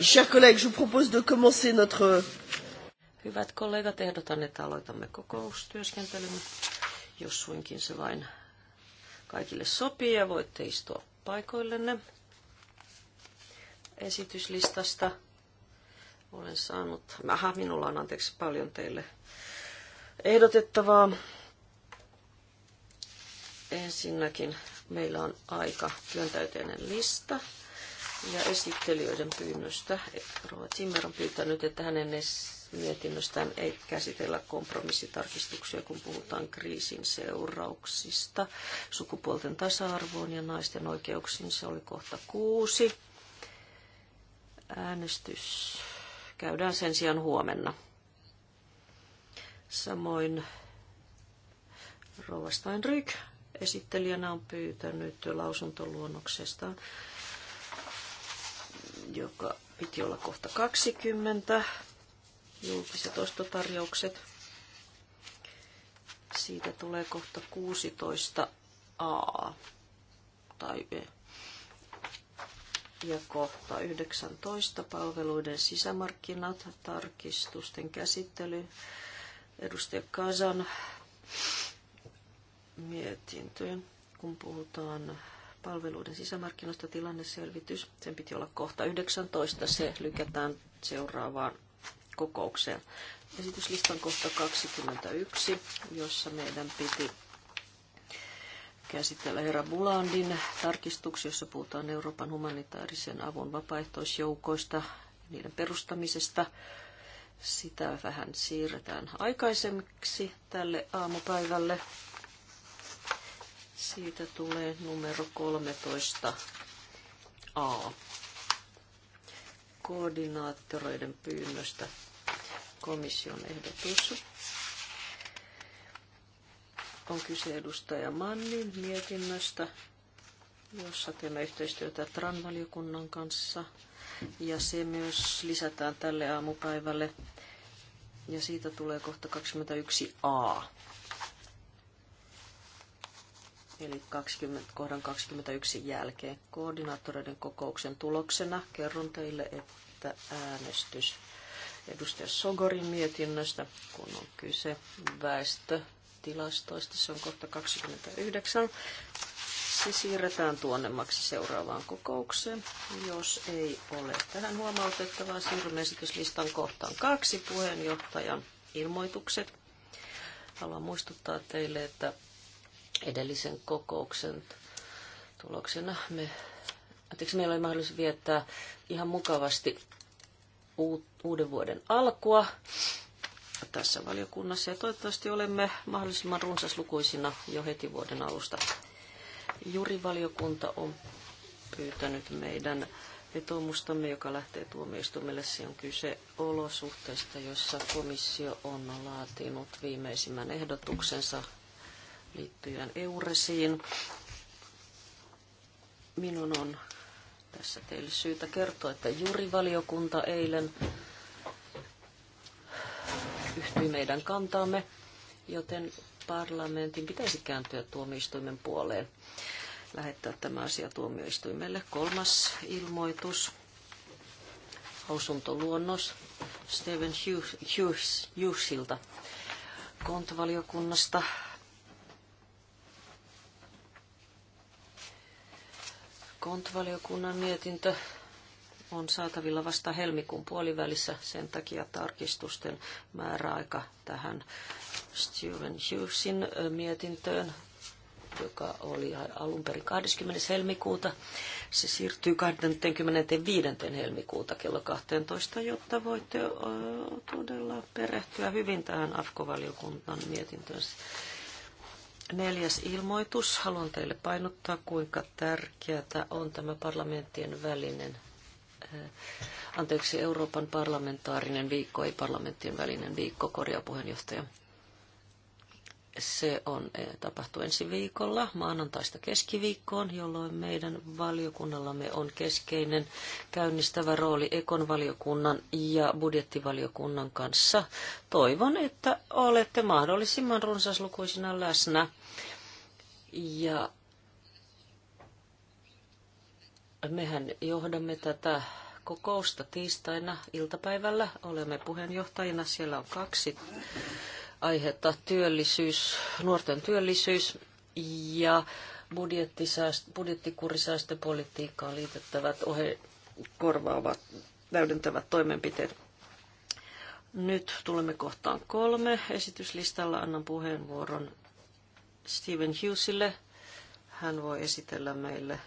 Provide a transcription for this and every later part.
chers collègues, je vous propose de commencer notre... Euh, Hyvät kollegat, ehdotan, että aloitamme kokoustyöskentelyn, jos suinkin se vain kaikille sopii ja voitte istua paikoillenne esityslistasta. Olen saanut, aha, minulla on anteeksi paljon teille ehdotettavaa. Ensinnäkin meillä on aika työntäyteinen lista. Ja esittelijöiden pyynnöstä Rova Zimmer on pyytänyt, että hänen mietinnöstään ei käsitellä kompromissitarkistuksia, kun puhutaan kriisin seurauksista, sukupuolten tasa-arvoon ja naisten oikeuksiin. Se oli kohta kuusi. Äänestys käydään sen sijaan huomenna. Samoin Rova Steinryk esittelijänä on pyytänyt lausuntoluonnoksestaan joka piti olla kohta 20, julkiset ostotarjoukset. Siitä tulee kohta 16a tai B. E. Ja kohta 19 palveluiden sisämarkkinat, tarkistusten käsittely. Edustaja Kazan mietintöjen, kun puhutaan palveluiden sisämarkkinoista tilanneselvitys. Sen piti olla kohta 19. Se lykätään seuraavaan kokoukseen. Esityslistan kohta 21, jossa meidän piti käsitellä herra Bulandin tarkistuksia, jossa puhutaan Euroopan humanitaarisen avun vapaaehtoisjoukoista, niiden perustamisesta. Sitä vähän siirretään aikaisemmiksi tälle aamupäivälle. Siitä tulee numero 13 A. Koordinaattoreiden pyynnöstä komission ehdotus. On kyse edustaja Mannin mietinnöstä, jossa teemme yhteistyötä TRAN-valiokunnan kanssa. Ja se myös lisätään tälle aamupäivälle. Ja siitä tulee kohta 21a eli 20, kohdan 21 jälkeen. Koordinaattoreiden kokouksen tuloksena kerron teille, että äänestys edustaja Sogorin mietinnöstä, kun on kyse väestötilastoista, se on kohta 29. Se siirretään tuonnemmaksi seuraavaan kokoukseen. Jos ei ole tähän huomautettavaa, siirrymme esityslistan kohtaan kaksi puheenjohtajan ilmoitukset. Haluan muistuttaa teille, että Edellisen kokouksen tuloksena me, anteeksi, meillä oli mahdollisuus viettää ihan mukavasti uuden vuoden alkua tässä valiokunnassa ja toivottavasti olemme mahdollisimman runsaslukuisina jo heti vuoden alusta. Jurivaliokunta on pyytänyt meidän vetomustamme, joka lähtee tuomioistuimelle. Se on kyse olosuhteista, jossa komissio on laatinut viimeisimmän ehdotuksensa liittyen Euresiin. Minun on tässä teille syytä kertoa, että jurivaliokunta eilen yhtyi meidän kantaamme, joten parlamentin pitäisi kääntyä tuomioistuimen puoleen, lähettää tämä asia tuomioistuimelle. Kolmas ilmoitus, hausuntoluonnos Steven Hughesilta kontvaliokunnasta. Kontvaliokunnan mietintö on saatavilla vasta helmikuun puolivälissä. Sen takia tarkistusten määräaika tähän Steven Hughesin mietintöön, joka oli alun perin 20. helmikuuta. Se siirtyy 25. helmikuuta kello 12, jotta voitte todella perehtyä hyvin tähän AFKO-valiokunnan mietintöön. Neljäs ilmoitus. Haluan teille painottaa, kuinka tärkeää on tämä parlamenttien välinen, eh, anteeksi, Euroopan parlamentaarinen viikko, ei parlamenttien välinen viikko, korjaa puheenjohtaja. Se on, eh, tapahtuu ensi viikolla maanantaista keskiviikkoon, jolloin meidän valiokunnallamme on keskeinen käynnistävä rooli Ekon valiokunnan ja budjettivaliokunnan kanssa. Toivon, että olette mahdollisimman runsaslukuisina läsnä. Ja mehän johdamme tätä kokousta tiistaina iltapäivällä. Olemme puheenjohtajina. Siellä on kaksi aihetta työllisyys, nuorten työllisyys ja budjettikurisäästöpolitiikkaan liitettävät ohe korvaavat täydentävät toimenpiteet. Nyt tulemme kohtaan kolme. Esityslistalla annan puheenvuoron Stephen Hughesille. Hän voi esitellä meille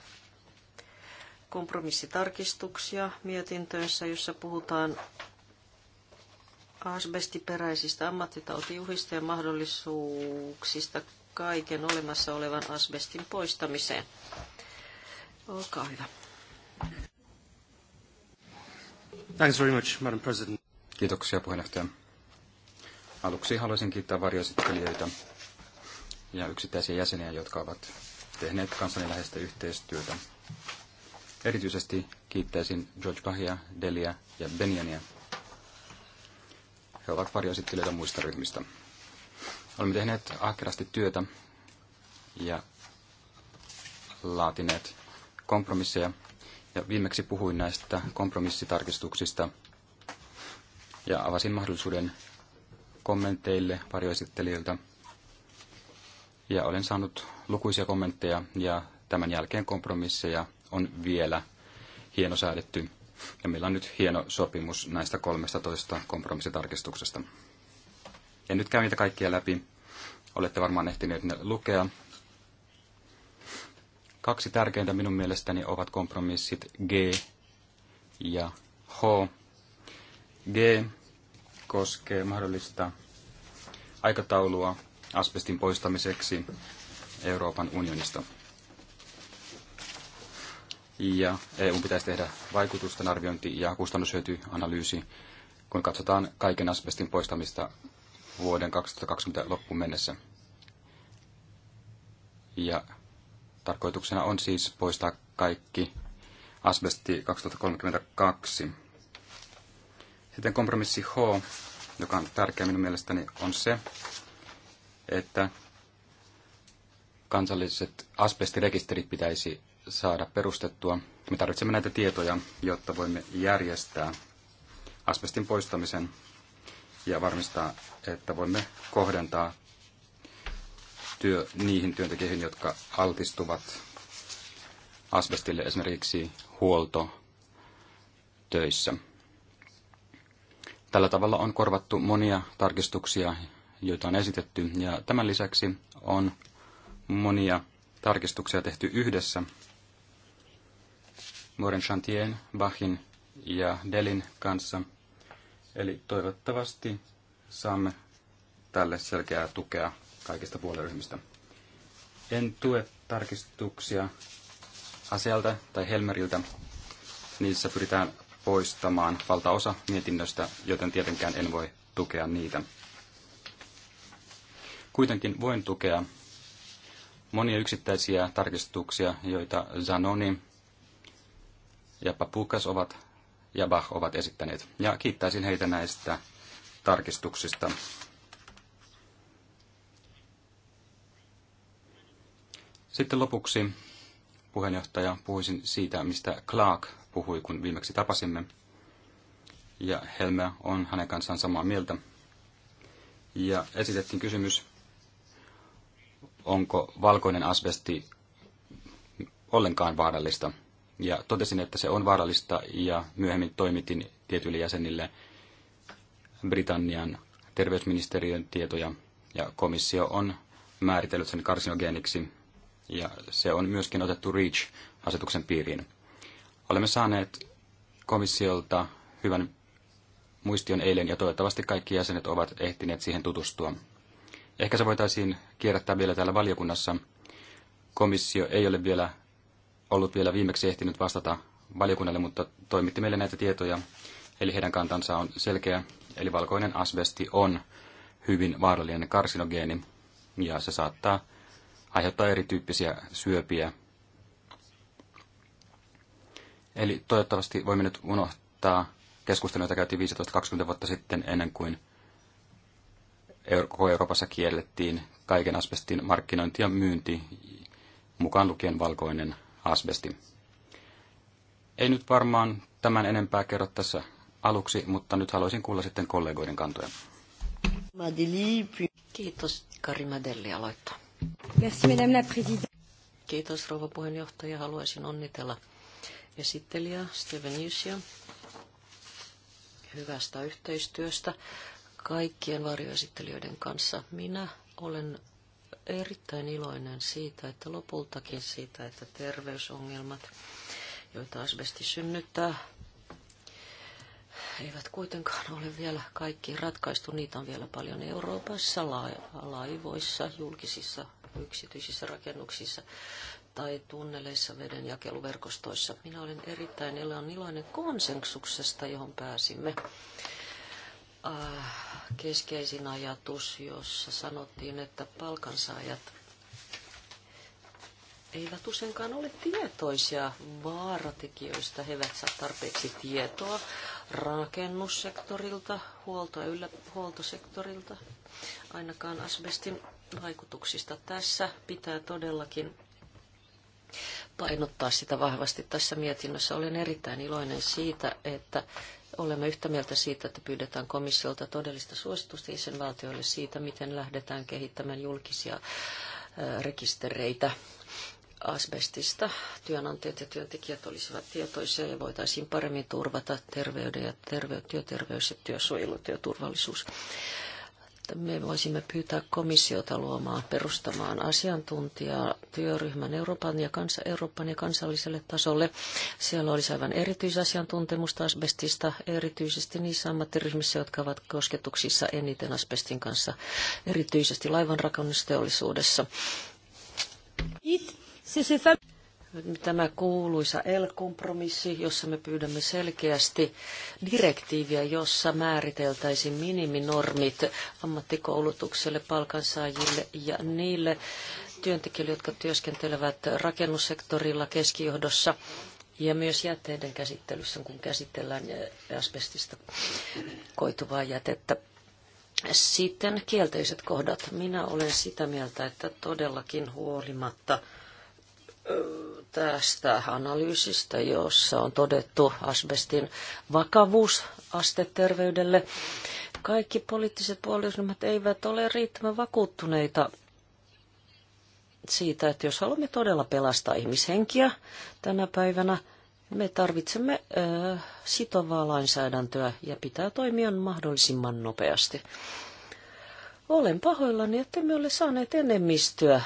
kompromissitarkistuksia mietintöönsä, jossa puhutaan asbestiperäisistä ammattitautijuhista ja mahdollisuuksista kaiken olemassa olevan asbestin poistamiseen. Olkaa hyvä. Thanks very much, Madam President. Kiitoksia puheenjohtaja. Aluksi haluaisin kiittää varjoesittelijöitä ja yksittäisiä jäseniä, jotka ovat tehneet kanssani yhteistyötä. Erityisesti kiittäisin George Bahia, Delia ja Benjania he ovat varjoesittelijöitä muista ryhmistä. Olemme tehneet ahkerasti työtä ja laatineet kompromisseja. Ja viimeksi puhuin näistä kompromissitarkistuksista ja avasin mahdollisuuden kommenteille varjoesittelijöiltä. Ja olen saanut lukuisia kommentteja ja tämän jälkeen kompromisseja on vielä säädetty. Ja meillä on nyt hieno sopimus näistä 13 kompromissitarkistuksesta. En nyt käy niitä kaikkia läpi. Olette varmaan ehtineet ne lukea. Kaksi tärkeintä minun mielestäni ovat kompromissit G ja H. G koskee mahdollista aikataulua asbestin poistamiseksi Euroopan unionista ja EU pitäisi tehdä vaikutusten arviointi ja kustannushyötyanalyysi, kun katsotaan kaiken asbestin poistamista vuoden 2020 loppuun mennessä. Ja tarkoituksena on siis poistaa kaikki asbesti 2032. Sitten kompromissi H, joka on tärkeä minun mielestäni, on se, että kansalliset asbestirekisterit pitäisi saada perustettua. Me tarvitsemme näitä tietoja, jotta voimme järjestää asbestin poistamisen ja varmistaa, että voimme kohdentaa työ niihin työntekijöihin, jotka altistuvat asbestille esimerkiksi huolto töissä. Tällä tavalla on korvattu monia tarkistuksia, joita on esitetty, ja tämän lisäksi on monia tarkistuksia tehty yhdessä Moren Chantien, Bachin ja Delin kanssa. Eli toivottavasti saamme tälle selkeää tukea kaikista puoliryhmistä. En tue tarkistuksia Asialta tai Helmeriltä. Niissä pyritään poistamaan valtaosa mietinnöstä, joten tietenkään en voi tukea niitä. Kuitenkin voin tukea monia yksittäisiä tarkistuksia, joita Zanoni ja Papukas ovat ja Bach ovat esittäneet. Ja kiittäisin heitä näistä tarkistuksista. Sitten lopuksi puheenjohtaja puhuisin siitä, mistä Clark puhui, kun viimeksi tapasimme. Ja Helme on hänen kanssaan samaa mieltä. Ja esitettiin kysymys, onko valkoinen asbesti ollenkaan vaarallista ja totesin, että se on vaarallista ja myöhemmin toimitin tietyille jäsenille Britannian terveysministeriön tietoja ja komissio on määritellyt sen karsinogeeniksi ja se on myöskin otettu REACH-asetuksen piiriin. Olemme saaneet komissiolta hyvän muistion eilen ja toivottavasti kaikki jäsenet ovat ehtineet siihen tutustua. Ehkä se voitaisiin kierrättää vielä täällä valiokunnassa. Komissio ei ole vielä ollut vielä viimeksi ehtinyt vastata valiokunnalle, mutta toimitti meille näitä tietoja. Eli heidän kantansa on selkeä, eli valkoinen asbesti on hyvin vaarallinen karsinogeeni ja se saattaa aiheuttaa erityyppisiä syöpiä. Eli toivottavasti voimme nyt unohtaa keskustelua, jota käytiin 15-20 vuotta sitten ennen kuin koko Euroopassa kiellettiin kaiken asbestin markkinointi ja myynti, mukaan lukien valkoinen asbesti. Ei nyt varmaan tämän enempää kerro tässä aluksi, mutta nyt haluaisin kuulla sitten kollegoiden kantoja. Kiitos. Kari Madelli aloittaa. Merci, madame la présidente. Kiitos, rouva puheenjohtaja. Haluaisin onnitella esittelijä Steven Jusia hyvästä yhteistyöstä kaikkien varjoesittelijöiden kanssa. Minä olen erittäin iloinen siitä, että lopultakin siitä, että terveysongelmat, joita asbesti synnyttää, eivät kuitenkaan ole vielä kaikki ratkaistu. Niitä on vielä paljon Euroopassa, laivoissa, julkisissa, yksityisissä rakennuksissa tai tunneleissa, vedenjakeluverkostoissa. Minä olen erittäin iloinen konsensuksesta, johon pääsimme Ah, keskeisin ajatus, jossa sanottiin, että palkansaajat eivät useinkaan ole tietoisia vaaratekijöistä. He eivät saa tarpeeksi tietoa rakennussektorilta, huolto- ja yllä, huoltosektorilta, ainakaan asbestin vaikutuksista. Tässä pitää todellakin painottaa sitä vahvasti tässä mietinnössä. Olen erittäin iloinen siitä, että Olemme yhtä mieltä siitä, että pyydetään komissiolta todellista suositusta jäsenvaltioille siitä, miten lähdetään kehittämään julkisia rekistereitä asbestista. Työnantajat ja työntekijät olisivat tietoisia ja voitaisiin paremmin turvata terveyden ja terve- työterveys ja työsuojelu ja työturvallisuus me voisimme pyytää komissiota luomaan, perustamaan asiantuntijaa työryhmän Euroopan ja, kansa, Euroopan ja kansalliselle tasolle. Siellä olisi aivan erityisasiantuntemusta asbestista, erityisesti niissä ammattiryhmissä, jotka ovat kosketuksissa eniten asbestin kanssa, erityisesti laivanrakennusteollisuudessa tämä kuuluisa L-kompromissi, jossa me pyydämme selkeästi direktiiviä, jossa määriteltäisiin miniminormit ammattikoulutukselle, palkansaajille ja niille työntekijöille, jotka työskentelevät rakennussektorilla keskijohdossa ja myös jätteiden käsittelyssä, kun käsitellään asbestista koituvaa jätettä. Sitten kielteiset kohdat. Minä olen sitä mieltä, että todellakin huolimatta tästä analyysistä, jossa on todettu asbestin vakavuusaste terveydelle. Kaikki poliittiset puolueet eivät ole riittävän vakuuttuneita siitä, että jos haluamme todella pelastaa ihmishenkiä tänä päivänä, me tarvitsemme ö, sitovaa lainsäädäntöä ja pitää toimia mahdollisimman nopeasti. Olen pahoillani, että me ole saaneet enemmistöä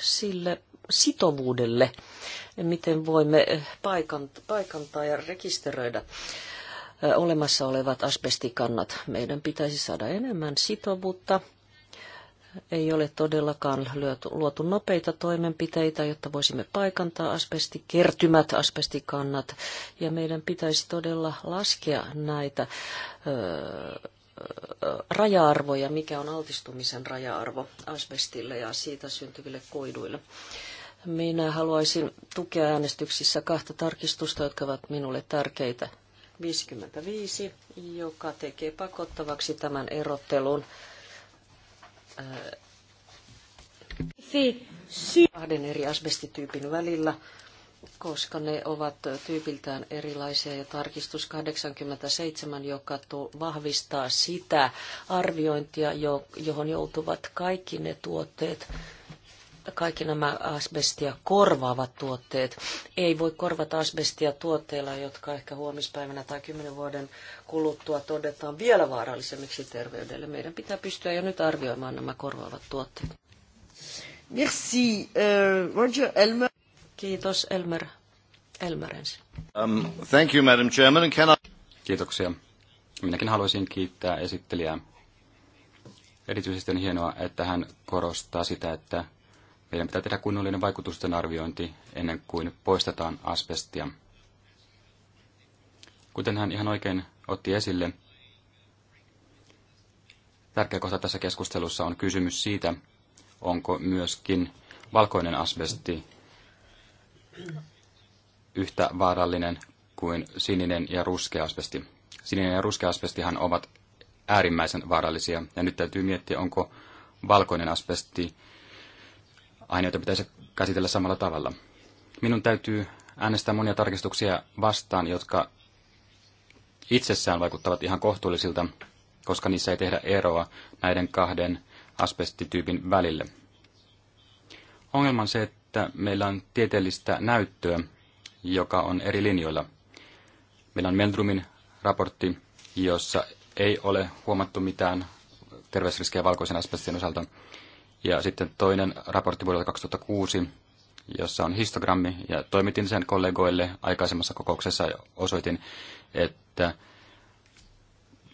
sille sitovuudelle, miten voimme paikantaa ja rekisteröidä olemassa olevat asbestikannat. Meidän pitäisi saada enemmän sitovuutta. Ei ole todellakaan luotu nopeita toimenpiteitä, jotta voisimme paikantaa asbestikertymät, asbestikannat. Ja meidän pitäisi todella laskea näitä öö, raja-arvoja, mikä on altistumisen raja-arvo asbestille ja siitä syntyville koiduille. Minä haluaisin tukea äänestyksissä kahta tarkistusta, jotka ovat minulle tärkeitä. 55, joka tekee pakottavaksi tämän erottelun kahden eri asbestityypin välillä, koska ne ovat tyypiltään erilaisia. Ja tarkistus 87, joka vahvistaa sitä arviointia, johon joutuvat kaikki ne tuotteet, kaikki nämä asbestia korvaavat tuotteet. Ei voi korvata asbestia tuotteilla, jotka ehkä huomispäivänä tai kymmenen vuoden kuluttua todetaan vielä vaarallisemmiksi terveydelle. Meidän pitää pystyä jo nyt arvioimaan nämä korvaavat tuotteet. Merci, euh, Roger Elmer. Kiitos, Elmer. Elmer ensin. Um, thank you, Madam Chairman. Can I... Kiitoksia. Minäkin haluaisin kiittää esittelijää Erityisesti on hienoa, että hän korostaa sitä, että meidän pitää tehdä kunnollinen vaikutusten arviointi ennen kuin poistetaan asbestia. Kuten hän ihan oikein otti esille, tärkeä kohta tässä keskustelussa on kysymys siitä, onko myöskin valkoinen asbesti yhtä vaarallinen kuin sininen ja ruskea asbesti. Sininen ja ruskea asbestihan ovat äärimmäisen vaarallisia, ja nyt täytyy miettiä, onko valkoinen asbesti aineita pitäisi käsitellä samalla tavalla. Minun täytyy äänestää monia tarkistuksia vastaan, jotka itsessään vaikuttavat ihan kohtuullisilta, koska niissä ei tehdä eroa näiden kahden asbestityypin välille. Ongelma on se, että meillä on tieteellistä näyttöä, joka on eri linjoilla. Meillä on Meldrumin raportti, jossa ei ole huomattu mitään terveysriskejä valkoisen asbestin osalta. Ja sitten toinen raportti vuodelta 2006, jossa on histogrammi, ja toimitin sen kollegoille aikaisemmassa kokouksessa ja osoitin, että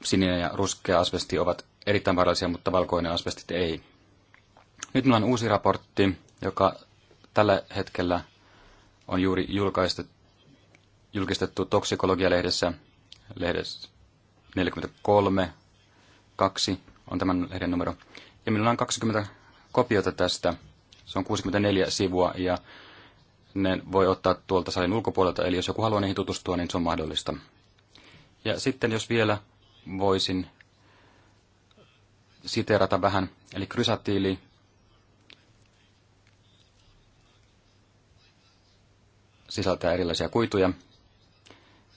sininen ja ruskea asbesti ovat erittäin vaarallisia, mutta valkoinen asbesti ei. Nyt minulla on uusi raportti, joka tällä hetkellä on juuri julkistettu toksikologialehdessä, lehdessä 43, 2 on tämän lehden numero. Ja minulla on 20 kopiota tästä. Se on 64 sivua ja ne voi ottaa tuolta salin ulkopuolelta, eli jos joku haluaa niihin tutustua, niin se on mahdollista. Ja sitten jos vielä voisin siteerata vähän, eli krysatiili sisältää erilaisia kuituja,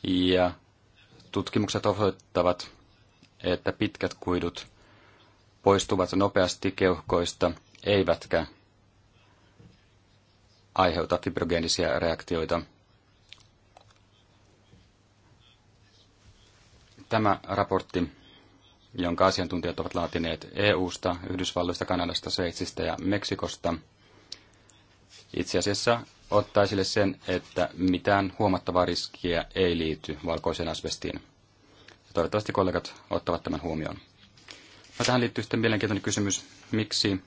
ja tutkimukset osoittavat, että pitkät kuidut poistuvat nopeasti keuhkoista, eivätkä aiheuta fibrogeenisiä reaktioita. Tämä raportti, jonka asiantuntijat ovat laatineet EU-sta, Yhdysvalloista, Kanadasta, Sveitsistä ja Meksikosta, itse asiassa ottaa esille sen, että mitään huomattavaa riskiä ei liity valkoiseen asbestiin. toivottavasti kollegat ottavat tämän huomioon. No, tähän liittyy sitten mielenkiintoinen kysymys, miksi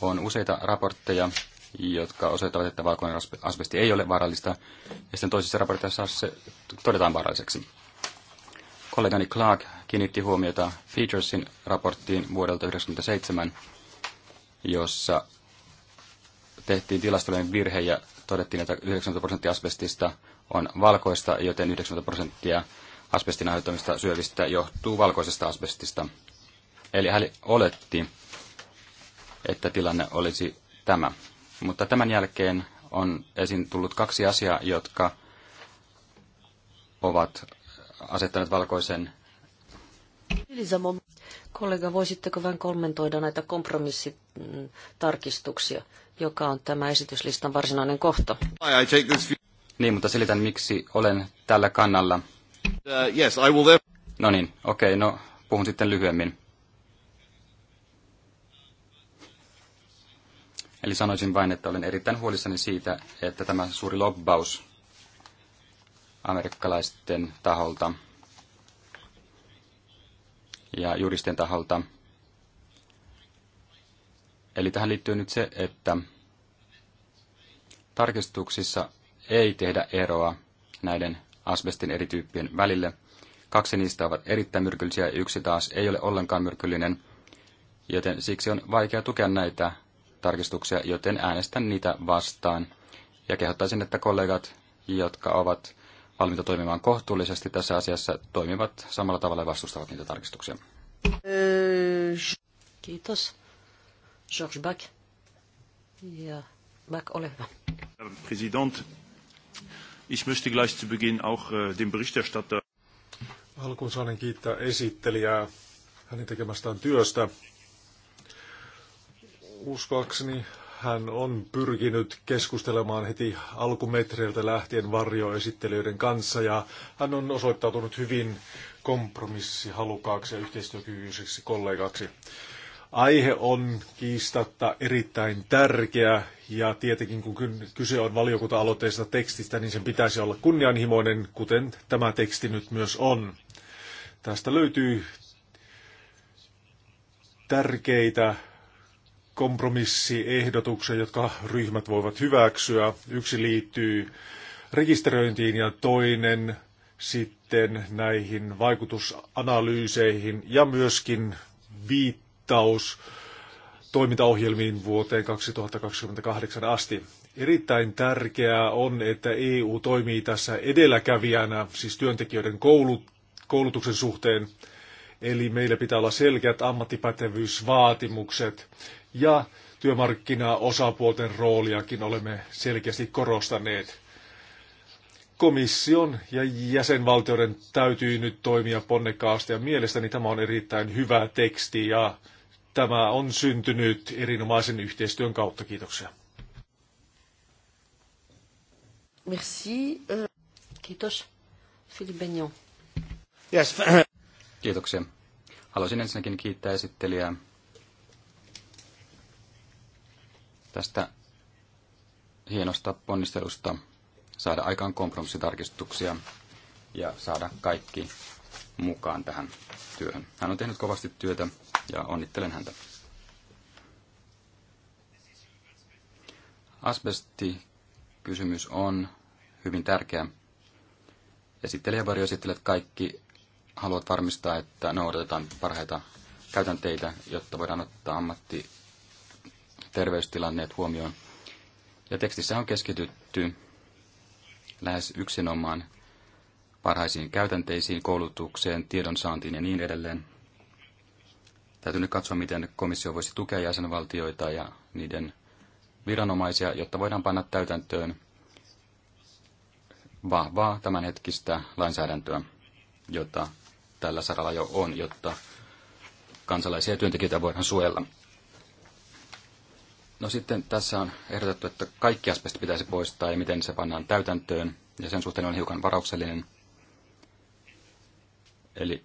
on useita raportteja, jotka osoittavat, että valkoinen asbesti ei ole vaarallista, ja sitten toisissa raporteissa se todetaan vaaralliseksi. Kollegani Clark kiinnitti huomiota Featuresin raporttiin vuodelta 1997, jossa tehtiin tilastollinen virhe ja todettiin, että 90 prosenttia asbestista on valkoista, joten 90 prosenttia asbestin aiheuttamista syövistä johtuu valkoisesta asbestista. Eli hän oletti, että tilanne olisi tämä. Mutta tämän jälkeen on esiin tullut kaksi asiaa, jotka ovat asettaneet valkoisen. Kollega, voisitteko vähän kommentoida näitä kompromissitarkistuksia, joka on tämä esityslistan varsinainen kohta? Niin, mutta selitän, miksi olen tällä kannalla. Uh, no niin, okei, okay, no puhun sitten lyhyemmin. Eli sanoisin vain, että olen erittäin huolissani siitä, että tämä suuri lobbaus amerikkalaisten taholta ja juristien taholta. Eli tähän liittyy nyt se, että tarkistuksissa ei tehdä eroa näiden asbestin eri tyyppien välille. Kaksi niistä ovat erittäin myrkyllisiä ja yksi taas ei ole ollenkaan myrkyllinen, joten siksi on vaikea tukea näitä tarkistuksia, joten äänestän niitä vastaan. Ja kehottaisin, että kollegat, jotka ovat valmiita toimimaan kohtuullisesti tässä asiassa, toimivat samalla tavalla ja vastustavat niitä tarkistuksia. Kiitos. George Back. Ja Back, ole hyvä. President, ich möchte gleich zu Beginn auch äh, den Berichterstatter Alkuun saanen kiittää esittelijää hänen tekemästään työstä uskoakseni hän on pyrkinyt keskustelemaan heti alkumetreiltä lähtien varjoesittelijöiden kanssa ja hän on osoittautunut hyvin kompromissihalukkaaksi ja yhteistyökykyiseksi kollegaksi. Aihe on kiistatta erittäin tärkeä ja tietenkin kun kyse on valiokunta-aloitteista tekstistä, niin sen pitäisi olla kunnianhimoinen, kuten tämä teksti nyt myös on. Tästä löytyy tärkeitä kompromissiehdotuksen, jotka ryhmät voivat hyväksyä. Yksi liittyy rekisteröintiin ja toinen sitten näihin vaikutusanalyyseihin ja myöskin viittaus toimintaohjelmiin vuoteen 2028 asti. Erittäin tärkeää on, että EU toimii tässä edelläkävijänä, siis työntekijöiden koulutuksen suhteen. Eli meillä pitää olla selkeät ammattipätevyysvaatimukset ja työmarkkinaosapuolten rooliakin olemme selkeästi korostaneet. Komission ja jäsenvaltioiden täytyy nyt toimia ponnekkaasti ja mielestäni tämä on erittäin hyvä teksti ja tämä on syntynyt erinomaisen yhteistyön kautta. Kiitoksia. Merci. Kiitos. Philippe Benyon. Yes. Kiitoksia. Haluaisin ensinnäkin kiittää esittelijää tästä hienosta ponnistelusta saada aikaan kompromissitarkistuksia ja saada kaikki mukaan tähän työhön. Hän on tehnyt kovasti työtä ja onnittelen häntä. Asbestikysymys on hyvin tärkeä. Esittelijä varjo varjoesittelijät kaikki haluat varmistaa, että noudatetaan parhaita käytänteitä, jotta voidaan ottaa ammatti terveystilanneet huomioon. Ja tekstissä on keskitytty lähes yksinomaan parhaisiin käytänteisiin, koulutukseen, tiedonsaantiin ja niin edelleen. Täytyy nyt katsoa, miten komissio voisi tukea jäsenvaltioita ja niiden viranomaisia, jotta voidaan panna täytäntöön vahvaa tämänhetkistä lainsäädäntöä, jota tällä saralla jo on, jotta kansalaisia ja työntekijöitä voidaan suojella. No sitten tässä on ehdotettu, että kaikki asbesti pitäisi poistaa ja miten se pannaan täytäntöön, ja sen suhteen on hiukan varauksellinen. Eli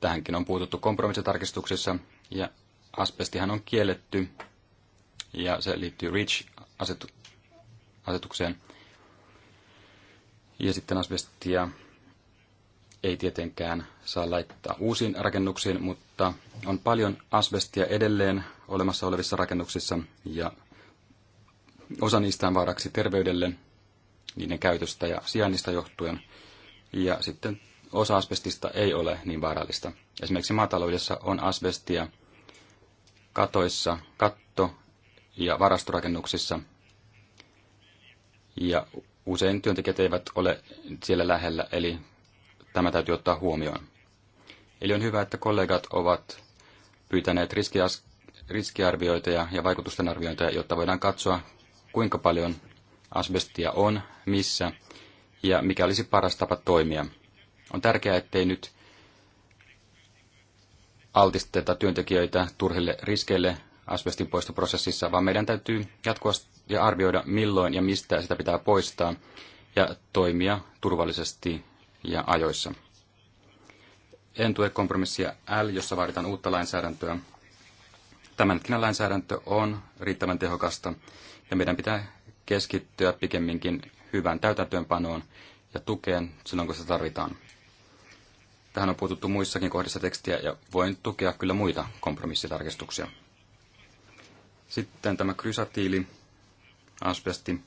tähänkin on puututtu kompromissitarkistuksissa, ja asbestihan on kielletty, ja se liittyy REACH-asetukseen. Ja sitten asbestia ei tietenkään saa laittaa uusiin rakennuksiin, mutta on paljon asbestia edelleen olemassa olevissa rakennuksissa ja osa niistä on vaaraksi terveydelle niiden käytöstä ja sijainnista johtuen. Ja sitten osa asbestista ei ole niin vaarallista. Esimerkiksi maataloudessa on asbestia katoissa, katto- ja varastorakennuksissa. Ja usein työntekijät eivät ole siellä lähellä, eli tämä täytyy ottaa huomioon. Eli on hyvä, että kollegat ovat pyytäneet riskiarvioita ja, ja vaikutusten arviointeja, jotta voidaan katsoa, kuinka paljon asbestia on, missä ja mikä olisi paras tapa toimia. On tärkeää, ettei nyt altisteta työntekijöitä turhille riskeille asbestin poistoprosessissa, vaan meidän täytyy jatkuvasti ja arvioida milloin ja mistä sitä pitää poistaa ja toimia turvallisesti ja ajoissa. En tue kompromissia L, jossa vaaditaan uutta lainsäädäntöä. Tämänhetkinen lainsäädäntö on riittävän tehokasta ja meidän pitää keskittyä pikemminkin hyvään täytäntöönpanoon ja tukeen silloin, kun sitä tarvitaan. Tähän on puututtu muissakin kohdissa tekstiä ja voin tukea kyllä muita kompromissitarkistuksia. Sitten tämä krysatiili, asbesti.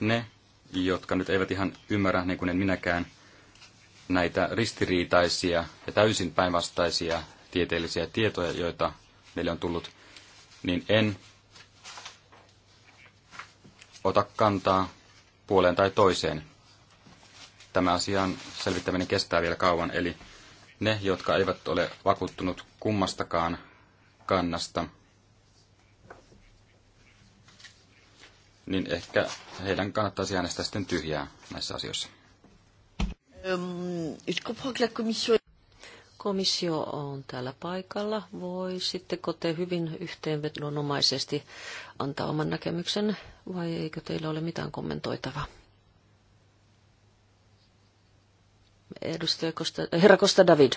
Ne jotka nyt eivät ihan ymmärrä, niin kuin en minäkään, näitä ristiriitaisia ja täysin päinvastaisia tieteellisiä tietoja, joita meille on tullut, niin en ota kantaa puoleen tai toiseen. Tämä asian selvittäminen kestää vielä kauan, eli ne, jotka eivät ole vakuuttunut kummastakaan kannasta – niin ehkä heidän kannattaisi äänestää sitten tyhjää näissä asioissa. Komissio on täällä paikalla. Voisitteko te hyvin yhteenvedonomaisesti antaa oman näkemyksen vai eikö teillä ole mitään kommentoitavaa? Edustaja Kosta, herra Kosta David.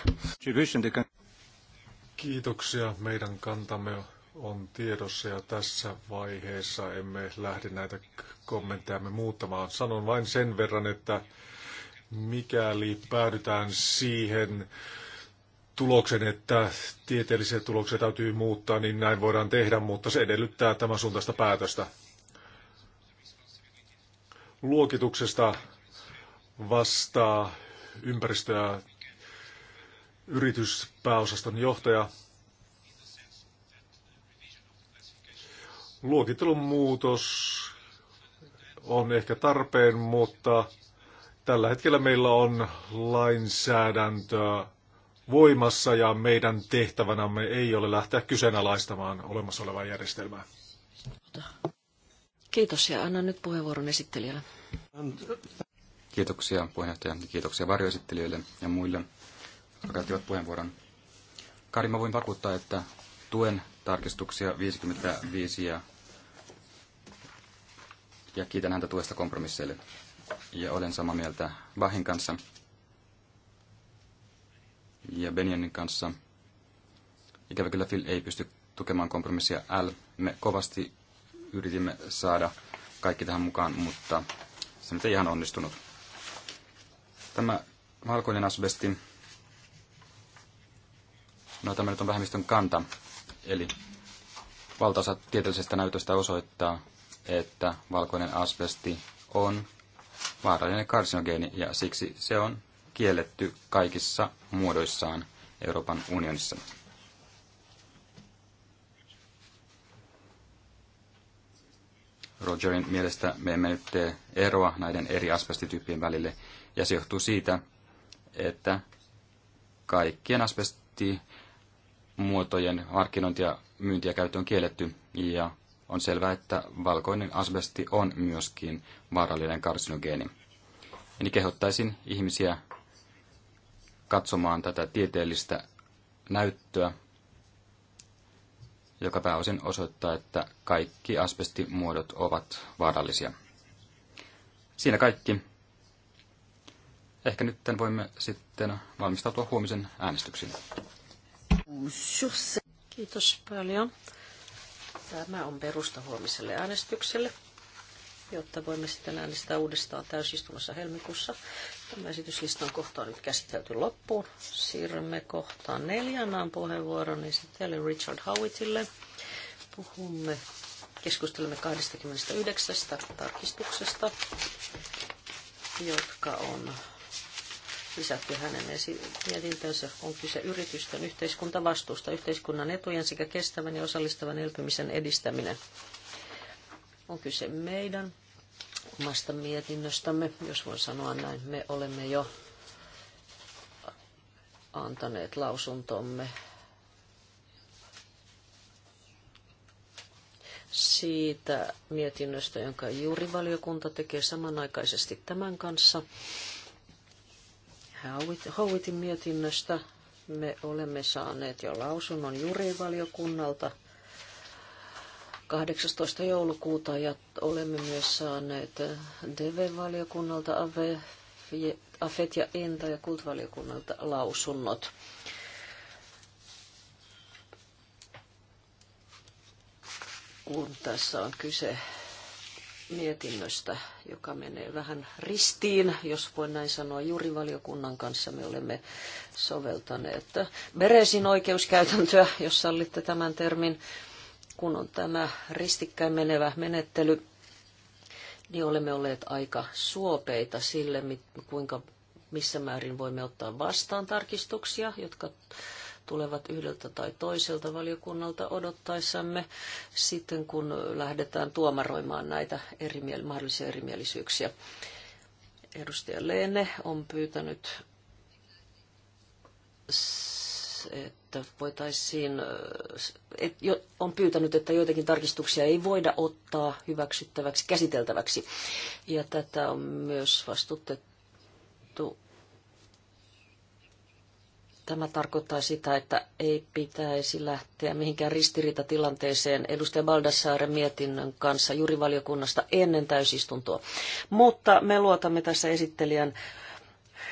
Kiitoksia. Meidän kantamme on tiedossa ja tässä vaiheessa emme lähde näitä kommenttejamme muuttamaan. Sanon vain sen verran, että mikäli päädytään siihen tuloksen, että tieteellisiä tuloksia täytyy muuttaa, niin näin voidaan tehdä, mutta se edellyttää tämän suuntaista päätöstä. Luokituksesta vastaa ympäristöä yrityspääosaston johtaja Luokittelun muutos on ehkä tarpeen, mutta tällä hetkellä meillä on lainsäädäntö voimassa ja meidän tehtävänämme ei ole lähteä kyseenalaistamaan olemassa olevaa järjestelmää. Kiitos ja annan nyt puheenvuoron esittelijälle. Kiitoksia puheenjohtaja ja kiitoksia varjoesittelijöille ja muille, jotka käyttivät puheenvuoron. Kari, mä voin vakuuttaa, että tuen tarkistuksia 55 ja ja kiitän häntä tuesta kompromisseille. Ja olen samaa mieltä Bahin kanssa ja Benjamin kanssa. Ikävä kyllä Phil ei pysty tukemaan kompromissia L. Me kovasti yritimme saada kaikki tähän mukaan, mutta se nyt ei ihan onnistunut. Tämä valkoinen asbesti, no tämä nyt on vähemmistön kanta, eli valtaosa tieteellisestä näytöstä osoittaa, että valkoinen asbesti on vaarallinen karsinogeeni ja siksi se on kielletty kaikissa muodoissaan Euroopan unionissa. Rogerin mielestä me emme nyt tee eroa näiden eri asbestityyppien välille, ja se johtuu siitä, että kaikkien asbestimuotojen markkinointi ja myynti ja käyttö on kielletty, ja on selvää, että valkoinen asbesti on myöskin vaarallinen karsinogeeni. Eli kehottaisin ihmisiä katsomaan tätä tieteellistä näyttöä, joka pääosin osoittaa, että kaikki asbestimuodot ovat vaarallisia. Siinä kaikki. Ehkä nyt voimme sitten valmistautua huomisen äänestyksiin. Kiitos paljon. Tämä on perusta huomiselle äänestykselle, jotta voimme sitten äänestää uudestaan täysistunnossa helmikuussa. Tämä esityslistan kohta on nyt käsitelty loppuun. Siirrymme kohtaan neljännään puheenvuoron esittelijä Richard Howittille. Puhumme, keskustelemme 29 tarkistuksesta, jotka on lisätty hänen mietintönsä. On kyse yritysten yhteiskuntavastuusta, yhteiskunnan etujen sekä kestävän ja osallistavan elpymisen edistäminen. On kyse meidän omasta mietinnöstämme, jos voin sanoa näin. Me olemme jo antaneet lausuntomme siitä mietinnöstä, jonka juuri valiokunta tekee samanaikaisesti tämän kanssa. Howittin mietinnöstä. Me olemme saaneet jo lausunnon jurivaliokunnalta 18. joulukuuta ja olemme myös saaneet DV-valiokunnalta, AFET ja ENTA ja kultvaliokunnalta lausunnot. Kun tässä on kyse mietinnöstä, joka menee vähän ristiin, jos voin näin sanoa, valiokunnan kanssa me olemme soveltaneet Beresin oikeuskäytäntöä, jos sallitte tämän termin, kun on tämä ristikkäin menevä menettely, niin olemme olleet aika suopeita sille, kuinka missä määrin voimme ottaa vastaan tarkistuksia, jotka tulevat yhdeltä tai toiselta valiokunnalta odottaessamme sitten, kun lähdetään tuomaroimaan näitä erimiel- mahdollisia erimielisyyksiä. Edustaja Leene on pyytänyt, että voitaisiin, et, jo, on pyytänyt, että joitakin tarkistuksia ei voida ottaa hyväksyttäväksi, käsiteltäväksi. Ja tätä on myös vastutettu Tämä tarkoittaa sitä, että ei pitäisi lähteä mihinkään ristiriitatilanteeseen edustaja Baldassaaren mietinnön kanssa jurivaliokunnasta ennen täysistuntoa. Mutta me luotamme tässä esittelijän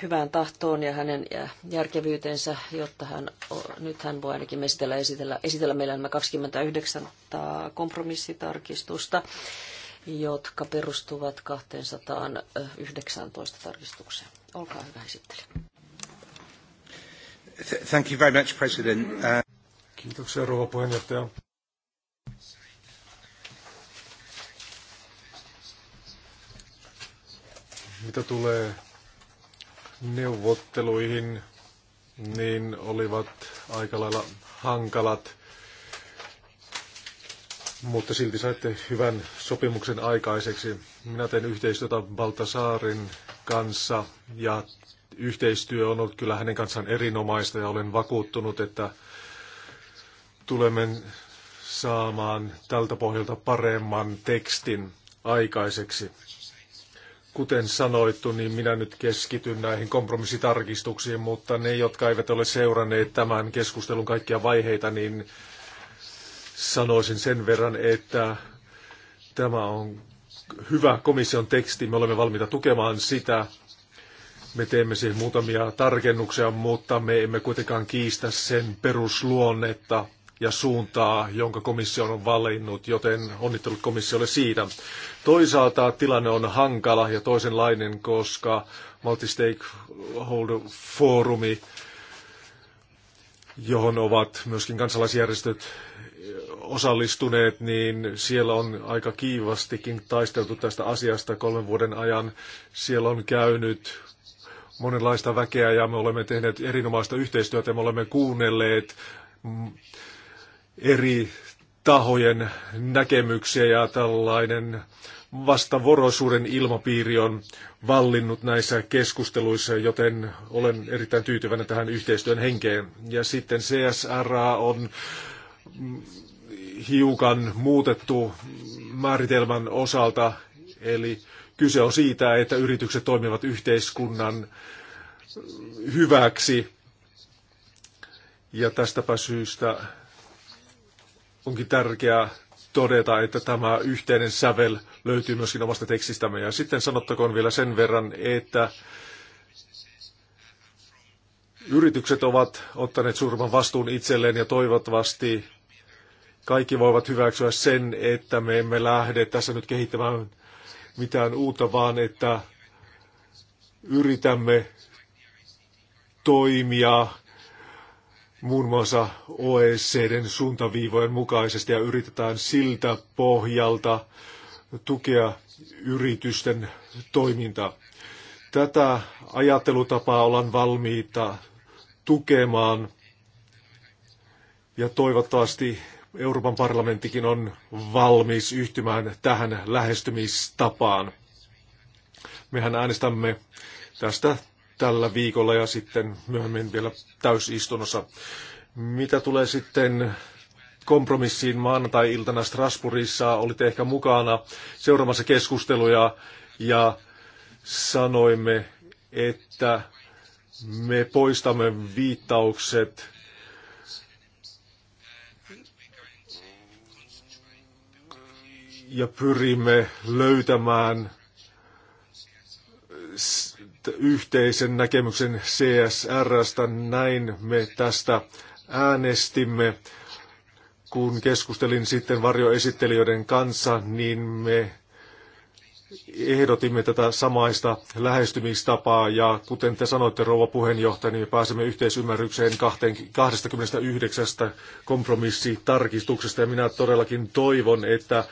hyvään tahtoon ja hänen järkevyytensä, jotta hän, nyt hän voi ainakin esitellä, esitellä, esitellä meillä nämä 29 kompromissitarkistusta, jotka perustuvat 219 tarkistukseen. Olkaa hyvä esittely. Thank you very much, President. Uh, Kiitoksia, rouva puheenjohtaja. Mitä tulee neuvotteluihin, niin olivat aika lailla hankalat, mutta silti saitte hyvän sopimuksen aikaiseksi. Minä teen yhteistyötä Baltasaarin kanssa ja Yhteistyö on ollut kyllä hänen kanssaan erinomaista ja olen vakuuttunut, että tulemme saamaan tältä pohjalta paremman tekstin aikaiseksi. Kuten sanoittu, niin minä nyt keskityn näihin kompromissitarkistuksiin, mutta ne, jotka eivät ole seuranneet tämän keskustelun kaikkia vaiheita, niin sanoisin sen verran, että tämä on hyvä komission teksti. Me olemme valmiita tukemaan sitä me teemme siihen muutamia tarkennuksia, mutta me emme kuitenkaan kiistä sen perusluonnetta ja suuntaa, jonka komissio on valinnut, joten onnittelut komissiolle siitä. Toisaalta tilanne on hankala ja toisenlainen, koska Multistakeholder Forumi, johon ovat myöskin kansalaisjärjestöt osallistuneet, niin siellä on aika kiivastikin taisteltu tästä asiasta kolmen vuoden ajan. Siellä on käynyt monenlaista väkeä ja me olemme tehneet erinomaista yhteistyötä ja me olemme kuunnelleet mm, eri tahojen näkemyksiä ja tällainen vastavoroisuuden ilmapiiri on vallinnut näissä keskusteluissa, joten olen erittäin tyytyväinen tähän yhteistyön henkeen. Ja sitten CSR on mm, hiukan muutettu määritelmän osalta, eli Kyse on siitä, että yritykset toimivat yhteiskunnan hyväksi. Ja tästäpä syystä onkin tärkeää todeta, että tämä yhteinen sävel löytyy myöskin omasta tekstistämme. Ja sitten sanottakoon vielä sen verran, että yritykset ovat ottaneet suurman vastuun itselleen ja toivottavasti kaikki voivat hyväksyä sen, että me emme lähde tässä nyt kehittämään mitään uutta, vaan että yritämme toimia muun muassa OECDn suuntaviivojen mukaisesti ja yritetään siltä pohjalta tukea yritysten toimintaa. Tätä ajattelutapaa ollaan valmiita tukemaan ja toivottavasti Euroopan parlamenttikin on valmis yhtymään tähän lähestymistapaan. Mehän äänestämme tästä tällä viikolla ja sitten myöhemmin vielä täysistunnossa. Mitä tulee sitten kompromissiin maanantai-iltana Strasbourgissa, olitte ehkä mukana seuraamassa keskusteluja ja sanoimme, että me poistamme viittaukset ja pyrimme löytämään yhteisen näkemyksen CSRstä. Näin me tästä äänestimme. Kun keskustelin sitten varjoesittelijöiden kanssa, niin me ehdotimme tätä samaista lähestymistapaa ja kuten te sanoitte rouva puheenjohtaja, niin pääsemme yhteisymmärrykseen 29 kompromissitarkistuksesta ja minä todellakin toivon, että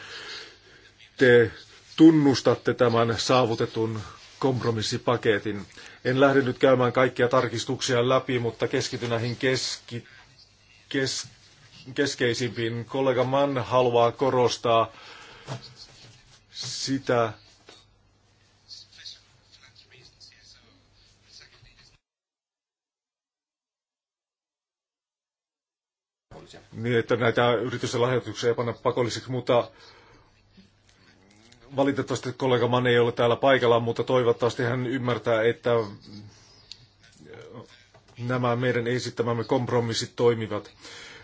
te tunnustatte tämän saavutetun kompromissipaketin. En lähde nyt käymään kaikkia tarkistuksia läpi, mutta keskity näihin keski, kes, keskeisimpiin. Kollega Mann haluaa korostaa sitä, niin, että näitä yritysten lahjoituksia ei panna pakolliseksi, mutta Valitettavasti kollega Mann ei ole täällä paikalla, mutta toivottavasti hän ymmärtää, että nämä meidän esittämämme kompromissit toimivat.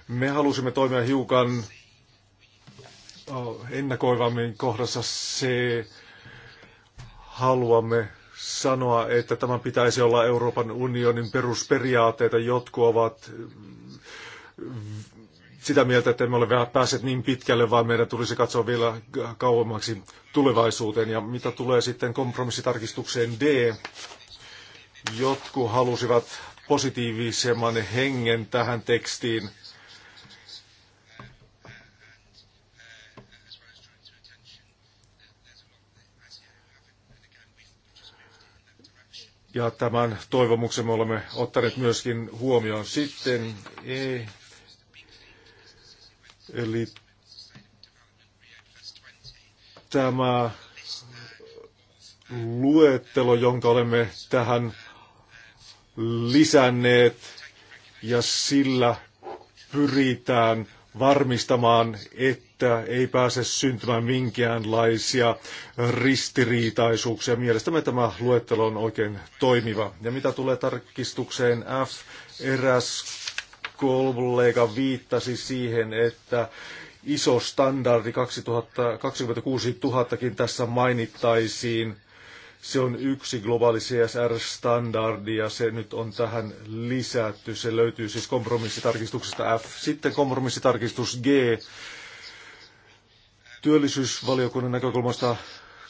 Me halusimme toimia hiukan ennakoivammin kohdassa se haluamme sanoa, että tämän pitäisi olla Euroopan unionin perusperiaatteita, jotkut ovat sitä mieltä, että emme ole vielä päässeet niin pitkälle, vaan meidän tulisi katsoa vielä kauemmaksi tulevaisuuteen. Ja mitä tulee sitten kompromissitarkistukseen D, jotkut halusivat positiivisemman hengen tähän tekstiin. Ja tämän toivomuksen me olemme ottaneet myöskin huomioon sitten. Ei Eli tämä luettelo, jonka olemme tähän lisänneet, ja sillä pyritään varmistamaan, että ei pääse syntymään minkäänlaisia ristiriitaisuuksia. Mielestämme tämä luettelo on oikein toimiva. Ja mitä tulee tarkistukseen F, eräs kollega viittasi siihen, että iso standardi 2000, 26 000kin tässä mainittaisiin. Se on yksi globaali CSR-standardi ja se nyt on tähän lisätty. Se löytyy siis kompromissitarkistuksesta F. Sitten kompromissitarkistus G. Työllisyysvaliokunnan näkökulmasta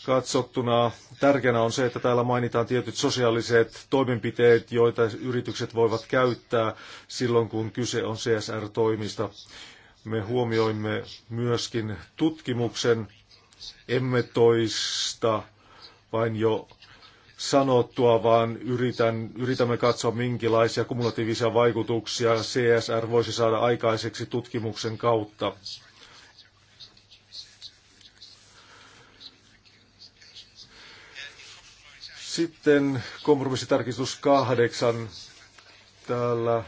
katsottuna tärkeänä on se, että täällä mainitaan tietyt sosiaaliset toimenpiteet, joita yritykset voivat käyttää silloin, kun kyse on CSR-toimista. Me huomioimme myöskin tutkimuksen, emme toista vain jo sanottua, vaan yritän, yritämme katsoa, minkälaisia kumulatiivisia vaikutuksia CSR voisi saada aikaiseksi tutkimuksen kautta. Sitten kompromissitarkistus kahdeksan. Täällä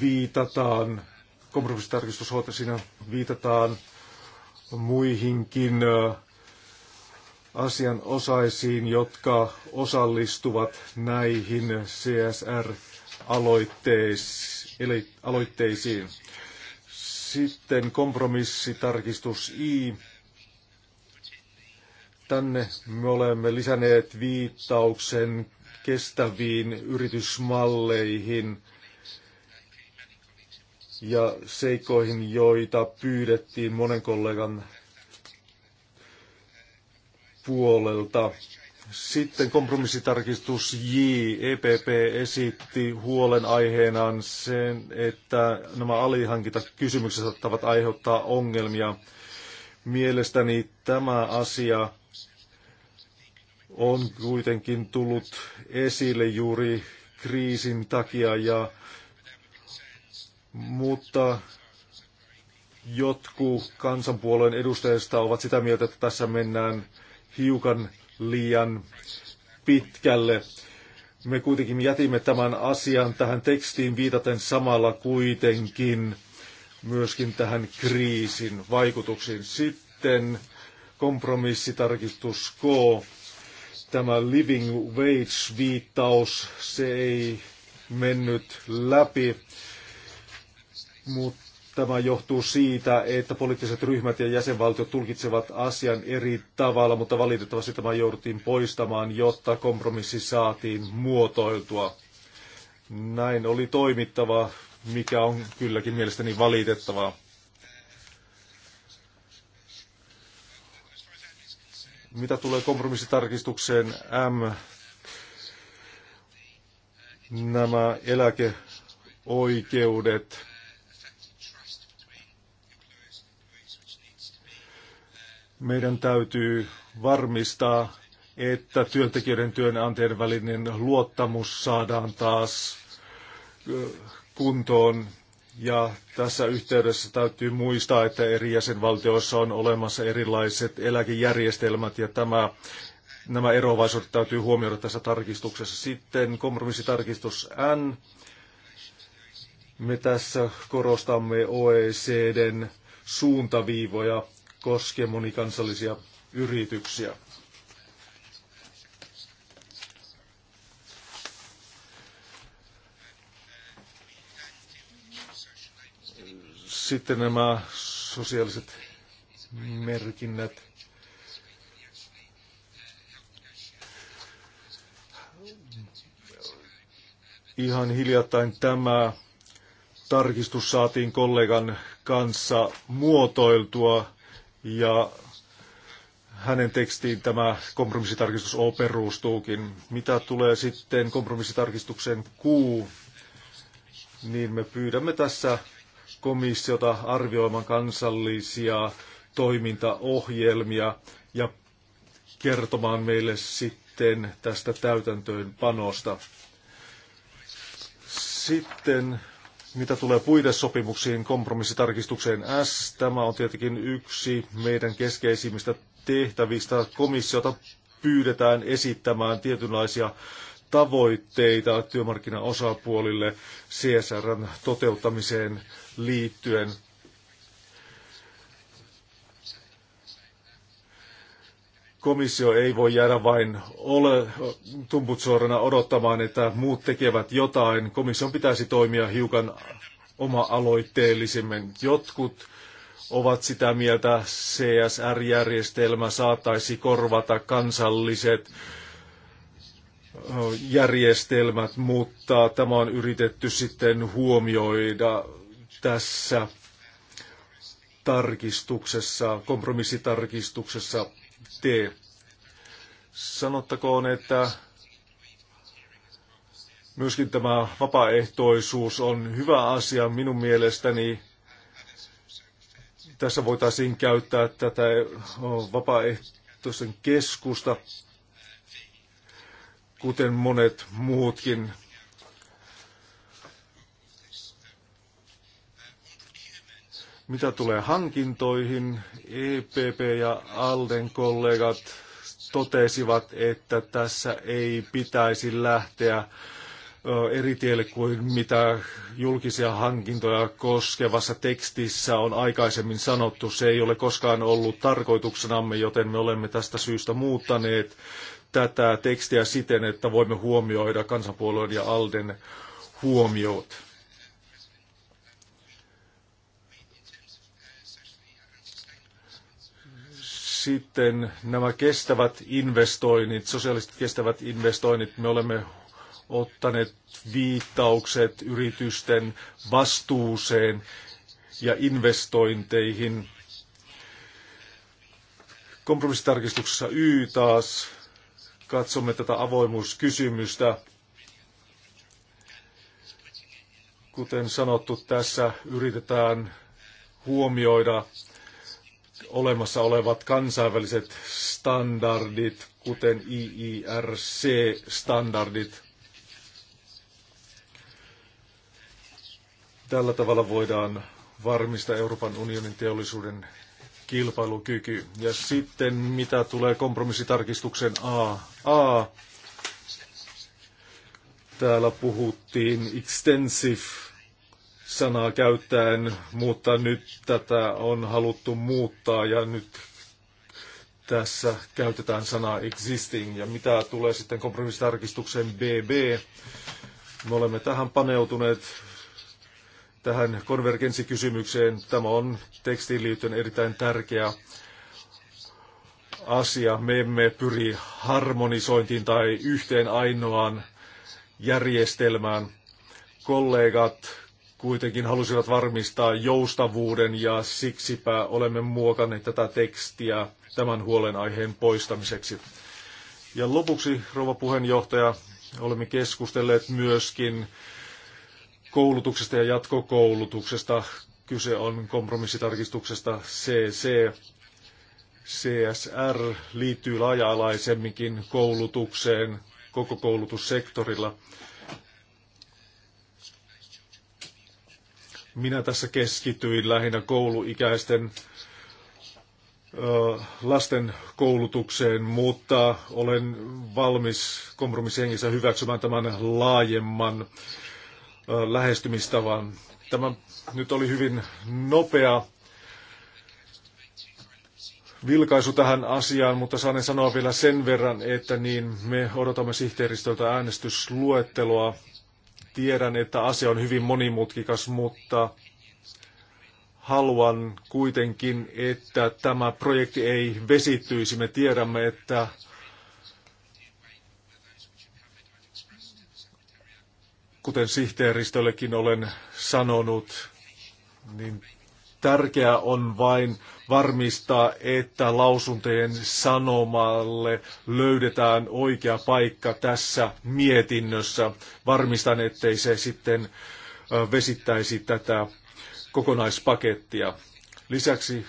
viitataan, kompromissitarkistus siinä viitataan muihinkin asianosaisiin, jotka osallistuvat näihin CSR-aloitteisiin. Sitten kompromissitarkistus I tänne me olemme lisänneet viittauksen kestäviin yritysmalleihin ja seikoihin, joita pyydettiin monen kollegan puolelta. Sitten kompromissitarkistus J. EPP esitti huolenaiheenaan sen, että nämä alihankintakysymykset saattavat aiheuttaa ongelmia. Mielestäni tämä asia on kuitenkin tullut esille juuri kriisin takia, ja, mutta jotkut kansanpuolueen edustajista ovat sitä mieltä, että tässä mennään hiukan liian pitkälle. Me kuitenkin jätimme tämän asian tähän tekstiin viitaten samalla kuitenkin myöskin tähän kriisin vaikutuksiin. Sitten kompromissitarkistus K tämä living wage-viittaus, se ei mennyt läpi, mutta tämä johtuu siitä, että poliittiset ryhmät ja jäsenvaltiot tulkitsevat asian eri tavalla, mutta valitettavasti tämä jouduttiin poistamaan, jotta kompromissi saatiin muotoiltua. Näin oli toimittava, mikä on kylläkin mielestäni valitettavaa. Mitä tulee kompromissitarkistukseen M, nämä eläkeoikeudet, meidän täytyy varmistaa, että työntekijöiden työnantajien välinen luottamus saadaan taas kuntoon ja tässä yhteydessä täytyy muistaa, että eri jäsenvaltioissa on olemassa erilaiset eläkejärjestelmät ja tämä, nämä eroavaisuudet täytyy huomioida tässä tarkistuksessa. Sitten kompromissitarkistus N. Me tässä korostamme OECDn suuntaviivoja koskien monikansallisia yrityksiä. Sitten nämä sosiaaliset merkinnät. Ihan hiljattain tämä tarkistus saatiin kollegan kanssa muotoiltua ja hänen tekstiin tämä kompromissitarkistus O perustuukin. Mitä tulee sitten kompromissitarkistuksen Q, niin me pyydämme tässä komissiota arvioimaan kansallisia toimintaohjelmia ja kertomaan meille sitten tästä täytäntöönpanosta. Sitten mitä tulee puitesopimuksiin kompromissitarkistukseen S, tämä on tietenkin yksi meidän keskeisimmistä tehtävistä. Komissiota pyydetään esittämään tietynlaisia tavoitteita työmarkkinaosapuolille CSRn toteuttamiseen liittyen. Komissio ei voi jäädä vain ole tumput suorana odottamaan, että muut tekevät jotain. Komission pitäisi toimia hiukan oma-aloitteellisemmin. Jotkut ovat sitä mieltä, CSR-järjestelmä saattaisi korvata kansalliset järjestelmät, mutta tämä on yritetty sitten huomioida tässä tarkistuksessa, kompromissitarkistuksessa T. Sanottakoon, että myöskin tämä vapaaehtoisuus on hyvä asia minun mielestäni. Tässä voitaisiin käyttää tätä vapaaehtoisen keskusta kuten monet muutkin. Mitä tulee hankintoihin, EPP ja Alden kollegat totesivat, että tässä ei pitäisi lähteä eri tielle kuin mitä julkisia hankintoja koskevassa tekstissä on aikaisemmin sanottu. Se ei ole koskaan ollut tarkoituksenamme, joten me olemme tästä syystä muuttaneet tätä tekstiä siten, että voimme huomioida kansanpuolueen ja Alden huomiot. Sitten nämä kestävät investoinnit, sosiaaliset kestävät investoinnit, me olemme ottaneet viittaukset yritysten vastuuseen ja investointeihin. Kompromissitarkistuksessa Y taas katsomme tätä avoimuuskysymystä, kuten sanottu, tässä yritetään huomioida olemassa olevat kansainväliset standardit, kuten IIRC-standardit. Tällä tavalla voidaan varmistaa Euroopan unionin teollisuuden kilpailukyky. Ja sitten mitä tulee kompromissitarkistuksen A. A. Täällä puhuttiin extensive sanaa käyttäen, mutta nyt tätä on haluttu muuttaa ja nyt tässä käytetään sanaa existing. Ja mitä tulee sitten kompromissitarkistukseen BB, me olemme tähän paneutuneet tähän konvergenssikysymykseen. Tämä on tekstiin liittyen erittäin tärkeä asia. Me emme pyri harmonisointiin tai yhteen ainoaan järjestelmään. Kollegat kuitenkin halusivat varmistaa joustavuuden ja siksipä olemme muokanneet tätä tekstiä tämän huolenaiheen poistamiseksi. Ja lopuksi, rouva puheenjohtaja, olemme keskustelleet myöskin koulutuksesta ja jatkokoulutuksesta. Kyse on kompromissitarkistuksesta CC. CSR liittyy laaja-alaisemminkin koulutukseen koko koulutussektorilla. Minä tässä keskityin lähinnä kouluikäisten lasten koulutukseen, mutta olen valmis kompromissihengissä hyväksymään tämän laajemman lähestymistavan. Tämä nyt oli hyvin nopea vilkaisu tähän asiaan, mutta saan sanoa vielä sen verran, että niin me odotamme sihteeristöltä äänestysluetteloa. Tiedän, että asia on hyvin monimutkikas, mutta haluan kuitenkin, että tämä projekti ei vesittyisi. Me tiedämme, että kuten sihteeristöllekin olen sanonut, niin tärkeää on vain varmistaa, että lausuntojen sanomalle löydetään oikea paikka tässä mietinnössä. Varmistan, ettei se sitten vesittäisi tätä kokonaispakettia. Lisäksi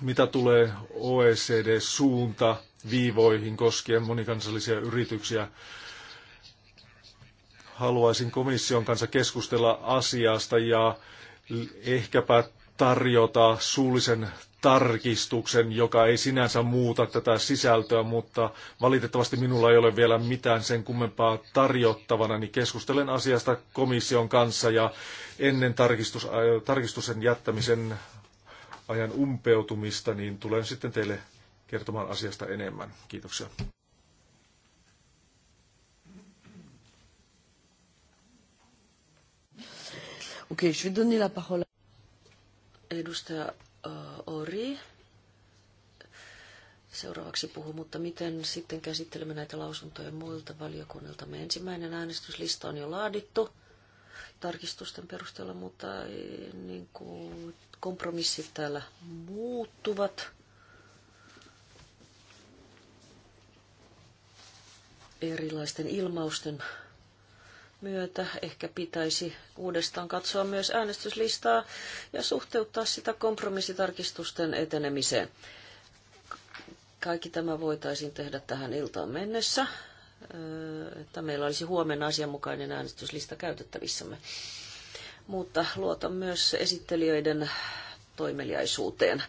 mitä tulee OECD-suunta viivoihin koskien monikansallisia yrityksiä, haluaisin komission kanssa keskustella asiasta ja ehkäpä tarjota suullisen tarkistuksen, joka ei sinänsä muuta tätä sisältöä, mutta valitettavasti minulla ei ole vielä mitään sen kummempaa tarjottavana, niin keskustelen asiasta komission kanssa ja ennen tarkistus, äh, tarkistuksen jättämisen ajan umpeutumista, niin tulen sitten teille kertomaan asiasta enemmän. Kiitoksia. Okei, okay, je vais donner la parole. Edustaja uh, Ori seuraavaksi puhu, mutta miten sitten käsittelemme näitä lausuntoja muilta valiokunnilta? Me ensimmäinen äänestyslista on jo laadittu tarkistusten perusteella, mutta eh, niin kuin kompromissit täällä muuttuvat. Erilaisten ilmausten myötä ehkä pitäisi uudestaan katsoa myös äänestyslistaa ja suhteuttaa sitä kompromissitarkistusten etenemiseen. Kaikki tämä voitaisiin tehdä tähän iltaan mennessä, että meillä olisi huomenna asianmukainen äänestyslista käytettävissämme. Mutta luotan myös esittelijöiden toimeliaisuuteen.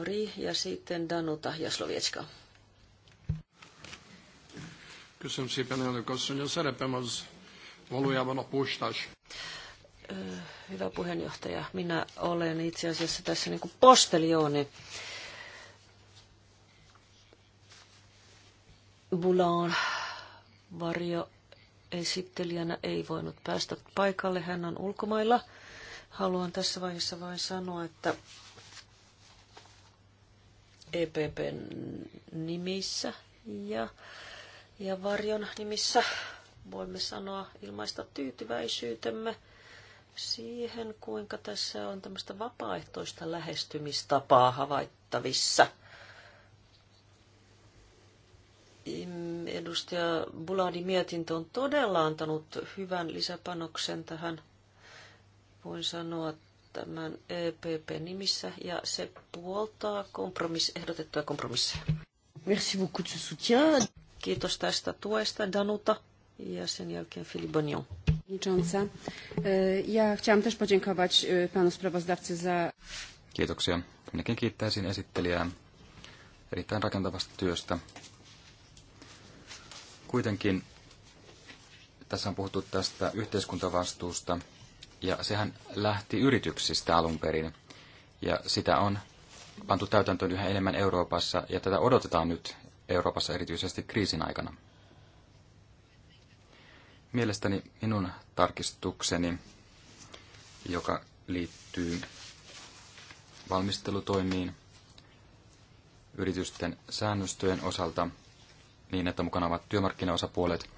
Ori ja sitten Danuta Jaslovietska. Köszönöm szépen, elnök asszony. A szerepem az valójában a postás. Hyvä puheenjohtaja, minä olen itse asiassa tässä niin kuin postelioni. Bulan varjo esittelijänä ei voinut päästä paikalle, hän on ulkomailla. Haluan tässä vaiheessa vain sanoa, että EPPn nimissä ja ja varjon nimissä voimme sanoa ilmaista tyytyväisyytemme siihen, kuinka tässä on tämmöistä vapaaehtoista lähestymistapaa havaittavissa. Edustaja Buladi mietintö on todella antanut hyvän lisäpanoksen tähän, voin sanoa, tämän EPP-nimissä, ja se puoltaa kompromiss, ehdotettuja kompromisseja. Merci beaucoup de soutien. Kiitos tästä tuesta, Danuta. Ja sen jälkeen Filip Bonion. Przewodnicząca. E, ja chciałam też podziękować e, panu sprawozdawcy za... Kiitoksia. Minäkin kiittäisin esittelijää erittäin rakentavasta työstä. Kuitenkin tässä on puhuttu tästä yhteiskuntavastuusta, ja sehän lähti yrityksistä alun perin, ja sitä on pantu täytäntöön yhä enemmän Euroopassa, ja tätä odotetaan nyt Euroopassa erityisesti kriisin aikana. Mielestäni minun tarkistukseni, joka liittyy valmistelutoimiin yritysten säännöstöjen osalta niin, että mukana ovat työmarkkinaosapuolet,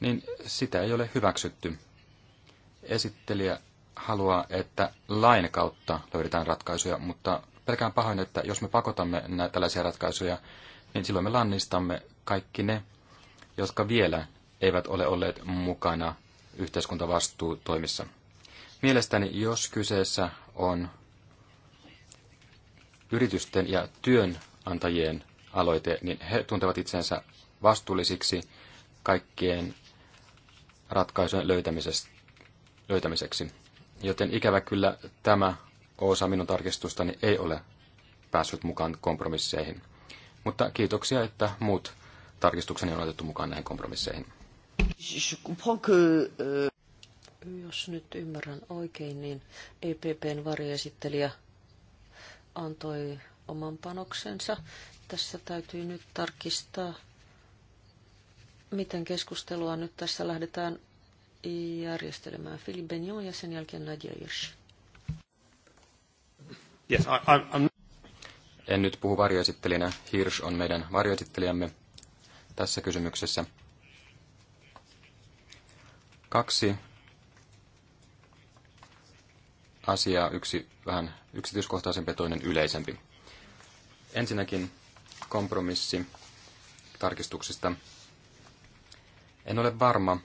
niin sitä ei ole hyväksytty. Esittelijä haluaa, että lain kautta löydetään ratkaisuja, mutta pelkään pahoin, että jos me pakotamme näitä tällaisia ratkaisuja, niin silloin me lannistamme kaikki ne, jotka vielä eivät ole olleet mukana yhteiskuntavastuutoimissa. Mielestäni, jos kyseessä on yritysten ja työnantajien aloite, niin he tuntevat itsensä vastuullisiksi kaikkien ratkaisujen löytämiseksi. Joten ikävä kyllä tämä osa minun tarkistustani ei ole päässyt mukaan kompromisseihin. Mutta kiitoksia, että muut tarkistukseni on otettu mukaan näihin kompromisseihin. Euh, Jos nyt ymmärrän oikein, niin EPPn varjoesittelijä antoi oman panoksensa. Tässä täytyy nyt tarkistaa, miten keskustelua nyt tässä lähdetään järjestelemään. Philippe Benjon ja sen jälkeen Nadia Hirsch. Yes, I, I'm... En nyt puhu varjoesittelijänä. Hirsch on meidän varjoesittelijämme tässä kysymyksessä. Kaksi asiaa, yksi vähän yksityiskohtaisempi ja toinen yleisempi. Ensinnäkin kompromissi tarkistuksista. En ole varma,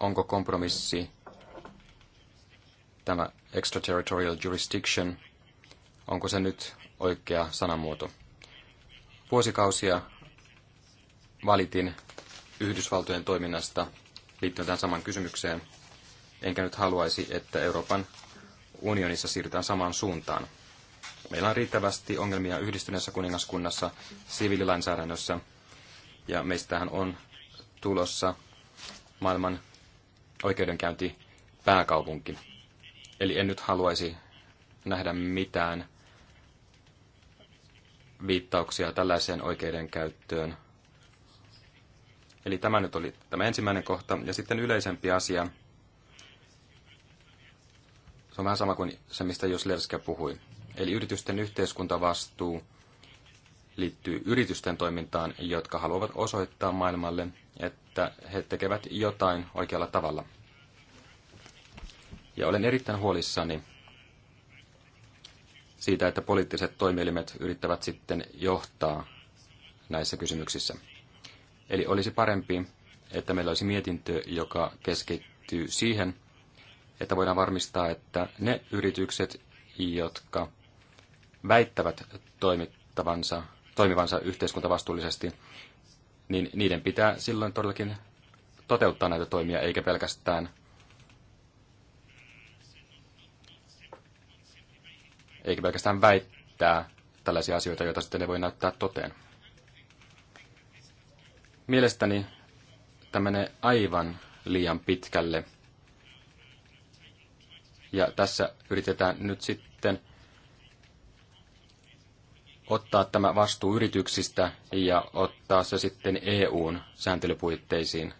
onko kompromissi tämä extraterritorial jurisdiction – Onko se nyt oikea sanamuoto? Vuosikausia valitin Yhdysvaltojen toiminnasta liittyen tähän saman kysymykseen, enkä nyt haluaisi, että Euroopan unionissa siirrytään samaan suuntaan. Meillä on riittävästi ongelmia yhdistyneessä kuningaskunnassa, siviililainsäädännössä, ja meistähän on tulossa maailman oikeudenkäynti pääkaupunki. Eli en nyt haluaisi nähdä mitään viittauksia tällaiseen oikeudenkäyttöön. Eli tämä nyt oli tämä ensimmäinen kohta. Ja sitten yleisempi asia. Se on vähän sama kuin se, mistä Joslerska puhui. Eli yritysten yhteiskuntavastuu liittyy yritysten toimintaan, jotka haluavat osoittaa maailmalle, että he tekevät jotain oikealla tavalla. Ja olen erittäin huolissani siitä, että poliittiset toimielimet yrittävät sitten johtaa näissä kysymyksissä. Eli olisi parempi, että meillä olisi mietintö, joka keskittyy siihen, että voidaan varmistaa, että ne yritykset, jotka väittävät toimittavansa, toimivansa yhteiskuntavastuullisesti, niin niiden pitää silloin todellakin toteuttaa näitä toimia, eikä pelkästään eikä pelkästään väittää tällaisia asioita, joita sitten ei voi näyttää toteen. Mielestäni tämä menee aivan liian pitkälle. Ja tässä yritetään nyt sitten ottaa tämä vastuu yrityksistä ja ottaa se sitten EUn sääntelypuitteisiin.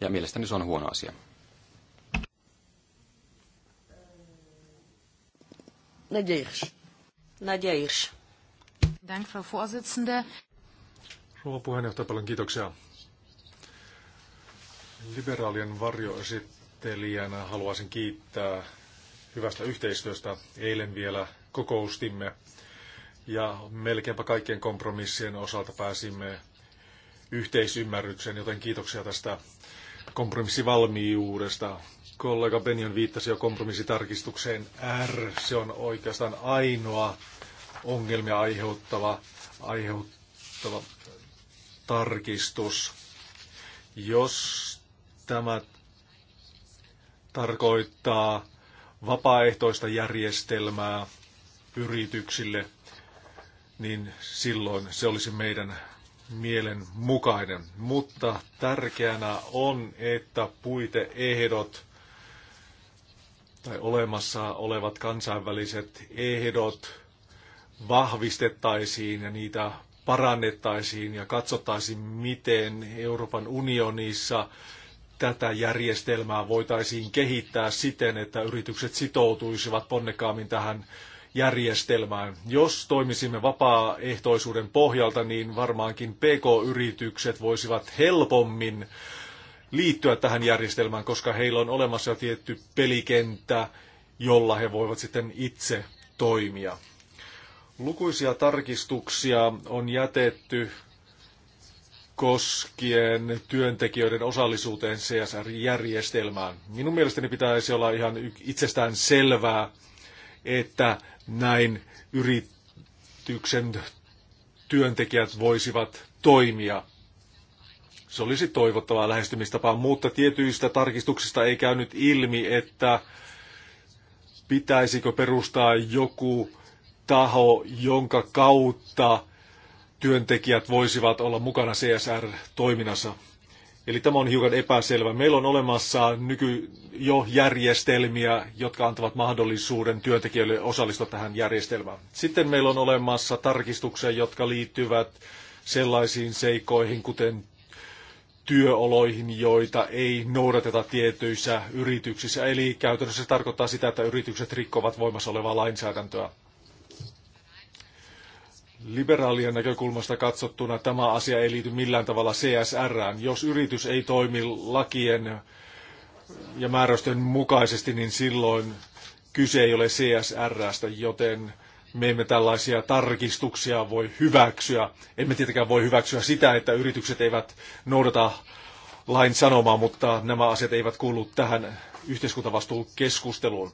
Ja mielestäni se on huono asia. Nadja Hirsch. Nadja Hirsch. Dank, Frau Vorsitzende. Rouva puheenjohtaja, paljon kiitoksia. Liberaalien varjoesittelijänä haluaisin kiittää hyvästä yhteistyöstä. Eilen vielä kokoustimme ja melkeinpä kaikkien kompromissien osalta pääsimme yhteisymmärrykseen, joten kiitoksia tästä kompromissivalmiudesta. Kollega Benjon viittasi jo kompromissitarkistukseen R. Se on oikeastaan ainoa ongelmia aiheuttava, aiheuttava tarkistus. Jos tämä tarkoittaa vapaaehtoista järjestelmää yrityksille, niin silloin se olisi meidän mielen mukainen. Mutta tärkeänä on, että puiteehdot tai olemassa olevat kansainväliset ehdot vahvistettaisiin ja niitä parannettaisiin ja katsottaisiin, miten Euroopan unionissa tätä järjestelmää voitaisiin kehittää siten, että yritykset sitoutuisivat ponnekaammin tähän järjestelmään. Jos toimisimme vapaaehtoisuuden pohjalta, niin varmaankin PK-yritykset voisivat helpommin liittyä tähän järjestelmään, koska heillä on olemassa jo tietty pelikenttä, jolla he voivat sitten itse toimia. Lukuisia tarkistuksia on jätetty koskien työntekijöiden osallisuuteen CSR-järjestelmään. Minun mielestäni pitäisi olla ihan itsestään selvää, että näin yrityksen työntekijät voisivat toimia. Se olisi toivottavaa lähestymistapa, mutta tietyistä tarkistuksista ei käynyt ilmi, että pitäisikö perustaa joku taho, jonka kautta työntekijät voisivat olla mukana CSR-toiminnassa. Eli tämä on hiukan epäselvä. Meillä on olemassa nyky jo järjestelmiä, jotka antavat mahdollisuuden työntekijöille osallistua tähän järjestelmään. Sitten meillä on olemassa tarkistuksia, jotka liittyvät sellaisiin seikoihin, kuten työoloihin, joita ei noudateta tietyissä yrityksissä. Eli käytännössä se tarkoittaa sitä, että yritykset rikkovat voimassa olevaa lainsäädäntöä. Liberaalien näkökulmasta katsottuna tämä asia ei liity millään tavalla CSRään. Jos yritys ei toimi lakien ja määräysten mukaisesti, niin silloin kyse ei ole stä, joten me emme tällaisia tarkistuksia voi hyväksyä. Emme tietenkään voi hyväksyä sitä, että yritykset eivät noudata lain sanomaa, mutta nämä asiat eivät kuulu tähän yhteiskuntavastuukeskusteluun.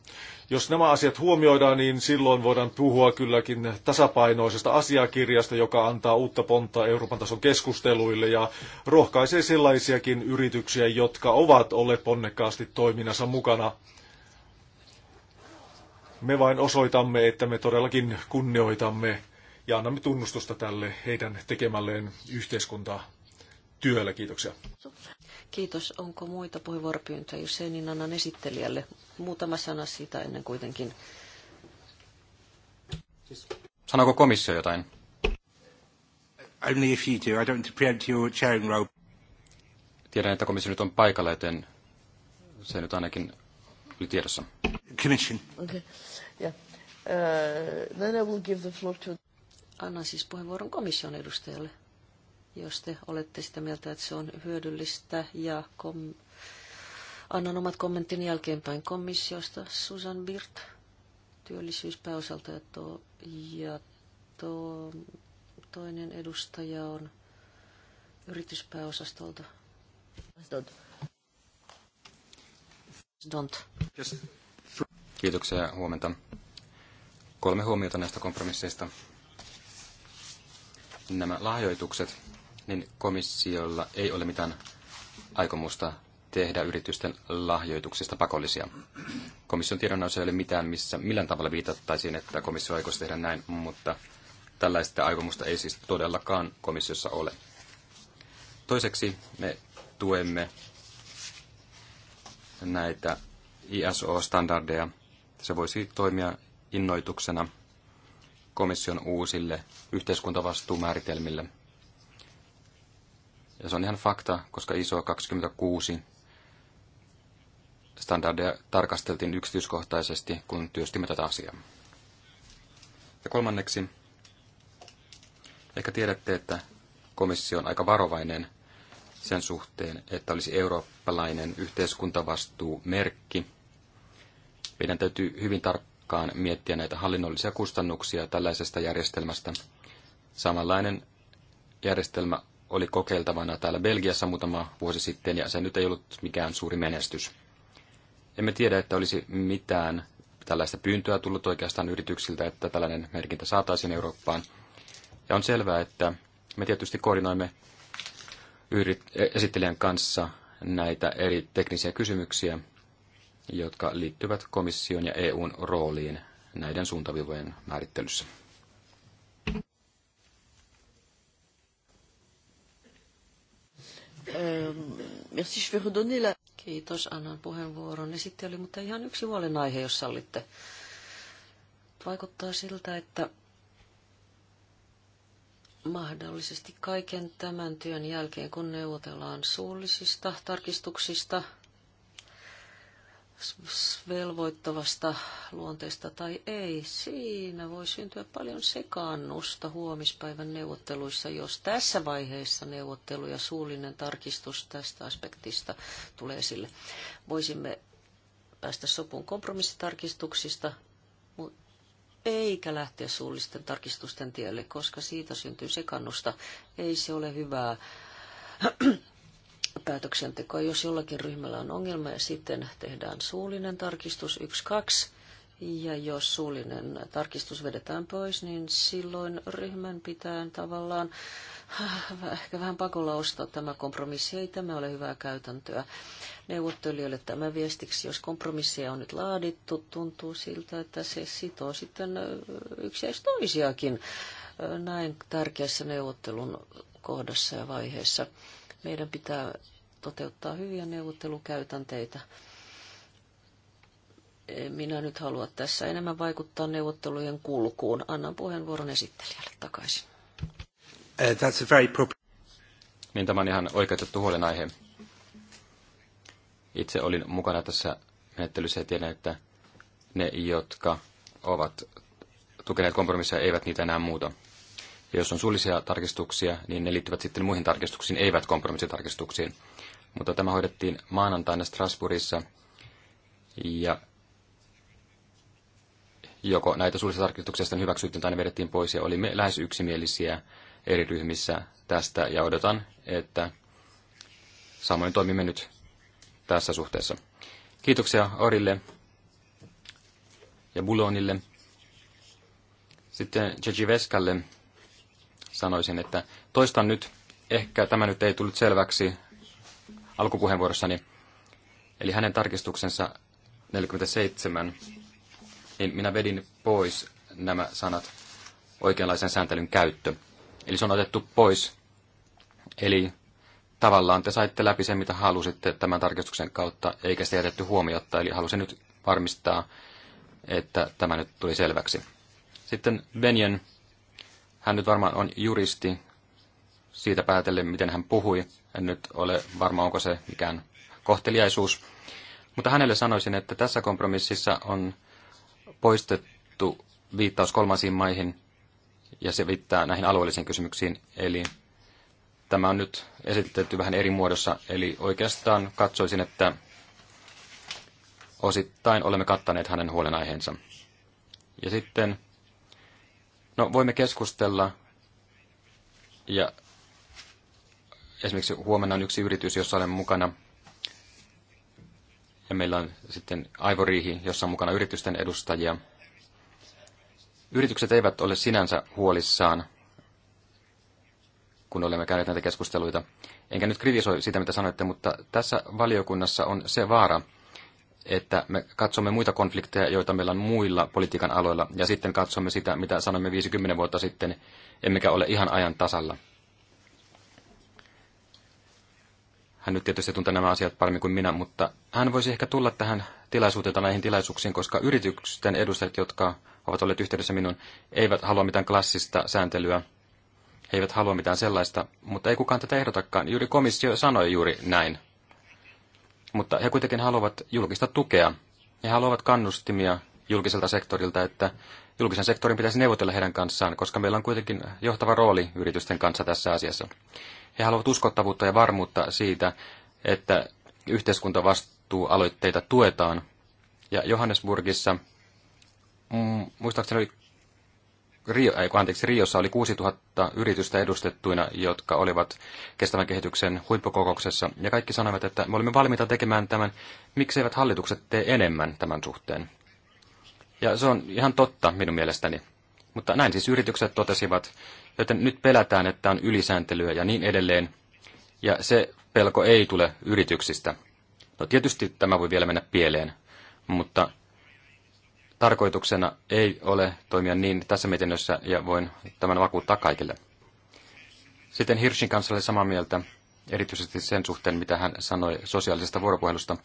Jos nämä asiat huomioidaan, niin silloin voidaan puhua kylläkin tasapainoisesta asiakirjasta, joka antaa uutta pontta Euroopan tason keskusteluille ja rohkaisee sellaisiakin yrityksiä, jotka ovat olleet ponnekkaasti toiminnassa mukana me vain osoitamme, että me todellakin kunnioitamme ja annamme tunnustusta tälle heidän tekemälleen yhteiskuntaa työllä. Kiitoksia. Kiitos. Onko muita puheenvuoropyyntöjä? Jos ei, niin annan esittelijälle muutama sana siitä ennen kuitenkin. Siis- Sanooko komissio jotain? Only if you do. I don't want to preempt your chairing role. Tiedän, että komissio nyt on paikalla, joten se nyt ainakin oli tiedossa. Commission. Okay. Yeah. Uh, then I will give the floor to... Annan siis puheenvuoron komission edustajalle, jos te olette sitä mieltä, että se on hyödyllistä ja kom... annan omat kommenttini jälkeenpäin komissiosta. Susan Birt, työllisyyspääosalta ja, to... ja to... toinen edustaja on yrityspääosastolta. Don't. Just Kiitoksia ja huomenta. Kolme huomiota näistä kompromisseista. Nämä lahjoitukset, niin komissiolla ei ole mitään aikomusta tehdä yritysten lahjoituksista pakollisia. Komission tiedonannossa ei ole mitään, missä millään tavalla viitattaisiin, että komissio aikoisi tehdä näin, mutta tällaista aikomusta ei siis todellakaan komissiossa ole. Toiseksi me tuemme näitä ISO-standardeja, se voisi toimia innoituksena komission uusille yhteiskuntavastuumääritelmille. Ja se on ihan fakta, koska ISO 26 standardeja tarkasteltiin yksityiskohtaisesti, kun työstimme tätä asiaa. Ja kolmanneksi, ehkä tiedätte, että komissio on aika varovainen sen suhteen, että olisi eurooppalainen yhteiskuntavastuumerkki, meidän täytyy hyvin tarkkaan miettiä näitä hallinnollisia kustannuksia tällaisesta järjestelmästä. Samanlainen järjestelmä oli kokeiltavana täällä Belgiassa muutama vuosi sitten, ja se nyt ei ollut mikään suuri menestys. Emme tiedä, että olisi mitään tällaista pyyntöä tullut oikeastaan yrityksiltä, että tällainen merkintä saataisiin Eurooppaan. Ja on selvää, että me tietysti koordinoimme yrit- esittelijän kanssa näitä eri teknisiä kysymyksiä, jotka liittyvät komission ja EUn rooliin näiden suuntavivojen määrittelyssä. Ähm, merci, je vais redonner la... Kiitos, annan puheenvuoron esittely, mutta ihan yksi huolenaihe, jos sallitte. Vaikuttaa siltä, että mahdollisesti kaiken tämän työn jälkeen, kun neuvotellaan suullisista tarkistuksista – velvoittavasta luonteesta tai ei, siinä voi syntyä paljon sekaannusta huomispäivän neuvotteluissa, jos tässä vaiheessa neuvottelu ja suullinen tarkistus tästä aspektista tulee sille. Voisimme päästä sopuun kompromissitarkistuksista, mutta eikä lähteä suullisten tarkistusten tielle, koska siitä syntyy sekannusta. Ei se ole hyvää päätöksentekoa. Jos jollakin ryhmällä on ongelma ja sitten tehdään suullinen tarkistus 1-2. Ja jos suullinen tarkistus vedetään pois, niin silloin ryhmän pitää tavallaan äh, ehkä vähän pakolla ostaa tämä kompromissi. Ei tämä ole hyvää käytäntöä neuvottelijoille tämä viestiksi. Jos kompromissia on nyt laadittu, tuntuu siltä, että se sitoo sitten äh, yksiä toisiakin äh, näin tärkeässä neuvottelun kohdassa ja vaiheessa. Meidän pitää toteuttaa hyviä neuvottelukäytänteitä. Eh, minä nyt haluan tässä enemmän vaikuttaa neuvottelujen kulkuun. Annan puheenvuoron esittelijälle takaisin. Eh, that's a very proper... Niin tämä on ihan oikeutettu huolenaihe. Itse olin mukana tässä menettelyssä ja tiedän, että ne, jotka ovat tukeneet kompromisseja, eivät niitä enää muuta. Ja jos on suullisia tarkistuksia, niin ne liittyvät sitten muihin tarkistuksiin, eivät kompromissitarkistuksiin. Mutta tämä hoidettiin maanantaina Strasbourgissa. Ja joko näitä suullisia tarkistuksia sitten hyväksyttiin tai ne vedettiin pois ja olimme lähes yksimielisiä eri ryhmissä tästä ja odotan, että samoin toimimme nyt tässä suhteessa. Kiitoksia Orille ja Bulonille. Sitten Gigi Veskalle sanoisin, että toistan nyt, ehkä tämä nyt ei tullut selväksi alkupuheenvuorossani, eli hänen tarkistuksensa 47, niin minä vedin pois nämä sanat oikeanlaisen sääntelyn käyttö. Eli se on otettu pois. Eli tavallaan te saitte läpi sen, mitä halusitte tämän tarkistuksen kautta, eikä se jätetty huomiota, Eli halusin nyt varmistaa, että tämä nyt tuli selväksi. Sitten Benjen hän nyt varmaan on juristi siitä päätellen, miten hän puhui. En nyt ole varma, onko se mikään kohteliaisuus. Mutta hänelle sanoisin, että tässä kompromississa on poistettu viittaus kolmansiin maihin ja se viittaa näihin alueellisiin kysymyksiin. Eli tämä on nyt esitetty vähän eri muodossa. Eli oikeastaan katsoisin, että osittain olemme kattaneet hänen huolenaiheensa. Ja sitten No, voimme keskustella. Ja esimerkiksi huomenna on yksi yritys, jossa olen mukana. Ja meillä on sitten aivoriihi, jossa on mukana yritysten edustajia. Yritykset eivät ole sinänsä huolissaan, kun olemme käyneet näitä keskusteluita. Enkä nyt kritisoi sitä, mitä sanoitte, mutta tässä valiokunnassa on se vaara, että me katsomme muita konflikteja, joita meillä on muilla politiikan aloilla, ja sitten katsomme sitä, mitä sanomme 50 vuotta sitten, emmekä ole ihan ajan tasalla. Hän nyt tietysti tuntee nämä asiat paremmin kuin minä, mutta hän voisi ehkä tulla tähän tilaisuuteen tai näihin tilaisuuksiin, koska yritysten edustajat, jotka ovat olleet yhteydessä minuun, eivät halua mitään klassista sääntelyä. He eivät halua mitään sellaista, mutta ei kukaan tätä ehdotakaan. Juuri komissio sanoi juuri näin. Mutta he kuitenkin haluavat julkista tukea. He haluavat kannustimia julkiselta sektorilta, että julkisen sektorin pitäisi neuvotella heidän kanssaan, koska meillä on kuitenkin johtava rooli yritysten kanssa tässä asiassa. He haluavat uskottavuutta ja varmuutta siitä, että yhteiskuntavastuualoitteita tuetaan. Ja Johannesburgissa, mm, muistaakseni oli Rio, ei, anteeksi, Riossa oli 6000 yritystä edustettuina, jotka olivat kestävän kehityksen huippukokouksessa, ja kaikki sanoivat, että me olimme valmiita tekemään tämän, Miksi eivät hallitukset tee enemmän tämän suhteen. Ja se on ihan totta minun mielestäni. Mutta näin siis yritykset totesivat, että nyt pelätään, että on ylisääntelyä ja niin edelleen, ja se pelko ei tule yrityksistä. No tietysti tämä voi vielä mennä pieleen, mutta tarkoituksena ei ole toimia niin tässä mietinnössä ja voin tämän vakuuttaa kaikille. Sitten Hirschin kanssa oli samaa mieltä, erityisesti sen suhteen, mitä hän sanoi sosiaalisesta vuoropuhelusta.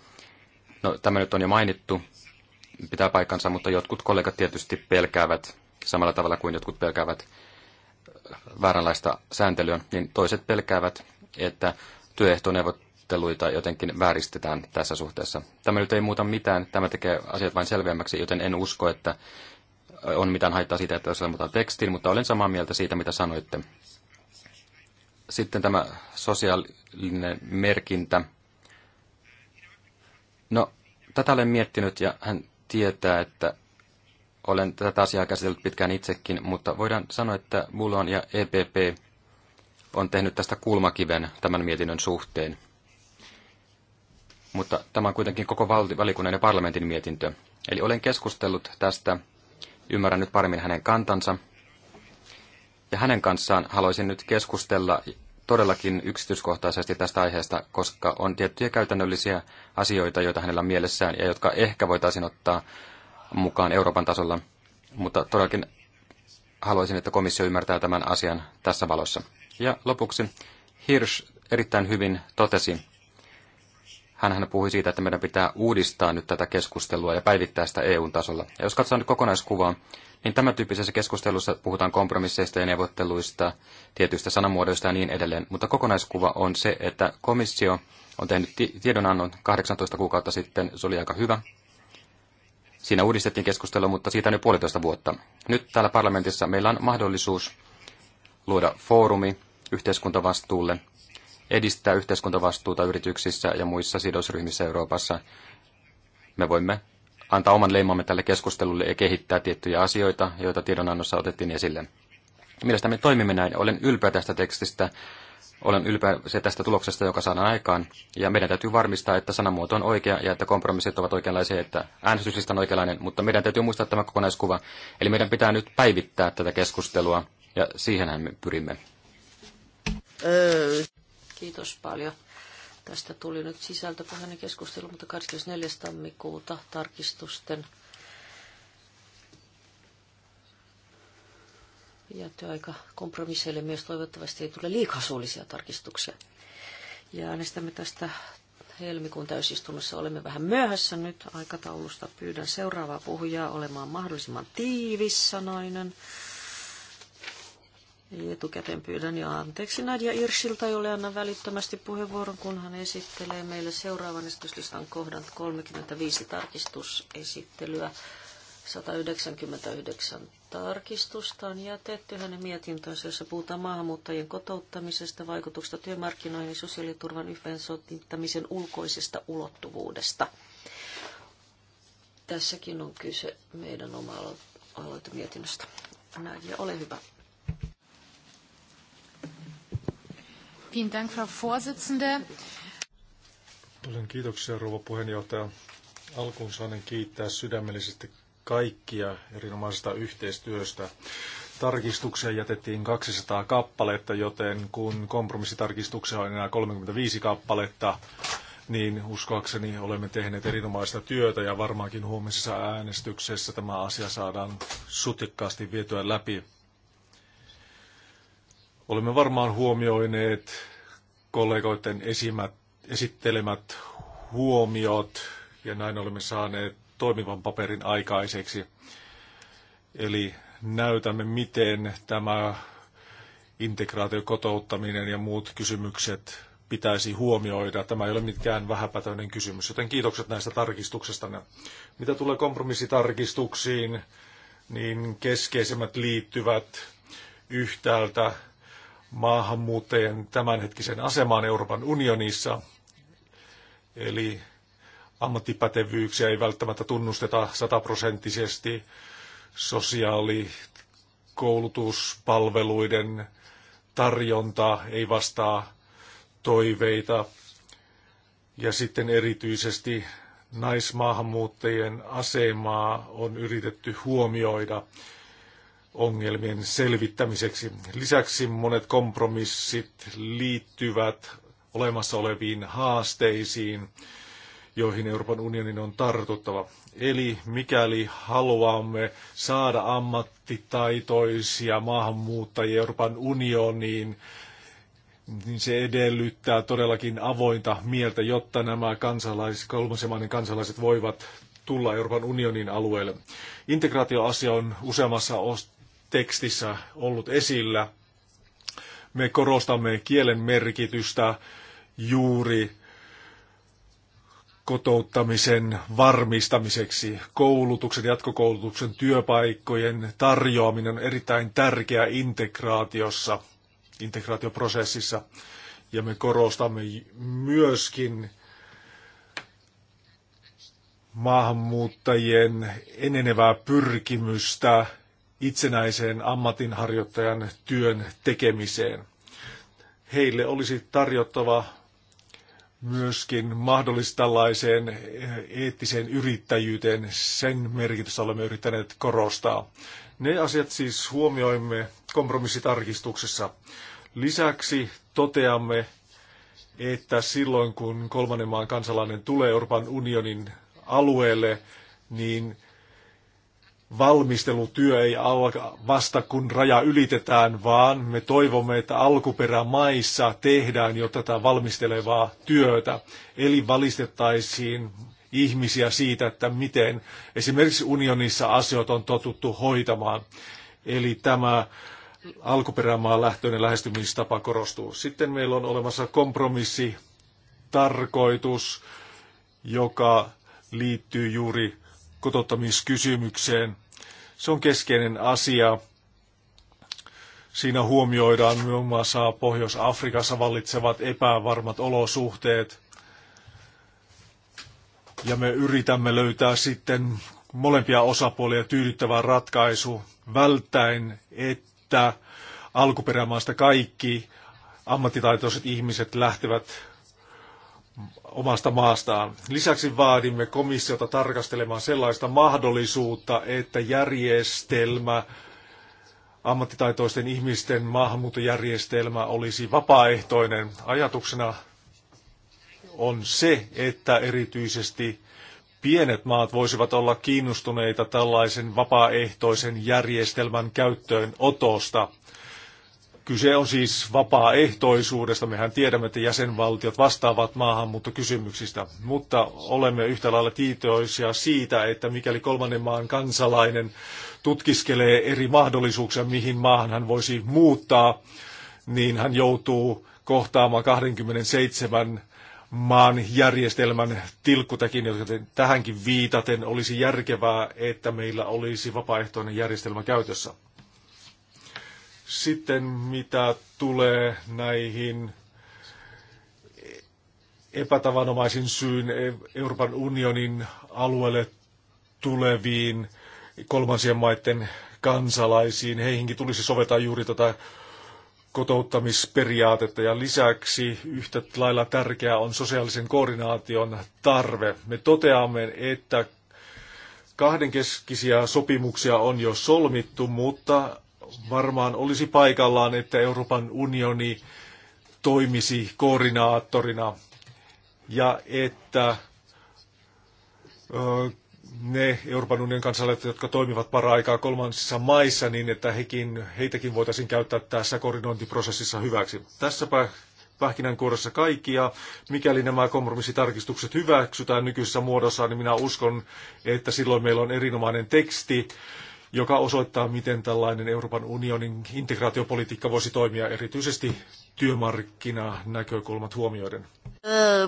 No, tämä nyt on jo mainittu, pitää paikkansa, mutta jotkut kollegat tietysti pelkäävät samalla tavalla kuin jotkut pelkäävät äh, vääränlaista sääntelyä, niin toiset pelkäävät, että työehtoneuvot neuvotteluita jotenkin vääristetään tässä suhteessa. Tämä nyt ei muuta mitään, tämä tekee asiat vain selvemmäksi, joten en usko, että on mitään haittaa siitä, että sanotaan tekstiin, mutta olen samaa mieltä siitä, mitä sanoitte. Sitten tämä sosiaalinen merkintä. No, tätä olen miettinyt ja hän tietää, että olen tätä asiaa käsitellyt pitkään itsekin, mutta voidaan sanoa, että Bulon ja EPP on tehnyt tästä kulmakiven tämän mietinnön suhteen mutta tämä on kuitenkin koko valikunnan ja parlamentin mietintö. Eli olen keskustellut tästä, ymmärrän nyt paremmin hänen kantansa, ja hänen kanssaan haluaisin nyt keskustella todellakin yksityiskohtaisesti tästä aiheesta, koska on tiettyjä käytännöllisiä asioita, joita hänellä on mielessään ja jotka ehkä voitaisiin ottaa mukaan Euroopan tasolla. Mutta todellakin haluaisin, että komissio ymmärtää tämän asian tässä valossa. Ja lopuksi Hirsch erittäin hyvin totesi, Hänhän puhui siitä, että meidän pitää uudistaa nyt tätä keskustelua ja päivittää sitä EU-tasolla. Ja jos katsotaan nyt kokonaiskuvaa, niin tämän tyyppisessä keskustelussa puhutaan kompromisseista ja neuvotteluista, tietyistä sanamuodoista ja niin edelleen. Mutta kokonaiskuva on se, että komissio on tehnyt tiedonannon 18 kuukautta sitten, se oli aika hyvä. Siinä uudistettiin keskustelua, mutta siitä on jo puolitoista vuotta. Nyt täällä parlamentissa meillä on mahdollisuus luoda foorumi yhteiskuntavastuulle – edistää yhteiskuntavastuuta yrityksissä ja muissa sidosryhmissä Euroopassa. Me voimme antaa oman leimamme tälle keskustelulle ja kehittää tiettyjä asioita, joita tiedonannossa otettiin esille. Mielestäni toimimme näin. Olen ylpeä tästä tekstistä. Olen ylpeä se tästä tuloksesta, joka saadaan aikaan. Ja meidän täytyy varmistaa, että sanamuoto on oikea ja että kompromissit ovat oikeanlaisia, että äänestyslista on oikeanlainen. Mutta meidän täytyy muistaa tämä kokonaiskuva. Eli meidän pitää nyt päivittää tätä keskustelua ja siihenhän me pyrimme. Öö. Kiitos paljon. Tästä tuli nyt sisältöpohjainen keskustelu, mutta 24. tammikuuta tarkistusten ja työaika kompromisseille myös toivottavasti ei tule liikaa suullisia tarkistuksia. Ja äänestämme tästä helmikuun täysistunnossa. Olemme vähän myöhässä nyt aikataulusta. Pyydän seuraavaa puhujaa olemaan mahdollisimman tiivissanainen. Etukäteen pyydän ja anteeksi Nadia Irsilta, jolle annan välittömästi puheenvuoron, kun hän esittelee meille seuraavan esityslistan kohdan 35 tarkistusesittelyä. 199 tarkistusta on jätetty hänen mietintönsä, jossa puhutaan maahanmuuttajien kotouttamisesta, vaikutuksesta työmarkkinoihin ja sosiaaliturvan yhteensovittamisen ulkoisesta ulottuvuudesta. Tässäkin on kyse meidän oma aloitemietinnöstä. Nadia, ole hyvä. Vielen Dank, Frau Vorsitzende. Paljon kiitoksia, rouva puheenjohtaja. Alkuun saanen kiittää sydämellisesti kaikkia erinomaisesta yhteistyöstä. Tarkistuksia jätettiin 200 kappaletta, joten kun kompromissitarkistuksia on enää 35 kappaletta, niin uskoakseni olemme tehneet erinomaista työtä ja varmaankin huomisessa äänestyksessä tämä asia saadaan sutikkaasti vietyä läpi. Olemme varmaan huomioineet kollegoiden esimät, esittelemät huomiot ja näin olemme saaneet toimivan paperin aikaiseksi. Eli näytämme, miten tämä integraatio, kotouttaminen ja muut kysymykset pitäisi huomioida. Tämä ei ole mitkään vähäpätöinen kysymys, joten kiitokset näistä tarkistuksesta. Mitä tulee kompromissitarkistuksiin, niin keskeisemmät liittyvät yhtäältä maahanmuuttajien tämänhetkiseen asemaan Euroopan unionissa. Eli ammattipätevyyksiä ei välttämättä tunnusteta sataprosenttisesti sosiaalikoulutuspalveluiden tarjonta ei vastaa toiveita. Ja sitten erityisesti naismaahanmuuttajien asemaa on yritetty huomioida ongelmien selvittämiseksi. Lisäksi monet kompromissit liittyvät olemassa oleviin haasteisiin, joihin Euroopan unionin on tartuttava. Eli mikäli haluamme saada ammattitaitoisia maahanmuuttajia Euroopan unioniin, niin se edellyttää todellakin avointa mieltä, jotta nämä kansalaiset, kolmasen kansalaiset voivat tulla Euroopan unionin alueelle. Integraatioasia on useammassa tekstissä ollut esillä. Me korostamme kielen merkitystä juuri kotouttamisen varmistamiseksi. Koulutuksen, jatkokoulutuksen, työpaikkojen tarjoaminen on erittäin tärkeä integraatiossa, integraatioprosessissa. Ja me korostamme myöskin maahanmuuttajien enenevää pyrkimystä itsenäiseen ammatinharjoittajan työn tekemiseen. Heille olisi tarjottava myöskin mahdollista tällaiseen eh, eettiseen yrittäjyyteen. Sen merkitystä olemme yrittäneet korostaa. Ne asiat siis huomioimme kompromissitarkistuksessa. Lisäksi toteamme, että silloin kun kolmannen maan kansalainen tulee Euroopan unionin alueelle, niin valmistelutyö ei alka vasta kun raja ylitetään, vaan me toivomme, että alkuperämaissa tehdään jo tätä valmistelevaa työtä. Eli valistettaisiin ihmisiä siitä, että miten esimerkiksi unionissa asiat on totuttu hoitamaan. Eli tämä alkuperämaa lähtöinen lähestymistapa korostuu. Sitten meillä on olemassa kompromissi, tarkoitus, joka liittyy juuri kotouttamiskysymykseen. Se on keskeinen asia. Siinä huomioidaan muun muassa Pohjois-Afrikassa vallitsevat epävarmat olosuhteet. Ja me yritämme löytää sitten molempia osapuolia tyydyttävä ratkaisu välttäen, että alkuperämaasta kaikki ammattitaitoiset ihmiset lähtevät omasta maastaan. Lisäksi vaadimme komissiota tarkastelemaan sellaista mahdollisuutta, että järjestelmä, ammattitaitoisten ihmisten maahanmuuttojärjestelmä olisi vapaaehtoinen. Ajatuksena on se, että erityisesti pienet maat voisivat olla kiinnostuneita tällaisen vapaaehtoisen järjestelmän käyttöön otosta. Kyse on siis vapaaehtoisuudesta. Mehän tiedämme, että jäsenvaltiot vastaavat maahanmuuttokysymyksistä, mutta olemme yhtä lailla tietoisia siitä, että mikäli kolmannen maan kansalainen tutkiskelee eri mahdollisuuksia, mihin maahan hän voisi muuttaa, niin hän joutuu kohtaamaan 27 maan järjestelmän tilkkutäkin, joten tähänkin viitaten olisi järkevää, että meillä olisi vapaaehtoinen järjestelmä käytössä. Sitten mitä tulee näihin epätavanomaisin syyn Euroopan unionin alueelle tuleviin kolmansien maiden kansalaisiin. Heihinkin tulisi soveta juuri tätä kotouttamisperiaatetta ja lisäksi yhtä lailla tärkeää on sosiaalisen koordinaation tarve. Me toteamme, että kahdenkeskisiä sopimuksia on jo solmittu, mutta varmaan olisi paikallaan, että Euroopan unioni toimisi koordinaattorina ja että ne Euroopan unionin kansalaiset, jotka toimivat para-aikaa kolmansissa maissa, niin että hekin, heitäkin voitaisiin käyttää tässä koordinointiprosessissa hyväksi. Tässäpä pähkinänkuoressa kaikki ja mikäli nämä kompromissitarkistukset hyväksytään nykyisessä muodossa, niin minä uskon, että silloin meillä on erinomainen teksti, joka osoittaa, miten tällainen Euroopan unionin integraatiopolitiikka voisi toimia erityisesti työmarkkinanäkökulmat huomioiden. Öö,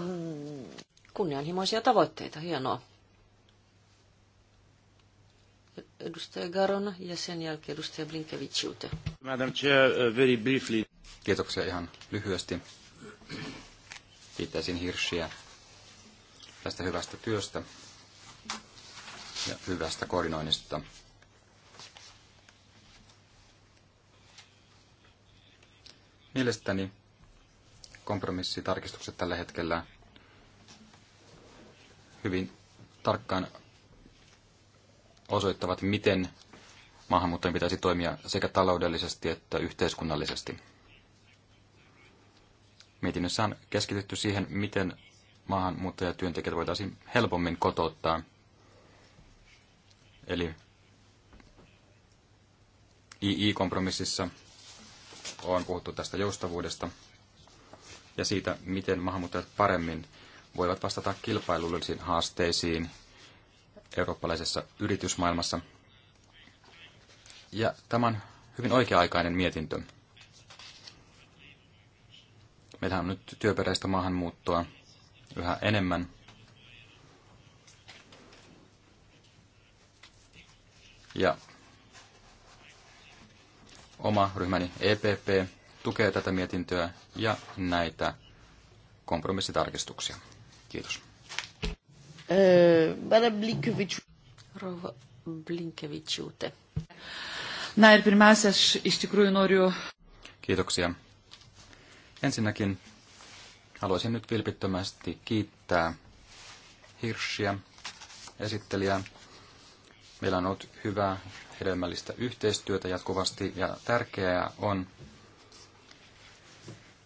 kunnianhimoisia tavoitteita, hienoa. Edustaja Garon ja sen jälkeen edustaja Blinkevichiute. Madam Chair, uh, very briefly. Kiitoksia ihan lyhyesti. Kiittäisin Hirschiä tästä hyvästä työstä ja hyvästä koordinoinnista Mielestäni kompromissitarkistukset tällä hetkellä hyvin tarkkaan osoittavat, miten maahanmuuttajien pitäisi toimia sekä taloudellisesti että yhteiskunnallisesti. Mietinnössä on keskitytty siihen, miten maahanmuuttajatyöntekijät voitaisiin helpommin kotouttaa. Eli II-kompromississa on puhuttu tästä joustavuudesta ja siitä, miten maahanmuuttajat paremmin voivat vastata kilpailullisiin haasteisiin eurooppalaisessa yritysmaailmassa. Ja tämä on hyvin oikea-aikainen mietintö. Meillä on nyt työperäistä maahanmuuttoa yhä enemmän. Ja Oma ryhmäni EPP tukee tätä mietintöä ja näitä kompromissitarkistuksia. Kiitos. Äh, Madame Rouva Blinkevičiūtė. Na ir pirmiausia, aš iš tikrųjų noriu. Kiitoksia. Ensinnäkin haluaisin nyt vilpittömästi kiittää Hirschia, esittelijää. Meillä on ollut hyvää hedelmällistä yhteistyötä jatkuvasti ja tärkeää on,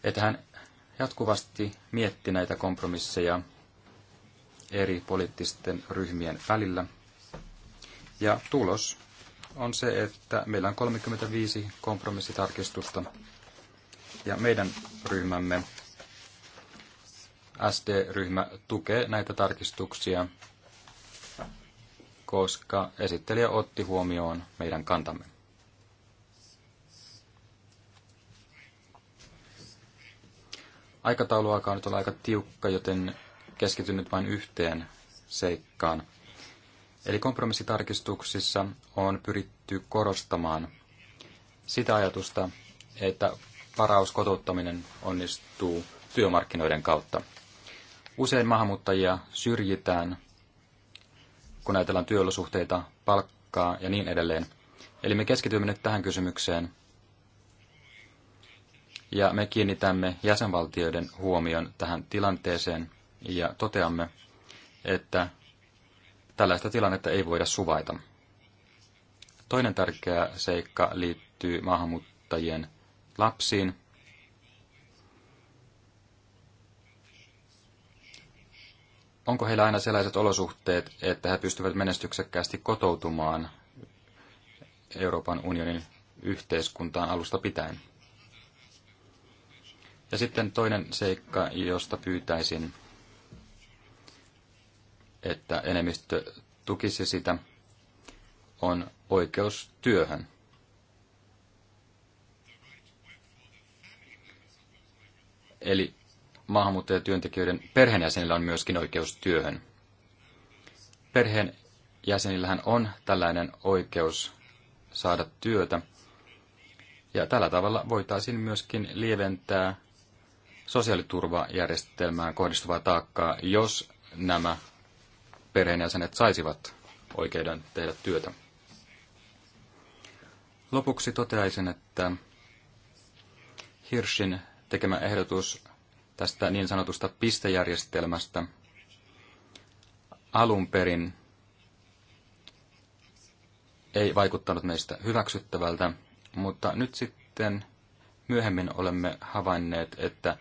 että hän jatkuvasti mietti näitä kompromisseja eri poliittisten ryhmien välillä. Ja tulos on se, että meillä on 35 kompromissitarkistusta ja meidän ryhmämme SD-ryhmä tukee näitä tarkistuksia koska esittelijä otti huomioon meidän kantamme. Aikataulu alkaa nyt olla aika tiukka, joten keskityn nyt vain yhteen seikkaan. Eli kompromissitarkistuksissa on pyritty korostamaan sitä ajatusta, että paraus kotouttaminen onnistuu työmarkkinoiden kautta. Usein maahanmuuttajia syrjitään kun ajatellaan työolosuhteita, palkkaa ja niin edelleen. Eli me keskitymme nyt tähän kysymykseen ja me kiinnitämme jäsenvaltioiden huomion tähän tilanteeseen ja toteamme, että tällaista tilannetta ei voida suvaita. Toinen tärkeä seikka liittyy maahanmuuttajien lapsiin – onko heillä aina sellaiset olosuhteet, että he pystyvät menestyksekkäästi kotoutumaan Euroopan unionin yhteiskuntaan alusta pitäen? Ja sitten toinen seikka, josta pyytäisin, että enemmistö tukisi sitä, on oikeus työhön. Eli maahanmuuttajatyöntekijöiden perheenjäsenillä on myöskin oikeus työhön. Perheenjäsenillähän on tällainen oikeus saada työtä, ja tällä tavalla voitaisiin myöskin lieventää sosiaaliturvajärjestelmään kohdistuvaa taakkaa, jos nämä perheenjäsenet saisivat oikeuden tehdä työtä. Lopuksi toteaisin, että Hirschin tekemä ehdotus tästä niin sanotusta pistejärjestelmästä. Alun perin ei vaikuttanut meistä hyväksyttävältä, mutta nyt sitten myöhemmin olemme havainneet, että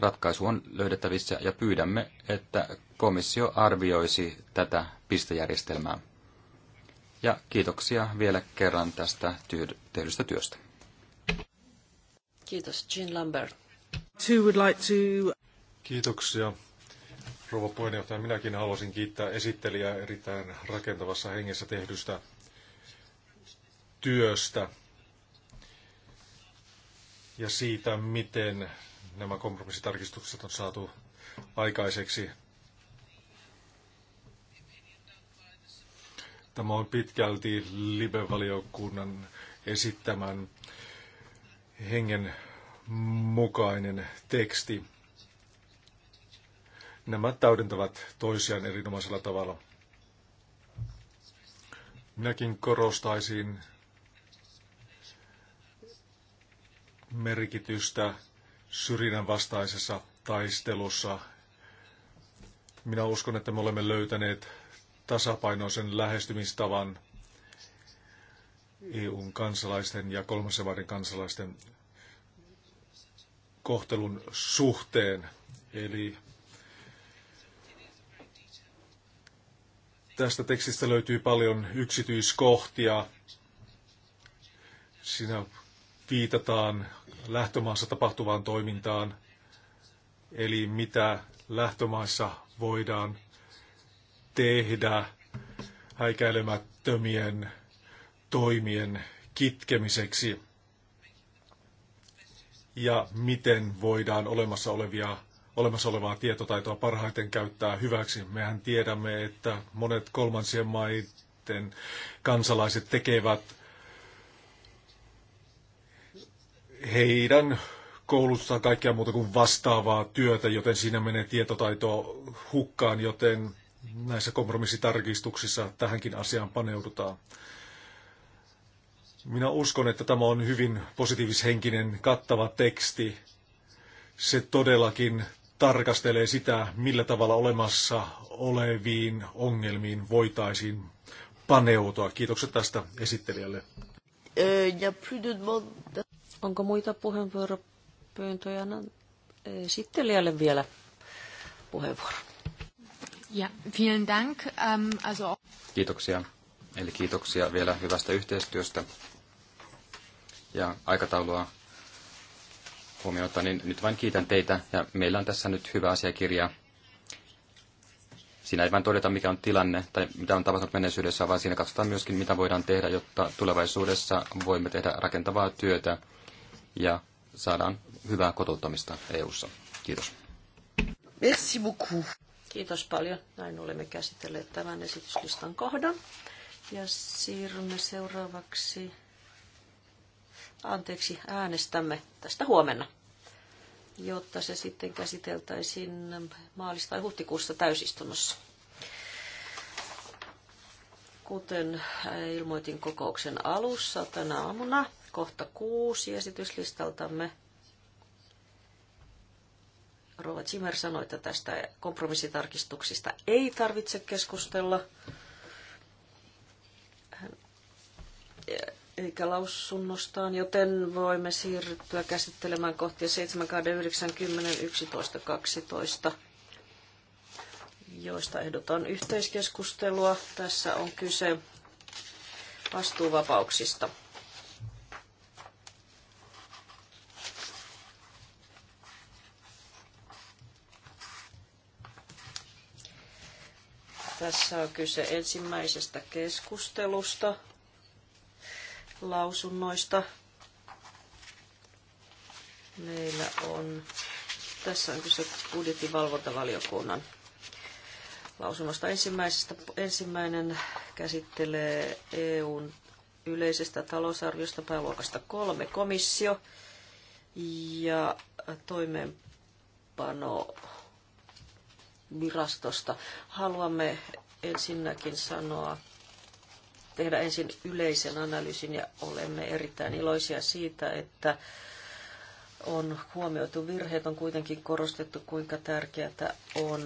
ratkaisu on löydettävissä ja pyydämme, että komissio arvioisi tätä pistejärjestelmää. Ja kiitoksia vielä kerran tästä tehdystä työstä. Kiitos, Jean Lambert. Kiitoksia. Rouva puheenjohtaja, minäkin haluaisin kiittää esittelijää erittäin rakentavassa hengessä tehdystä työstä ja siitä, miten nämä kompromissitarkistukset on saatu aikaiseksi. Tämä on pitkälti Libe-valiokunnan esittämän hengen mukainen teksti. Nämä täydentävät toisiaan erinomaisella tavalla. Minäkin korostaisin merkitystä syrjinnän vastaisessa taistelussa. Minä uskon, että me olemme löytäneet tasapainoisen lähestymistavan EUn kansalaisten ja kolmansien maiden kansalaisten kohtelun suhteen. Eli tästä tekstistä löytyy paljon yksityiskohtia. Siinä viitataan lähtömaassa tapahtuvaan toimintaan, eli mitä lähtömaissa voidaan tehdä häikäilemättömien toimien kitkemiseksi ja miten voidaan olemassa, olevia, olemassa olevaa tietotaitoa parhaiten käyttää hyväksi. Mehän tiedämme, että monet kolmansien maiden kansalaiset tekevät heidän koulussa kaikkea muuta kuin vastaavaa työtä, joten siinä menee tietotaito hukkaan, joten näissä kompromissitarkistuksissa tähänkin asiaan paneudutaan. Minä uskon, että tämä on hyvin positiivishenkinen, kattava teksti. Se todellakin tarkastelee sitä, millä tavalla olemassa oleviin ongelmiin voitaisiin paneutua. Kiitokset tästä esittelijälle. Onko muita puheenvuoropyyntöjä esittelijälle vielä puheenvuoro. Ja, vielen dank. Ähm, kiitoksia. Eli kiitoksia vielä hyvästä yhteistyöstä ja aikataulua huomiota, niin nyt vain kiitän teitä ja meillä on tässä nyt hyvä asiakirja. Siinä ei vain todeta, mikä on tilanne tai mitä on tapahtunut menneisyydessä, vaan siinä katsotaan myöskin, mitä voidaan tehdä, jotta tulevaisuudessa voimme tehdä rakentavaa työtä ja saadaan hyvää kotouttamista EU-ssa. Kiitos. Merci beaucoup. Kiitos paljon. Näin olemme käsitelleet tämän esityslistan kohdan. Ja siirrymme seuraavaksi anteeksi, äänestämme tästä huomenna, jotta se sitten käsiteltäisiin maalis- tai huhtikuussa täysistunnossa. Kuten ilmoitin kokouksen alussa tänä aamuna, kohta kuusi esityslistaltamme Rova Zimmer sanoi, että tästä kompromissitarkistuksista ei tarvitse keskustella. Hän eikä lausunnostaan, joten voimme siirtyä käsittelemään kohtia 7, 8, 9, 10, 11, 12, joista ehdotan yhteiskeskustelua. Tässä on kyse vastuuvapauksista. Tässä on kyse ensimmäisestä keskustelusta lausunnoista. Meillä on, tässä on kyse budjetin lausunnosta. Ensimmäisestä, ensimmäinen käsittelee EUn yleisestä talousarviosta pääluokasta kolme komissio ja toimeenpano virastosta. Haluamme ensinnäkin sanoa tehdä ensin yleisen analyysin ja olemme erittäin iloisia siitä, että on huomioitu virheet, on kuitenkin korostettu, kuinka tärkeää on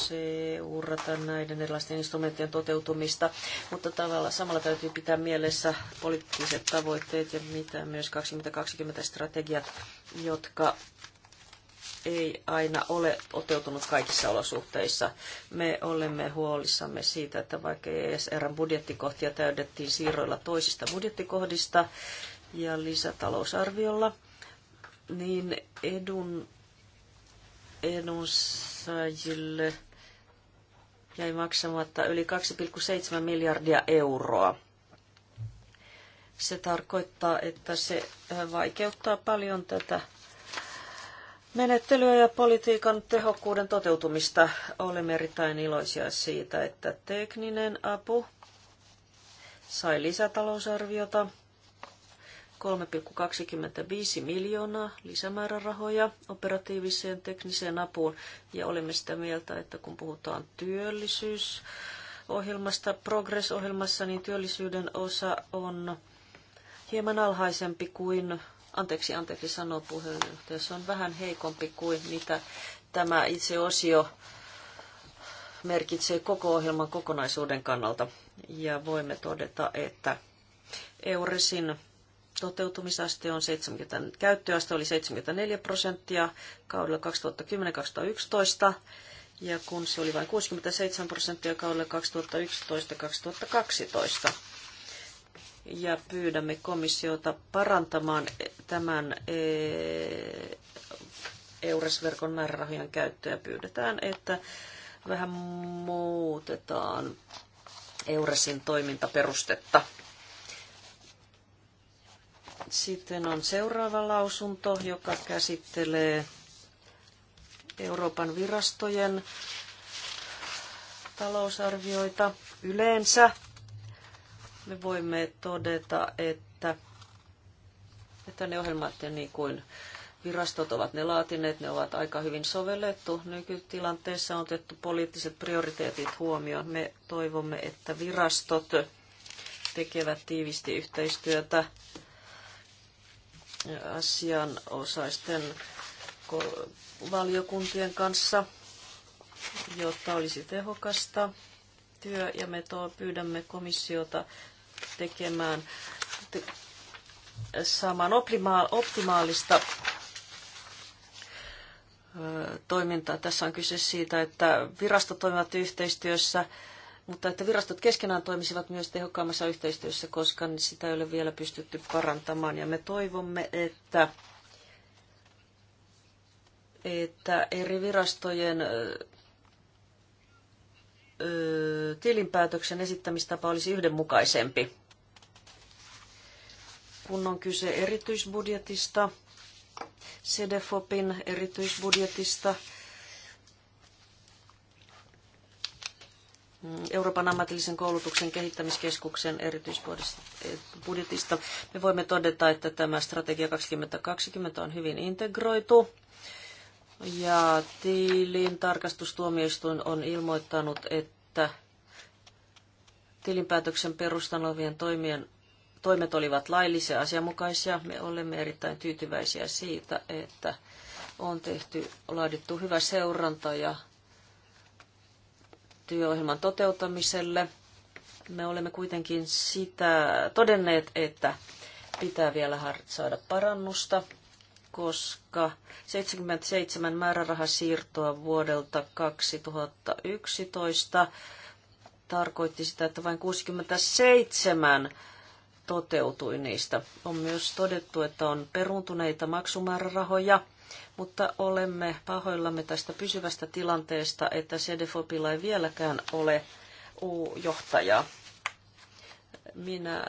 seurata näiden erilaisten instrumenttien toteutumista, mutta tavalla, samalla täytyy pitää mielessä poliittiset tavoitteet ja mitä myös 2020 strategiat, jotka ei aina ole toteutunut kaikissa olosuhteissa. Me olemme huolissamme siitä, että vaikka ESRn budjettikohtia täydettiin siirroilla toisista budjettikohdista ja lisätalousarviolla, niin edun, edunsaajille jäi maksamatta yli 2,7 miljardia euroa. Se tarkoittaa, että se vaikeuttaa paljon tätä menettelyä ja politiikan tehokkuuden toteutumista. Olemme erittäin iloisia siitä, että tekninen apu sai lisätalousarviota 3,25 miljoonaa lisämäärärahoja operatiiviseen tekniseen apuun ja olemme sitä mieltä, että kun puhutaan työllisyysohjelmasta, progress-ohjelmassa, niin työllisyyden osa on hieman alhaisempi kuin Anteeksi, anteeksi, sanoo puheenjohtaja. Se on vähän heikompi kuin mitä tämä itse osio merkitsee koko ohjelman kokonaisuuden kannalta. Ja voimme todeta, että EURESin toteutumisaste on 70, käyttöaste oli 74 prosenttia kaudella 2010-2011 ja kun se oli vain 67 prosenttia kaudella 2011-2012 ja pyydämme komissiota parantamaan tämän e, EURES-verkon määrärahojen käyttöä. Pyydetään, että vähän muutetaan EURESin toimintaperustetta. Sitten on seuraava lausunto, joka käsittelee Euroopan virastojen talousarvioita yleensä me voimme todeta, että, että ne ohjelmat ja niin kuin virastot ovat ne laatineet, ne ovat aika hyvin sovellettu. Nykytilanteessa on otettu poliittiset prioriteetit huomioon. Me toivomme, että virastot tekevät tiivisti yhteistyötä asianosaisten valiokuntien kanssa, jotta olisi tehokasta työ, ja me pyydämme komissiota tekemään saamaan optimaalista toimintaa. Tässä on kyse siitä, että virastot toimivat yhteistyössä, mutta että virastot keskenään toimisivat myös tehokkaammassa yhteistyössä, koska sitä ei ole vielä pystytty parantamaan. Ja me toivomme, että, että eri virastojen tilinpäätöksen esittämistapa olisi yhdenmukaisempi. Kun on kyse erityisbudjetista, CDFOPin erityisbudjetista, Euroopan ammatillisen koulutuksen kehittämiskeskuksen erityisbudjetista. Me voimme todeta, että tämä strategia 2020 on hyvin integroitu ja tilin tarkastustuomioistuin on ilmoittanut, että tilinpäätöksen perustan olevien toimien toimet olivat laillisia ja asianmukaisia. Me olemme erittäin tyytyväisiä siitä, että on tehty, laadittu hyvä seuranta ja työohjelman toteuttamiselle. Me olemme kuitenkin sitä todenneet, että pitää vielä saada parannusta koska 77 määrärahasiirtoa vuodelta 2011 tarkoitti sitä, että vain 67 toteutui niistä. On myös todettu, että on peruuntuneita maksumäärärahoja, mutta olemme pahoillamme tästä pysyvästä tilanteesta, että CDFOPilla ei vieläkään ole johtajaa. Minä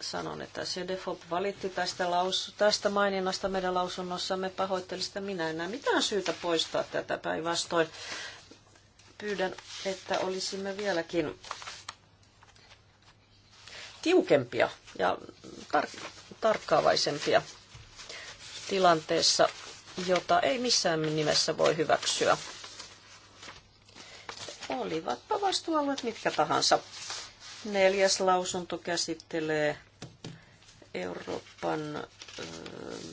sanon, että Sedefop valitti tästä, laus, tästä maininnasta meidän lausunnossamme pahoittelista. Minä en näe mitään syytä poistaa tätä päinvastoin. Pyydän, että olisimme vieläkin tiukempia ja tar- tarkkaavaisempia tilanteessa, jota ei missään nimessä voi hyväksyä. Olivatpa vastuualueet mitkä tahansa. Neljäs lausunto käsittelee Euroopan ähm,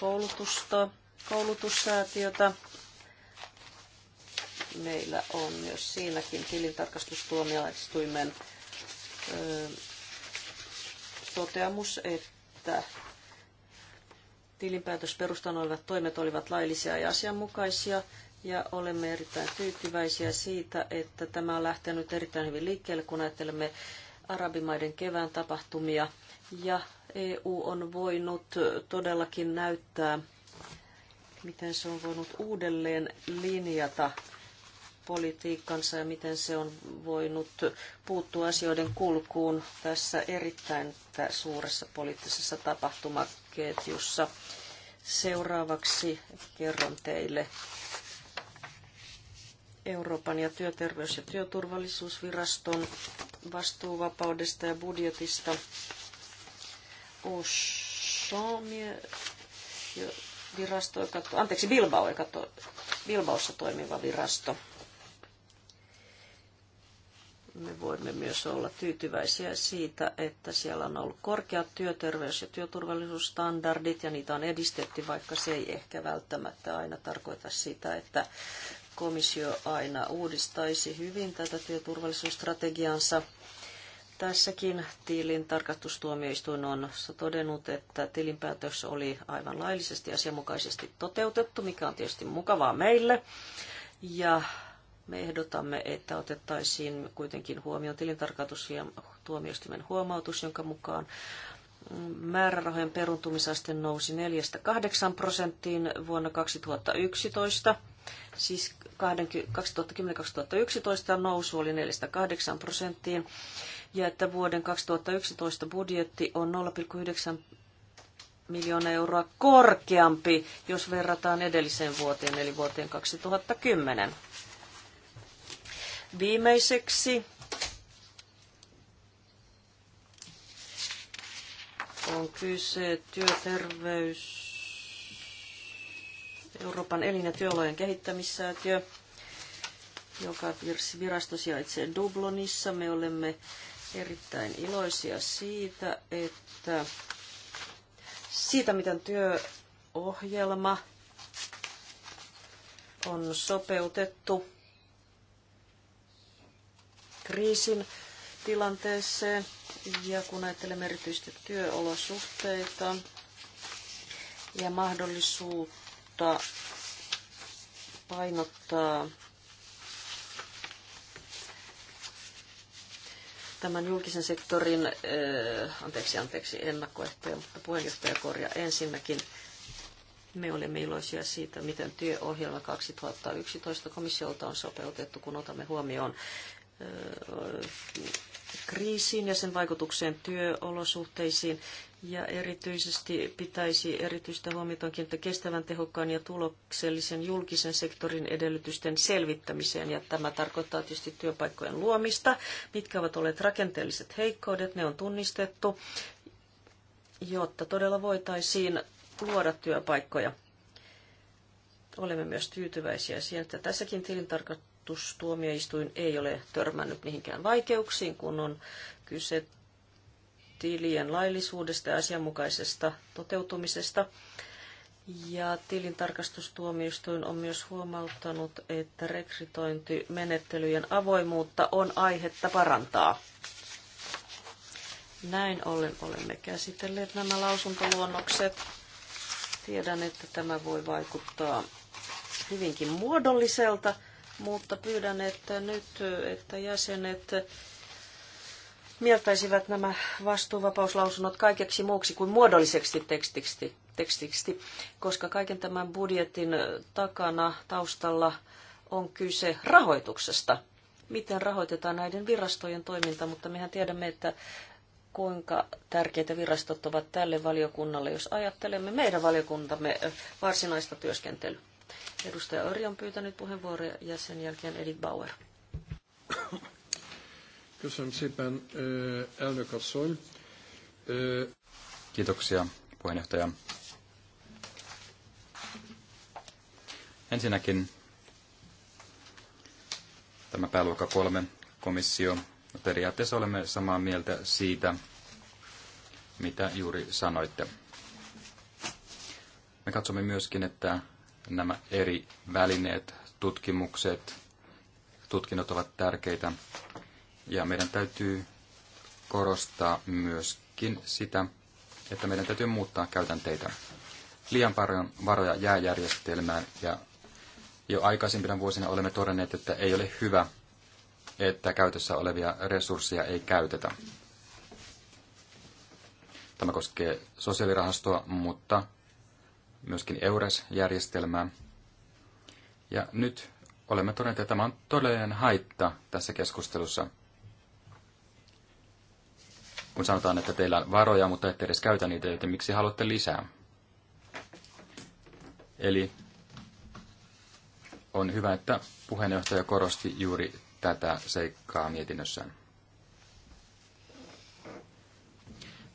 koulutusta, koulutussäätiötä. Meillä on myös siinäkin tilintarkastustuomioistuimen ähm, toteamus, että tilinpäätösperustan olevat toimet olivat laillisia ja asianmukaisia ja olemme erittäin tyytyväisiä siitä, että tämä on lähtenyt erittäin hyvin liikkeelle, kun ajattelemme arabimaiden kevään tapahtumia ja EU on voinut todellakin näyttää, miten se on voinut uudelleen linjata politiikkansa ja miten se on voinut puuttua asioiden kulkuun tässä erittäin suuressa poliittisessa tapahtumaketjussa. Seuraavaksi kerron teille Euroopan ja työterveys- ja työturvallisuusviraston vastuuvapaudesta ja budjetista Ushomie, virasto, joka, anteeksi, Bilbao, joka to, Bilbaossa toimiva virasto. Me voimme myös olla tyytyväisiä siitä, että siellä on ollut korkeat työterveys- ja työturvallisuusstandardit ja niitä on edistetty, vaikka se ei ehkä välttämättä aina tarkoita sitä, että komissio aina uudistaisi hyvin tätä työturvallisuusstrategiansa Tässäkin tiilin tarkastustuomioistuin on todennut, että tilinpäätös oli aivan laillisesti ja asianmukaisesti toteutettu, mikä on tietysti mukavaa meille. Ja me ehdotamme, että otettaisiin kuitenkin huomioon tilintarkastus ja tuomioistuimen huomautus, jonka mukaan määrärahojen peruntumisaste nousi 4-8 prosenttiin vuonna 2011. Siis 2010-2011 nousu oli 4-8 prosenttiin ja että vuoden 2011 budjetti on 0,9 miljoonaa euroa korkeampi, jos verrataan edelliseen vuoteen, eli vuoteen 2010. Viimeiseksi on kyse työterveys Euroopan elin- ja työolojen kehittämissäätiö, joka virasto sijaitsee Dublonissa. Me olemme erittäin iloisia siitä, että siitä, miten työohjelma on sopeutettu kriisin tilanteeseen ja kun ajattelemme erityisesti työolosuhteita ja mahdollisuutta painottaa tämän julkisen sektorin, eh, anteeksi, anteeksi, ennakkoehtoja, mutta puheenjohtaja ensinnäkin. Me olemme iloisia siitä, miten työohjelma 2011 komissiolta on sopeutettu, kun otamme huomioon kriisiin ja sen vaikutukseen työolosuhteisiin. Ja erityisesti pitäisi erityistä huomiota että kestävän, tehokkaan ja tuloksellisen julkisen sektorin edellytysten selvittämiseen. Ja tämä tarkoittaa tietysti työpaikkojen luomista, mitkä ovat olleet rakenteelliset heikkoudet, ne on tunnistettu, jotta todella voitaisiin luoda työpaikkoja. Olemme myös tyytyväisiä siihen, että tässäkin tilintarkastus tilintarkastustuomioistuin ei ole törmännyt mihinkään vaikeuksiin, kun on kyse tilien laillisuudesta ja asianmukaisesta toteutumisesta. Ja tilintarkastustuomioistuin on myös huomauttanut, että rekrytointimenettelyjen avoimuutta on aihetta parantaa. Näin ollen olemme käsitelleet nämä lausuntoluonnokset. Tiedän, että tämä voi vaikuttaa hyvinkin muodolliselta, mutta pyydän, että nyt, että jäsenet mieltäisivät nämä vastuuvapauslausunnot kaikeksi muuksi kuin muodolliseksi tekstiksi, tekstiksi koska kaiken tämän budjetin takana, taustalla on kyse rahoituksesta. Miten rahoitetaan näiden virastojen toiminta, mutta mehän tiedämme, että kuinka tärkeitä virastot ovat tälle valiokunnalle, jos ajattelemme meidän valiokuntamme varsinaista työskentelyä. Edustaja Ori on pyytänyt puheenvuoroja ja sen jälkeen Edith Bauer. Kysyn Sipen eh, elnökassoin. Eh, Kiitoksia puheenjohtaja. Ensinnäkin tämä pääluokka kolme komissio. No, periaatteessa olemme samaa mieltä siitä, mitä juuri sanoitte. Me katsomme myöskin, että nämä eri välineet, tutkimukset, tutkinnot ovat tärkeitä. Ja meidän täytyy korostaa myöskin sitä, että meidän täytyy muuttaa käytänteitä. Liian paljon varoja jää järjestelmään ja jo aikaisempina vuosina olemme todenneet, että ei ole hyvä, että käytössä olevia resursseja ei käytetä. Tämä koskee sosiaalirahastoa, mutta myöskin EURES-järjestelmää. Ja nyt olemme todenneet, että tämä on todellinen haitta tässä keskustelussa. Kun sanotaan, että teillä on varoja, mutta ette edes käytä niitä, joten miksi haluatte lisää? Eli on hyvä, että puheenjohtaja korosti juuri tätä seikkaa mietinnössään.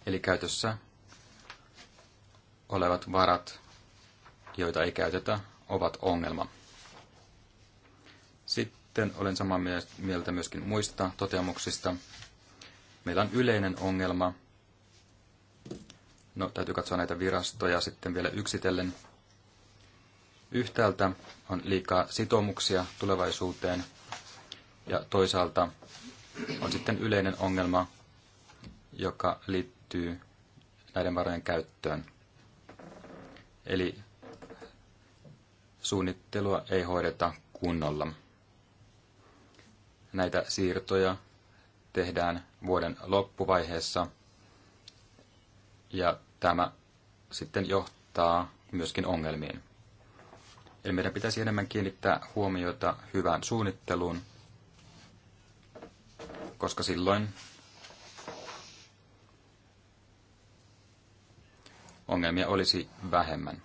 Eli käytössä olevat varat joita ei käytetä, ovat ongelma. Sitten olen samaa mieltä myöskin muista toteamuksista. Meillä on yleinen ongelma. No, täytyy katsoa näitä virastoja sitten vielä yksitellen. Yhtäältä on liikaa sitoumuksia tulevaisuuteen ja toisaalta on sitten yleinen ongelma, joka liittyy näiden varojen käyttöön. Eli suunnittelua ei hoideta kunnolla. Näitä siirtoja tehdään vuoden loppuvaiheessa ja tämä sitten johtaa myöskin ongelmiin. Eli meidän pitäisi enemmän kiinnittää huomiota hyvään suunnitteluun, koska silloin ongelmia olisi vähemmän.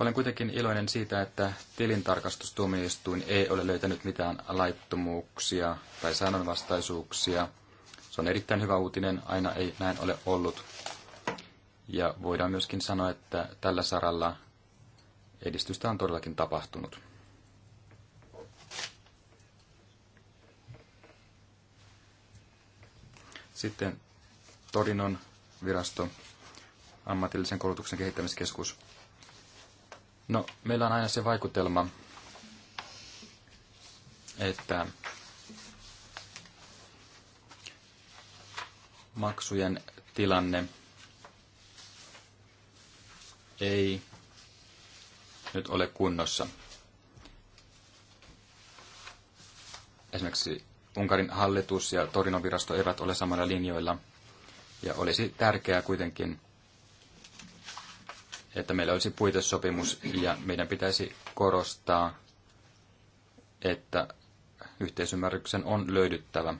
Olen kuitenkin iloinen siitä, että tilintarkastustuomioistuin ei ole löytänyt mitään laittomuuksia tai säännönvastaisuuksia. Se on erittäin hyvä uutinen, aina ei näin ole ollut. Ja voidaan myöskin sanoa, että tällä saralla edistystä on todellakin tapahtunut. Sitten Torinon virasto, ammatillisen koulutuksen kehittämiskeskus. No, meillä on aina se vaikutelma, että maksujen tilanne ei nyt ole kunnossa. Esimerkiksi Unkarin hallitus ja Torinovirasto eivät ole samalla linjoilla, ja olisi tärkeää kuitenkin, että meillä olisi puitesopimus ja meidän pitäisi korostaa, että yhteisymmärryksen on löydyttävä.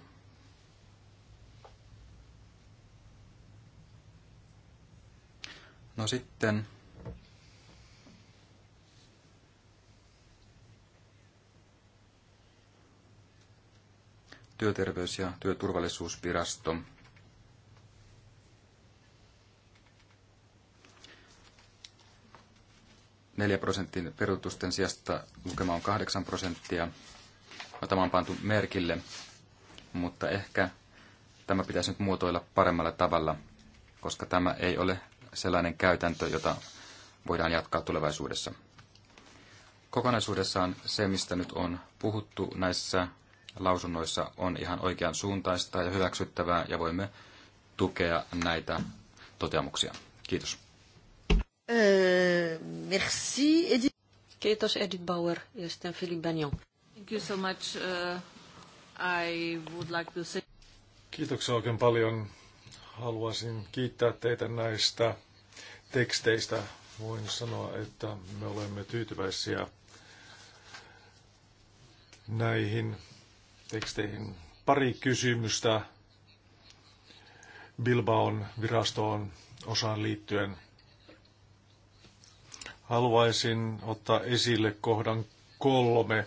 No sitten työterveys- ja työturvallisuusvirasto 4 prosentin peruutusten sijasta lukema on 8 prosenttia. No, tämä on pantu merkille, mutta ehkä tämä pitäisi nyt muotoilla paremmalla tavalla, koska tämä ei ole sellainen käytäntö, jota voidaan jatkaa tulevaisuudessa. Kokonaisuudessaan se, mistä nyt on puhuttu näissä lausunnoissa, on ihan oikean suuntaista ja hyväksyttävää, ja voimme tukea näitä toteamuksia. Kiitos. Öö, Merci, Edith. Kiitos Edith Bauer ja sitten Philippe Bagnon. Thank you so much. Uh, I would like to say... Kiitoksia oikein paljon. Haluaisin kiittää teitä näistä teksteistä. Voin sanoa, että me olemme tyytyväisiä näihin teksteihin. Pari kysymystä Bilbaon virastoon osaan liittyen. Haluaisin ottaa esille kohdan kolme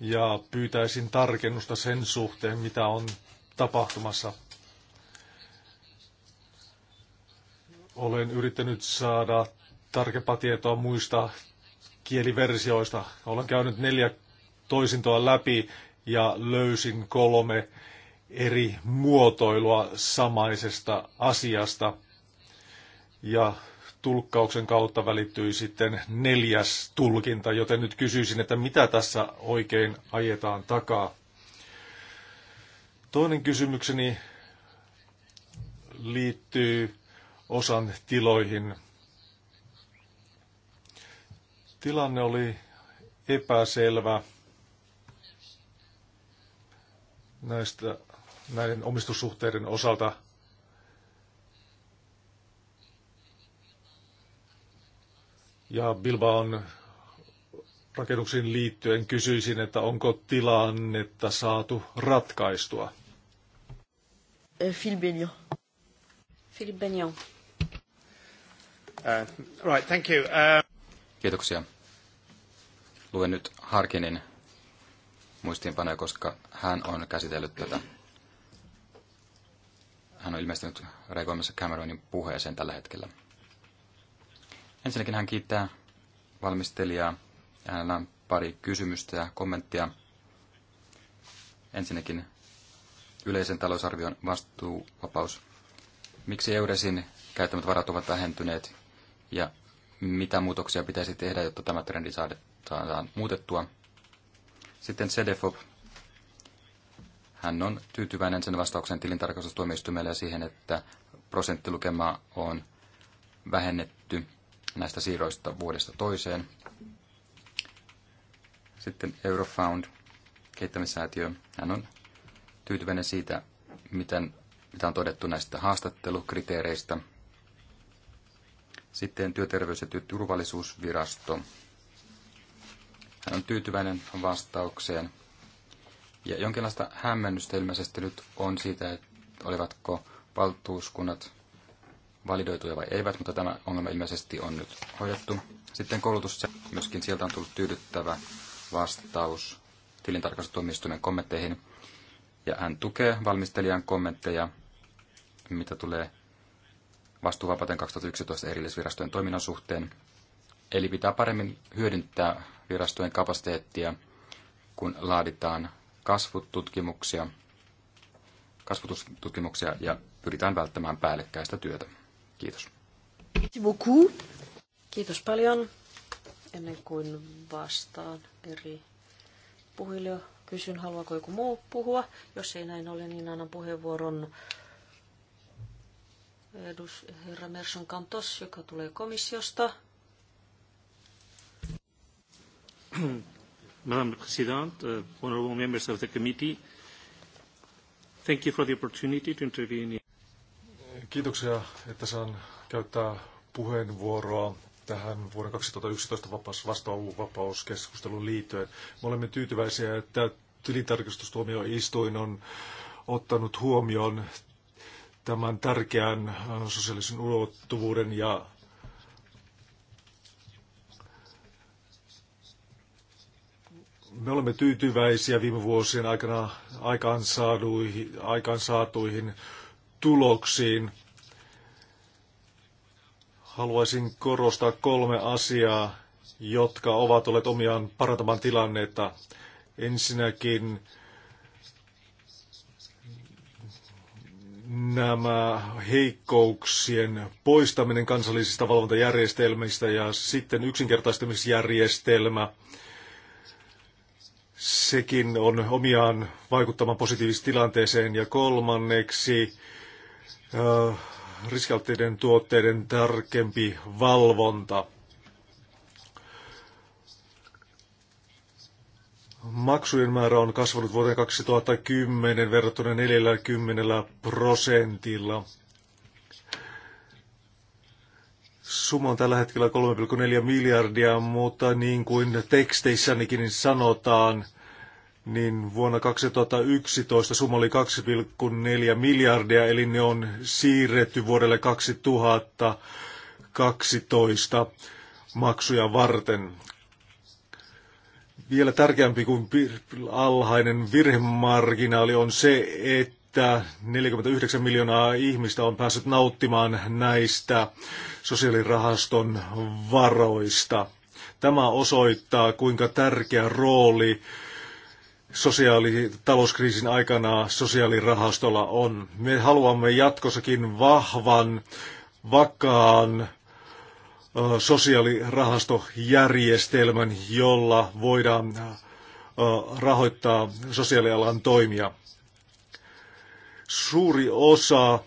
ja pyytäisin tarkennusta sen suhteen, mitä on tapahtumassa. Olen yrittänyt saada tarkempaa tietoa muista kieliversioista. Olen käynyt neljä toisintoa läpi ja löysin kolme eri muotoilua samaisesta asiasta. Ja tulkkauksen kautta välittyi sitten neljäs tulkinta, joten nyt kysyisin, että mitä tässä oikein ajetaan takaa. Toinen kysymykseni liittyy osan tiloihin. Tilanne oli epäselvä näistä, näiden omistussuhteiden osalta – Ja Bilbaon rakennuksiin liittyen kysyisin, että onko tilannetta saatu ratkaistua? Eh, Phil Benyon. Phil Benyon. Uh, right, thank you. Uh... Kiitoksia. Luen nyt Harkinin muistiinpanoja, koska hän on käsitellyt tätä. Hän on ilmestynyt reagoimassa Cameronin puheeseen tällä hetkellä. Ensinnäkin hän kiittää valmistelijaa. Hänellä on pari kysymystä ja kommenttia. Ensinnäkin yleisen talousarvion vastuuvapaus. Miksi Euresin käyttämät varat ovat vähentyneet ja mitä muutoksia pitäisi tehdä, jotta tämä trendi saadaan muutettua? Sitten CDFOP. Hän on tyytyväinen sen vastauksen tilintarkastustuomioistuimelle ja siihen, että prosenttilukema on vähennetty näistä siirroista vuodesta toiseen. Sitten Eurofound, kehittämissäätiö, hän on tyytyväinen siitä, miten, mitä on todettu näistä haastattelukriteereistä. Sitten työterveys- ja työturvallisuusvirasto, Hän on tyytyväinen vastaukseen. Ja jonkinlaista hämmennystä ilmeisesti nyt on siitä, että olivatko valtuuskunnat validoituja vai eivät, mutta tämä ongelma ilmeisesti on nyt hoidettu. Sitten koulutus, myöskin sieltä on tullut tyydyttävä vastaus tilintarkastustuomioistuimen kommentteihin. Ja hän tukee valmistelijan kommentteja, mitä tulee vastuuvapauteen 2011 erillisvirastojen toiminnan suhteen. Eli pitää paremmin hyödyntää virastojen kapasiteettia, kun laaditaan kasvututkimuksia, kasvututkimuksia ja pyritään välttämään päällekkäistä työtä. Kiitos. Kiitos paljon. Ennen kuin vastaan eri puhujille, kysyn, haluaako joku muu puhua. Jos ei näin ole, niin annan puheenvuoron edus, herra Merson Kantos, joka tulee komissiosta. Madam President, uh, honorable members of the committee, thank you for the opportunity to intervene Kiitoksia, että saan käyttää puheenvuoroa tähän vuoden 2011 vapaus, vastaavapauskeskusteluun liittyen. Me olemme tyytyväisiä, että tilintarkastustuomioistuin on ottanut huomioon tämän tärkeän äh, sosiaalisen ulottuvuuden ja me olemme tyytyväisiä viime vuosien aikana aikaansaaduihin, aikaansaatuihin tuloksiin. Haluaisin korostaa kolme asiaa, jotka ovat olleet omiaan parantamaan tilannetta. Ensinnäkin nämä heikkouksien poistaminen kansallisista valvontajärjestelmistä ja sitten yksinkertaistamisjärjestelmä. Sekin on omiaan vaikuttamaan positiiviseen tilanteeseen. Ja kolmanneksi riskialttiiden tuotteiden tarkempi valvonta. Maksujen määrä on kasvanut vuoteen 2010 verrattuna 40 prosentilla. Summa on tällä hetkellä 3,4 miljardia, mutta niin kuin teksteissänikin sanotaan – niin vuonna 2011 summa oli 2,4 miljardia, eli ne on siirretty vuodelle 2012 maksuja varten. Vielä tärkeämpi kuin alhainen virhemarginaali on se, että 49 miljoonaa ihmistä on päässyt nauttimaan näistä sosiaalirahaston varoista. Tämä osoittaa, kuinka tärkeä rooli sosiaalitalouskriisin aikana sosiaalirahastolla on. Me haluamme jatkossakin vahvan, vakaan sosiaalirahastojärjestelmän, jolla voidaan rahoittaa sosiaalialan toimia. Suuri osa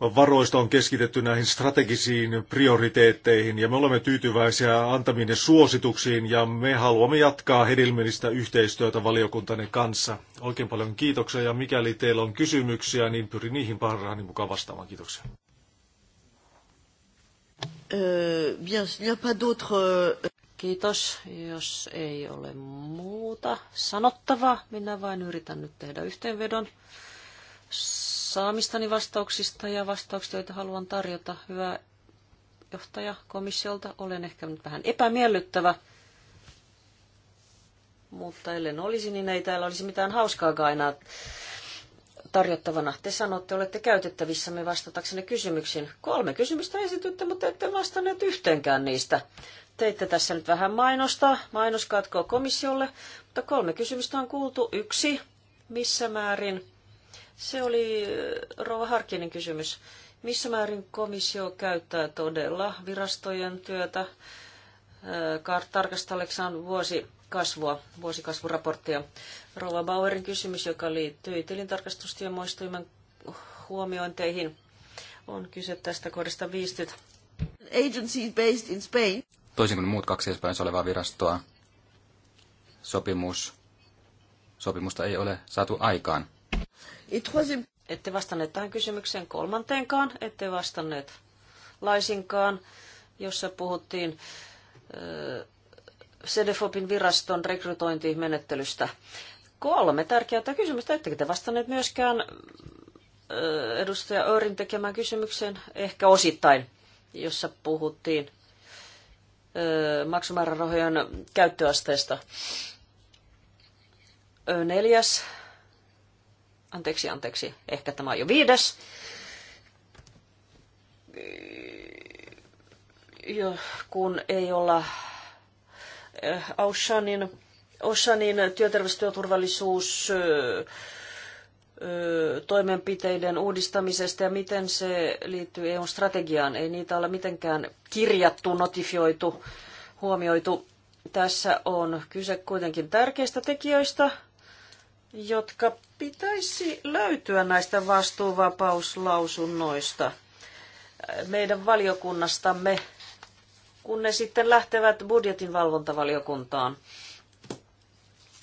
varoista on keskitetty näihin strategisiin prioriteetteihin ja me olemme tyytyväisiä antaminen suosituksiin ja me haluamme jatkaa hedelmällistä yhteistyötä valiokuntanne kanssa. Oikein paljon kiitoksia ja mikäli teillä on kysymyksiä, niin pyrin niihin parhaani mukaan vastaamaan. Kiitoksia. Euh, euh, Kiitos, jos ei ole muuta sanottavaa. Minä vain yritän nyt tehdä yhteenvedon saamistani vastauksista ja vastauksista, joita haluan tarjota. Hyvä johtaja komissiolta, olen ehkä nyt vähän epämiellyttävä, mutta ellen olisi, niin ei täällä olisi mitään hauskaa enää tarjottavana. Te sanotte, olette käytettävissämme vastataksenne kysymyksiin. Kolme kysymystä esitytte, mutta ette vastanneet yhteenkään niistä. Teitte tässä nyt vähän mainosta, mainoskatkoa komissiolle, mutta kolme kysymystä on kuultu. Yksi, missä määrin se oli äh, Rova Harkinen kysymys. Missä määrin komissio käyttää todella virastojen työtä äh, tarkastelleksaan vuosikasvua, vuosikasvuraporttia? Rova Bauerin kysymys, joka liittyy tilintarkastustyömoistuimen huomiointeihin, on kyse tästä kohdasta 50. Agency based in Spain. Toisin kuin muut kaksi Espanjassa olevaa virastoa, sopimus, sopimusta ei ole saatu aikaan. Ette vastanneet tähän kysymykseen kolmanteenkaan, ette vastanneet laisinkaan, jossa puhuttiin Sedefopin viraston rekrytointimenettelystä. Kolme tärkeää kysymystä. Ettekö te vastanneet myöskään edustaja Örin tekemään kysymykseen, ehkä osittain, jossa puhuttiin maksumäärärahojen käyttöasteesta. Neljäs anteeksi, anteeksi, ehkä tämä on jo viides. Jo, kun ei olla eh, Aushanin, Aushanin työterveystyöturvallisuus eh, eh, toimenpiteiden uudistamisesta ja miten se liittyy eu strategiaan. Ei niitä ole mitenkään kirjattu, notifioitu, huomioitu. Tässä on kyse kuitenkin tärkeistä tekijöistä, jotka pitäisi löytyä näistä vastuuvapauslausunnoista meidän valiokunnastamme, kun ne sitten lähtevät budjetin valvontavaliokuntaan.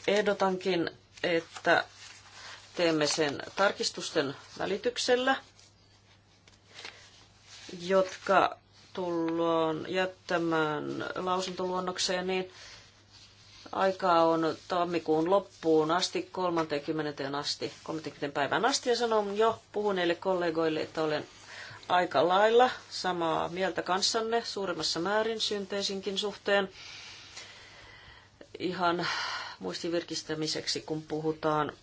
Ehdotankin, että teemme sen tarkistusten välityksellä, jotka tullaan jättämään lausuntoluonnokseen, niin Aikaa on tammikuun loppuun asti, 30. asti, 30. päivän asti. Ja sanon jo puhuneille kollegoille, että olen aika lailla samaa mieltä kanssanne suuremmassa määrin synteisinkin suhteen. Ihan muistivirkistämiseksi, kun puhutaan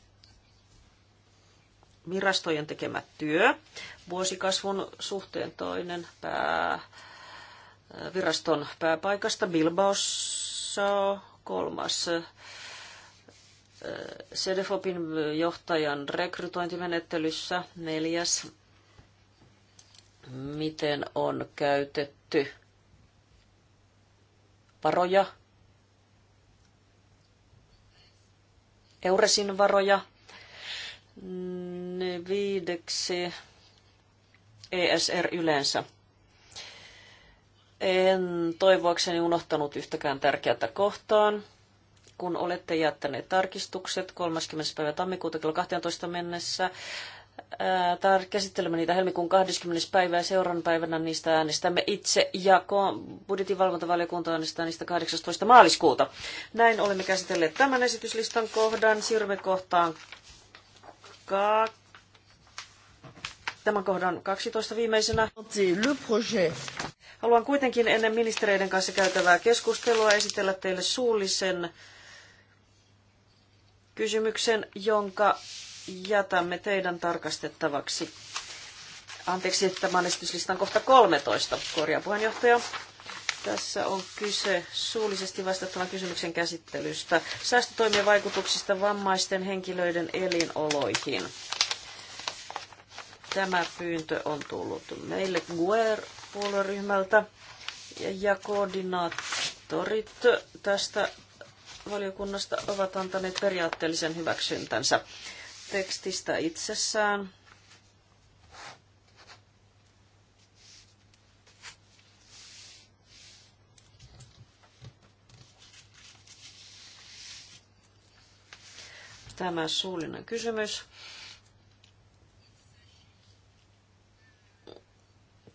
virastojen tekemä työ. Vuosikasvun suhteen toinen pää, viraston pääpaikasta Bilbaossa kolmas sedefopin johtajan rekrytointimenettelyssä. Neljäs, miten on käytetty varoja, Euresin varoja. Viideksi ESR yleensä. En toivoakseni unohtanut yhtäkään tärkeää kohtaan. Kun olette jättäneet tarkistukset 30. päivä tammikuuta kello 12 mennessä, ää, käsittelemme niitä helmikuun 20. päivää ja seuraavan päivänä niistä äänestämme itse ja budjetinvalvontavaliokunta äänestää niistä 18. maaliskuuta. Näin olemme käsitelleet tämän esityslistan kohdan. Siirrymme kohtaan ka- tämän kohdan 12 viimeisenä. Le projet Haluan kuitenkin ennen ministereiden kanssa käytävää keskustelua esitellä teille suullisen kysymyksen, jonka jätämme teidän tarkastettavaksi. Anteeksi, tämä on esityslistan kohta 13, korjaa puheenjohtaja. Tässä on kyse suullisesti vastattavan kysymyksen käsittelystä säästötoimien vaikutuksista vammaisten henkilöiden elinoloihin. Tämä pyyntö on tullut meille GUER puolueryhmältä ja koordinaattorit tästä valiokunnasta ovat antaneet periaatteellisen hyväksyntänsä tekstistä itsessään. Tämä suullinen kysymys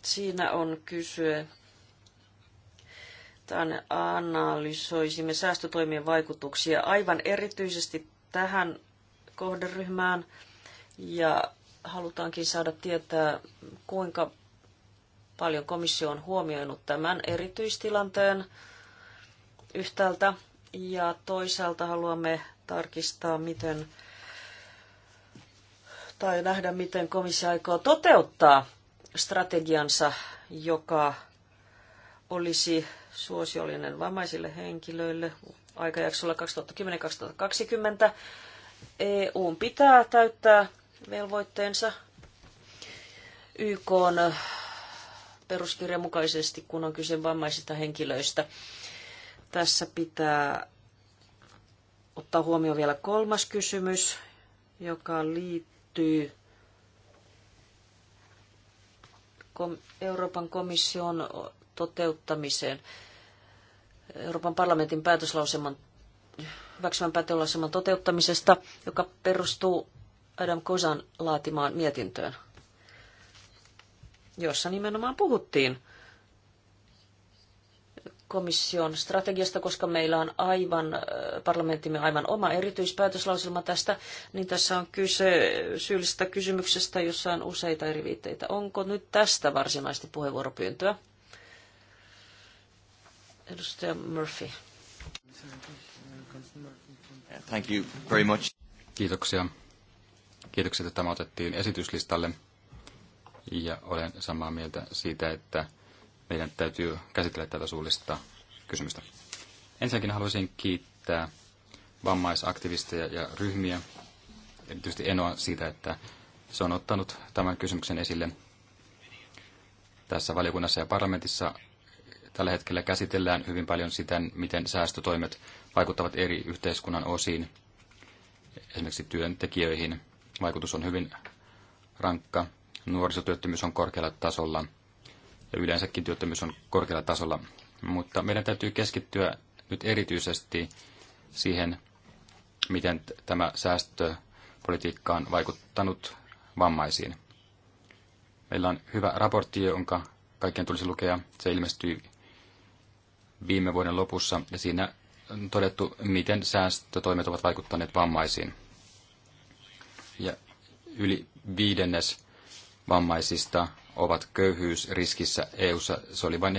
Siinä on kysyä, tämän analysoisimme säästötoimien vaikutuksia aivan erityisesti tähän kohderyhmään ja halutaankin saada tietää, kuinka paljon komissio on huomioinut tämän erityistilanteen yhtäältä ja toisaalta haluamme tarkistaa, miten tai nähdä, miten komissio aikoo toteuttaa strategiansa, joka olisi suosiollinen vammaisille henkilöille aikajaksolla 2010-2020. EUn pitää täyttää velvoitteensa YK on äh, peruskirjan mukaisesti, kun on kyse vammaisista henkilöistä. Tässä pitää ottaa huomioon vielä kolmas kysymys, joka liittyy Euroopan komission toteuttamiseen, Euroopan parlamentin päätöslauseman, hyväksymän päätöslauseman toteuttamisesta, joka perustuu Adam Kosan laatimaan mietintöön, jossa nimenomaan puhuttiin komission strategiasta, koska meillä on aivan, parlamenttimme aivan oma erityispäätöslauselma tästä, niin tässä on kyse syyllisestä kysymyksestä, jossa on useita eri viitteitä. Onko nyt tästä varsinaista puheenvuoropyyntöä? Edustaja Murphy. Thank you very much. Kiitoksia. Kiitoksia, että tämä otettiin esityslistalle. Ja olen samaa mieltä siitä, että meidän täytyy käsitellä tätä suullista kysymystä. Ensinnäkin haluaisin kiittää vammaisaktivisteja ja ryhmiä, erityisesti Enoa siitä, että se on ottanut tämän kysymyksen esille tässä valiokunnassa ja parlamentissa. Tällä hetkellä käsitellään hyvin paljon sitä, miten säästötoimet vaikuttavat eri yhteiskunnan osiin, esimerkiksi työntekijöihin. Vaikutus on hyvin rankka. Nuorisotyöttömyys on korkealla tasolla – ja yleensäkin työttömyys on korkealla tasolla. Mutta meidän täytyy keskittyä nyt erityisesti siihen, miten tämä säästöpolitiikka on vaikuttanut vammaisiin. Meillä on hyvä raportti, jonka kaikkien tulisi lukea. Se ilmestyi viime vuoden lopussa ja siinä on todettu, miten säästötoimet ovat vaikuttaneet vammaisiin. Ja yli viidennes vammaisista ovat köyhyysriskissä EU:ssa. Se oli vain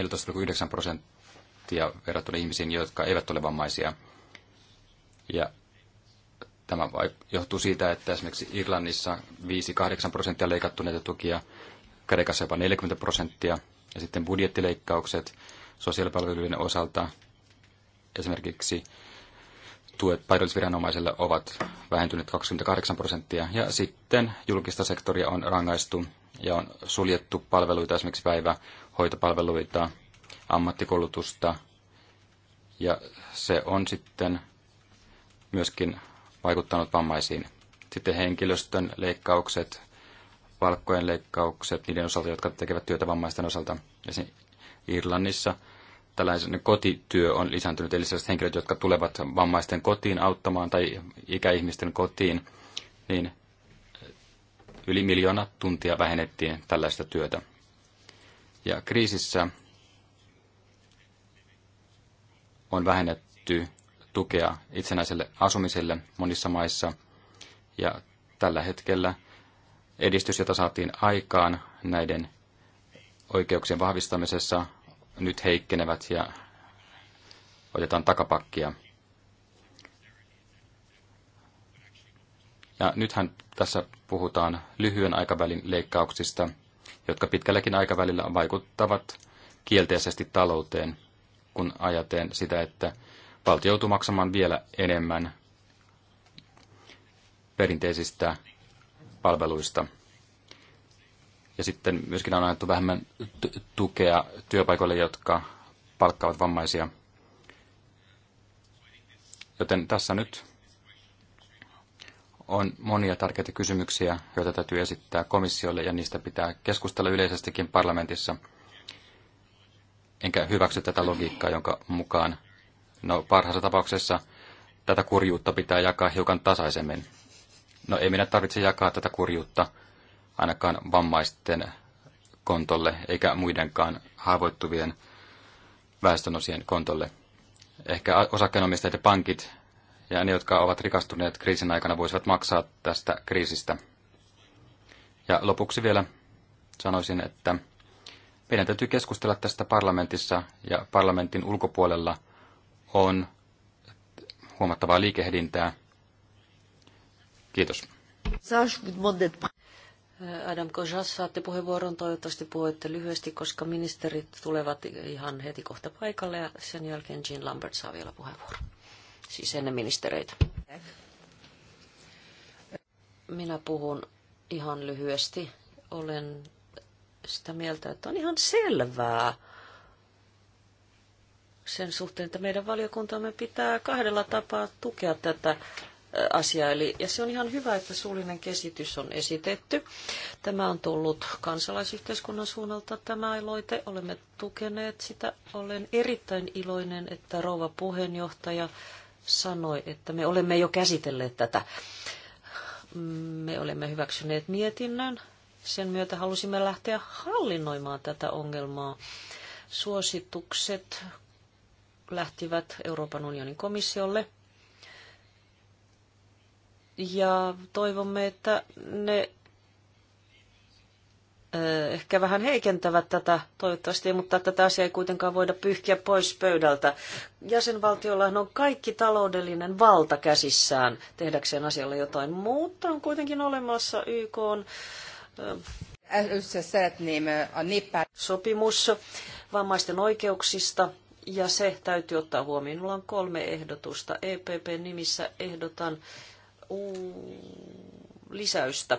14,9 prosenttia verrattuna ihmisiin, jotka eivät ole vammaisia. Ja tämä johtuu siitä, että esimerkiksi Irlannissa 5-8 prosenttia leikattu näitä tukia, Kreikassa jopa 40 prosenttia, ja sitten budjettileikkaukset sosiaalipalveluiden osalta esimerkiksi tuet paikallisviranomaiselle ovat vähentyneet 28 prosenttia ja sitten julkista sektoria on rangaistu ja on suljettu palveluita, esimerkiksi päivähoitopalveluita, ammattikoulutusta. Ja se on sitten myöskin vaikuttanut vammaisiin. Sitten henkilöstön leikkaukset, palkkojen leikkaukset niiden osalta, jotka tekevät työtä vammaisten osalta. Ja Irlannissa tällainen kotityö on lisääntynyt, eli sellaiset henkilöt, jotka tulevat vammaisten kotiin auttamaan tai ikäihmisten kotiin, niin yli miljoona tuntia vähennettiin tällaista työtä. Ja kriisissä on vähennetty tukea itsenäiselle asumiselle monissa maissa. Ja tällä hetkellä edistys, jota saatiin aikaan näiden oikeuksien vahvistamisessa, nyt heikkenevät ja otetaan takapakkia. Ja nythän tässä puhutaan lyhyen aikavälin leikkauksista, jotka pitkälläkin aikavälillä vaikuttavat kielteisesti talouteen, kun ajateen sitä, että valtio joutuu maksamaan vielä enemmän perinteisistä palveluista. Ja sitten myöskin on annettu vähemmän tukea työpaikoille, jotka palkkaavat vammaisia. Joten tässä nyt on monia tärkeitä kysymyksiä, joita täytyy esittää komissiolle ja niistä pitää keskustella yleisestikin parlamentissa. Enkä hyväksy tätä logiikkaa, jonka mukaan no, parhaassa tapauksessa tätä kurjuutta pitää jakaa hiukan tasaisemmin. No ei minä tarvitse jakaa tätä kurjuutta ainakaan vammaisten kontolle eikä muidenkaan haavoittuvien väestönosien kontolle. Ehkä osakkeenomistajat ja pankit ja ne, jotka ovat rikastuneet kriisin aikana, voisivat maksaa tästä kriisistä. Ja lopuksi vielä sanoisin, että meidän täytyy keskustella tästä parlamentissa ja parlamentin ulkopuolella on huomattavaa liikehdintää. Kiitos. Adam Kojas, saatte puheenvuoron. Toivottavasti puhuitte lyhyesti, koska ministerit tulevat ihan heti kohta paikalle ja sen jälkeen Jean Lambert saa vielä puheenvuoron siis ennen ministereitä. Minä puhun ihan lyhyesti. Olen sitä mieltä, että on ihan selvää sen suhteen, että meidän valiokuntamme pitää kahdella tapaa tukea tätä asiaa, Eli, ja se on ihan hyvä, että suullinen kesitys on esitetty. Tämä on tullut kansalaisyhteiskunnan suunnalta tämä aloite. Olemme tukeneet sitä. Olen erittäin iloinen, että rouva puheenjohtaja sanoi, että me olemme jo käsitelleet tätä. Me olemme hyväksyneet mietinnön. Sen myötä halusimme lähteä hallinnoimaan tätä ongelmaa. Suositukset lähtivät Euroopan unionin komissiolle. Ja toivomme, että ne ehkä vähän heikentävät tätä, toivottavasti, mutta tätä asiaa ei kuitenkaan voida pyyhkiä pois pöydältä. Jäsenvaltiollahan on kaikki taloudellinen valta käsissään tehdäkseen asialle jotain, mutta on kuitenkin olemassa YK on, sopimus vammaisten oikeuksista, ja se täytyy ottaa huomioon. Minulla on kolme ehdotusta. EPP-nimissä ehdotan lisäystä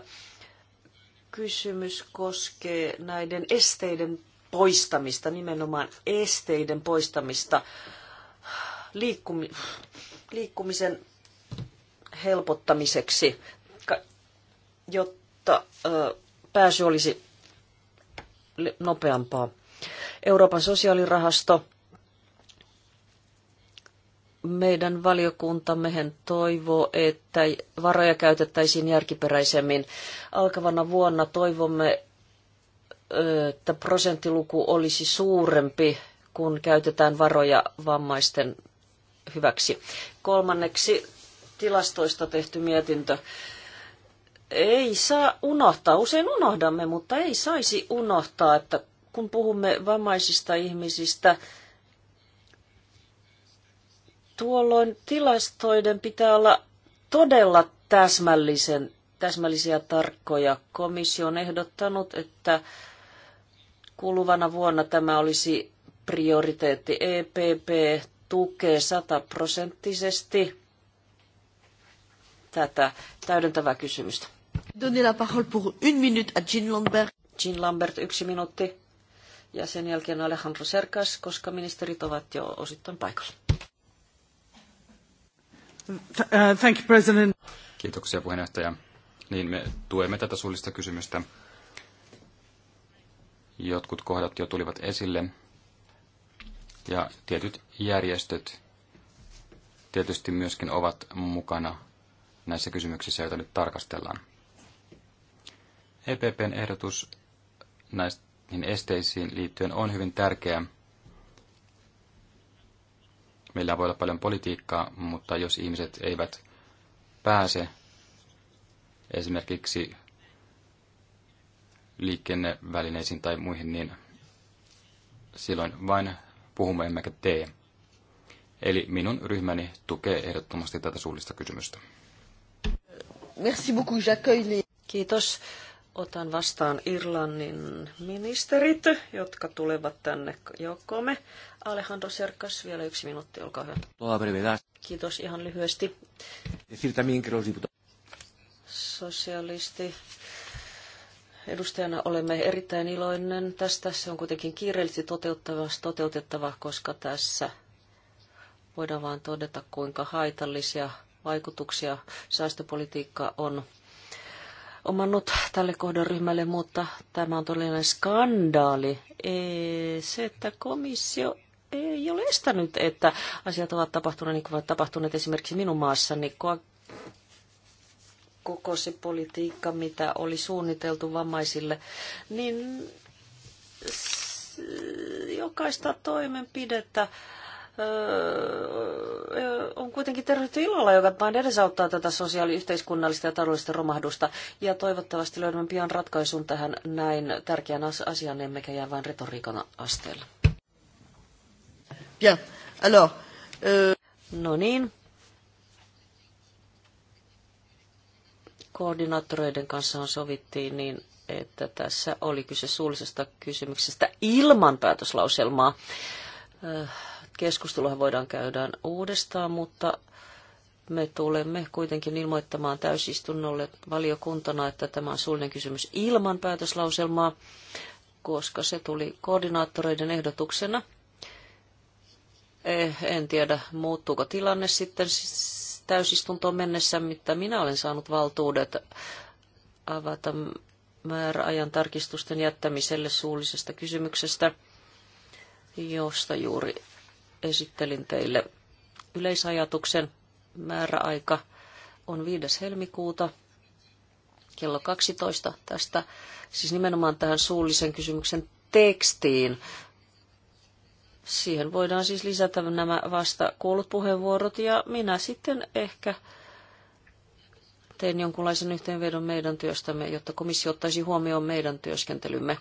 kysymys koskee näiden esteiden poistamista, nimenomaan esteiden poistamista, liikkumi- liikkumisen helpottamiseksi, jotta pääsy olisi nopeampaa. Euroopan sosiaalirahasto meidän valiokuntammehän toivoo, että varoja käytettäisiin järkiperäisemmin. Alkavana vuonna toivomme, että prosenttiluku olisi suurempi, kun käytetään varoja vammaisten hyväksi. Kolmanneksi tilastoista tehty mietintö. Ei saa unohtaa, usein unohdamme, mutta ei saisi unohtaa, että kun puhumme vammaisista ihmisistä, Tuolloin tilastoiden pitää olla todella täsmällisen, täsmällisiä tarkkoja. Komissio on ehdottanut, että kuluvana vuonna tämä olisi prioriteetti. EPP tukee sataprosenttisesti tätä täydentävää kysymystä. Donnez la parole pour une minute à Jean Lambert. Jean Lambert, yksi minuutti. Ja sen jälkeen Alejandro Serkas, koska ministerit ovat jo osittain paikalla. Uh, thank you, President. Kiitoksia puheenjohtaja. Niin me tuemme tätä suullista kysymystä. Jotkut kohdat jo tulivat esille ja tietyt järjestöt tietysti myöskin ovat mukana näissä kysymyksissä, joita nyt tarkastellaan. EPPn ehdotus näihin esteisiin liittyen on hyvin tärkeä Meillä voi olla paljon politiikkaa, mutta jos ihmiset eivät pääse esimerkiksi liikennevälineisiin tai muihin, niin silloin vain puhumme emmekä tee. Eli minun ryhmäni tukee ehdottomasti tätä suullista kysymystä. Merci beaucoup, Kiitos otan vastaan Irlannin ministerit, jotka tulevat tänne joukkoomme. Alejandro Serkas, vielä yksi minuutti, olkaa hyvä. Kiitos ihan lyhyesti. Sosialisti. Edustajana olemme erittäin iloinen tästä. Se on kuitenkin kiireellisesti toteutettava, koska tässä voidaan vain todeta, kuinka haitallisia vaikutuksia säästöpolitiikka on omannut tälle kohderyhmälle, mutta tämä on todellinen skandaali. E, se, että komissio ei ole estänyt, että asiat ovat tapahtuneet niin kuin ovat tapahtuneet esimerkiksi minun maassani. Koko se politiikka, mitä oli suunniteltu vammaisille, niin jokaista toimenpidettä Öö, on kuitenkin tervehditty ilolla, joka vain edesauttaa tätä sosiaali-yhteiskunnallista ja taloudellista romahdusta. Ja toivottavasti löydämme pian ratkaisun tähän näin tärkeän asian, emmekä jää vain retoriikan asteella. Bien. Alors, euh, No niin. Koordinaattoreiden kanssa on sovittiin niin, että tässä oli kyse suullisesta kysymyksestä ilman päätöslauselmaa. Öh, Keskustelua voidaan käydä uudestaan, mutta me tulemme kuitenkin ilmoittamaan täysistunnolle valiokuntana, että tämä on suullinen kysymys ilman päätöslauselmaa, koska se tuli koordinaattoreiden ehdotuksena. Eh, en tiedä, muuttuuko tilanne sitten täysistuntoon mennessä, mitä minä olen saanut valtuudet avata määräajan tarkistusten jättämiselle suullisesta kysymyksestä, josta juuri esittelin teille yleisajatuksen. Määräaika on 5. helmikuuta kello 12 tästä, siis nimenomaan tähän suullisen kysymyksen tekstiin. Siihen voidaan siis lisätä nämä vasta kuullut puheenvuorot ja minä sitten ehkä teen jonkunlaisen yhteenvedon meidän työstämme, jotta komissio ottaisi huomioon meidän työskentelymme.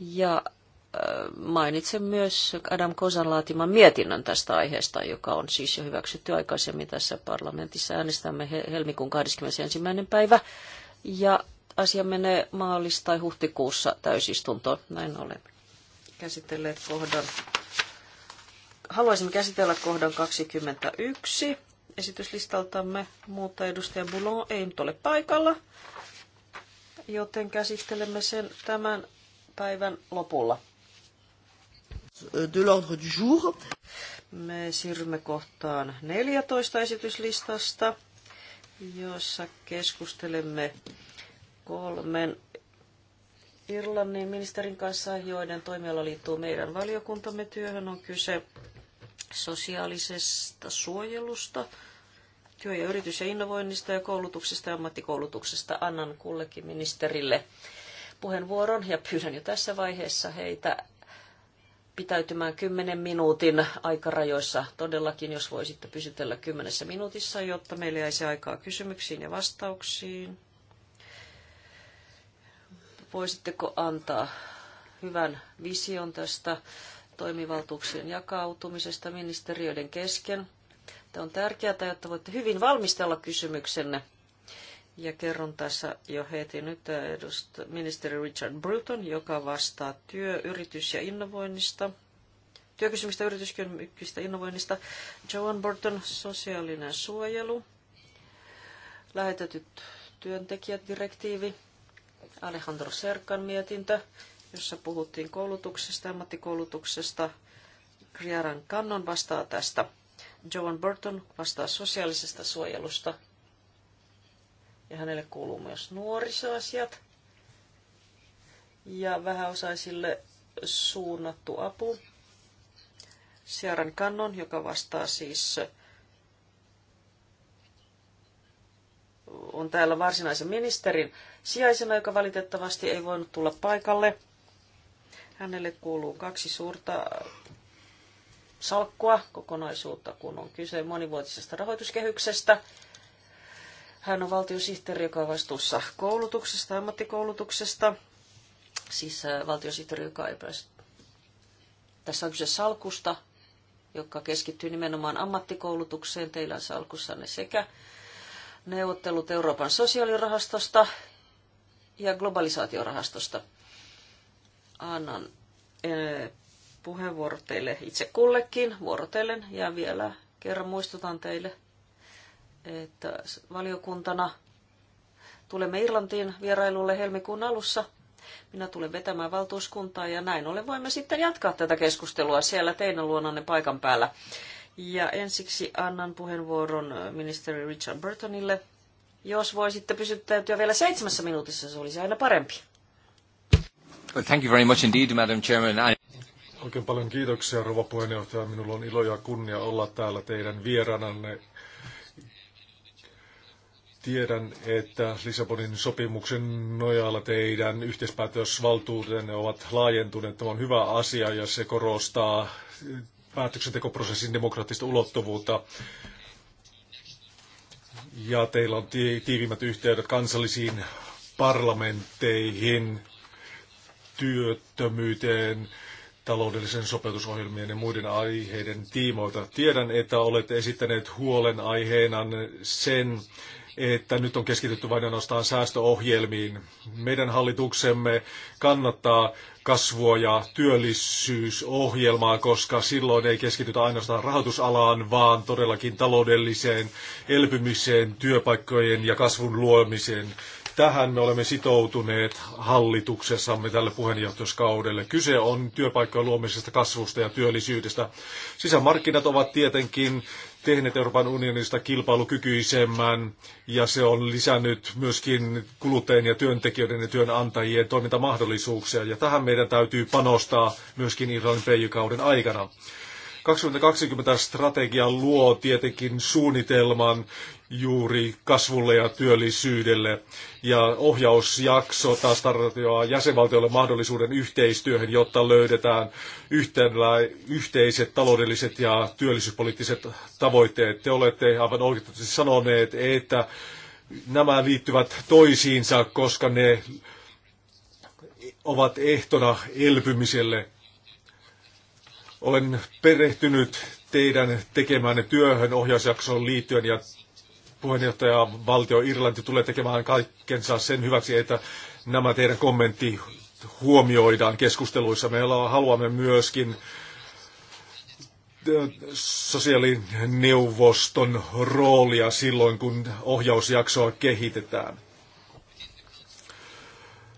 Ja mainitsen myös Adam Kosan laatiman mietinnön tästä aiheesta, joka on siis jo hyväksytty aikaisemmin tässä parlamentissa. Äänestämme helmikuun 21. päivä ja asia menee maalis- tai huhtikuussa täysistuntoon. Näin olen käsitelleet kohdan. Haluaisin käsitellä kohdan 21 esityslistaltamme, mutta edustaja Boulon ei nyt ole paikalla, joten käsittelemme sen tämän päivän lopulla de l'ordre du jour. Me siirrymme kohtaan 14 esityslistasta, jossa keskustelemme kolmen Irlannin ministerin kanssa, joiden toimiala liittyy meidän valiokuntamme työhön, on kyse sosiaalisesta suojelusta, työ- ja yritys- ja innovoinnista ja koulutuksesta ja ammattikoulutuksesta. Annan kullekin ministerille puheenvuoron ja pyydän jo tässä vaiheessa heitä pitäytymään 10 minuutin aikarajoissa. Todellakin, jos voisitte pysytellä kymmenessä minuutissa, jotta meillä jäisi aikaa kysymyksiin ja vastauksiin. Voisitteko antaa hyvän vision tästä toimivaltuuksien jakautumisesta ministeriöiden kesken? Tämä on tärkeää, jotta voitte hyvin valmistella kysymyksenne – ja kerron tässä jo heti nyt äh, edust, ministeri Richard Bruton, joka vastaa työ, yritys ja innovoinnista, työkysymistä, yrityskysymyksistä, innovoinnista. Joan Burton, sosiaalinen suojelu, lähetetyt työntekijät, direktiivi, Alejandro Serkan mietintö, jossa puhuttiin koulutuksesta, ammattikoulutuksesta. Kriaran Kannon vastaa tästä. Joan Burton vastaa sosiaalisesta suojelusta ja hänelle kuuluu myös nuorisoasiat ja vähäosaisille suunnattu apu. Siaran kannon, joka vastaa siis on täällä varsinaisen ministerin sijaisena, joka valitettavasti ei voinut tulla paikalle. Hänelle kuuluu kaksi suurta salkkua kokonaisuutta, kun on kyse monivuotisesta rahoituskehyksestä hän on valtiosihteeri, joka on vastuussa koulutuksesta, ammattikoulutuksesta. Siis äh, valtiosihteeri, joka ei pääse. Tässä on kyse salkusta, joka keskittyy nimenomaan ammattikoulutukseen. Teillä on salkussanne sekä neuvottelut Euroopan sosiaalirahastosta ja globalisaatiorahastosta. Annan äh, puheenvuoro teille itse kullekin vuorotellen ja vielä kerran muistutan teille – että valiokuntana tulemme Irlantiin vierailulle helmikuun alussa. Minä tulen vetämään valtuuskuntaa ja näin ollen voimme sitten jatkaa tätä keskustelua siellä teidän luonanne paikan päällä. Ja ensiksi annan puheenvuoron ministeri Richard Burtonille. Jos voisitte pysyttäytyä vielä seitsemässä minuutissa, se olisi aina parempi. Well, thank you very much indeed, Madam Chairman. I... Oikein paljon kiitoksia, rouva puheenjohtaja. Minulla on ilo ja kunnia olla täällä teidän vierananne Tiedän, että Lissabonin sopimuksen nojalla teidän yhteispäätösvaltuutenne ovat laajentuneet. Tämä on hyvä asia ja se korostaa päätöksentekoprosessin demokraattista ulottuvuutta. Ja teillä on tiivimmät yhteydet kansallisiin parlamentteihin, työttömyyteen, taloudellisen sopeutusohjelmien ja muiden aiheiden tiimoilta. Tiedän, että olette esittäneet huolen aiheena sen, että nyt on keskitytty vain ainoastaan säästöohjelmiin. Meidän hallituksemme kannattaa kasvua ja työllisyysohjelmaa, koska silloin ei keskitytä ainoastaan rahoitusalaan, vaan todellakin taloudelliseen elpymiseen, työpaikkojen ja kasvun luomiseen. Tähän me olemme sitoutuneet hallituksessamme tälle puheenjohtajuuskaudelle. Kyse on työpaikkojen luomisesta, kasvusta ja työllisyydestä. Sisämarkkinat ovat tietenkin tehneet Euroopan unionista kilpailukykyisemmän ja se on lisännyt myöskin kuluttajien ja työntekijöiden ja työnantajien toimintamahdollisuuksia ja tähän meidän täytyy panostaa myöskin Irlannin PJ-kauden aikana. 2020 strategia luo tietenkin suunnitelman, juuri kasvulle ja työllisyydelle. Ja ohjausjakso taas tarjoaa jäsenvaltioille mahdollisuuden yhteistyöhön, jotta löydetään yhteiset taloudelliset ja työllisyyspoliittiset tavoitteet. Te olette aivan oikeutettavasti sanoneet, että nämä liittyvät toisiinsa, koska ne ovat ehtona elpymiselle. Olen perehtynyt teidän tekemänne työhön ohjausjaksoon liittyen ja puheenjohtaja valtio Irlanti tulee tekemään kaikkensa sen hyväksi, että nämä teidän kommentti huomioidaan keskusteluissa. Me haluamme myöskin äh, sosiaalineuvoston roolia silloin, kun ohjausjaksoa kehitetään.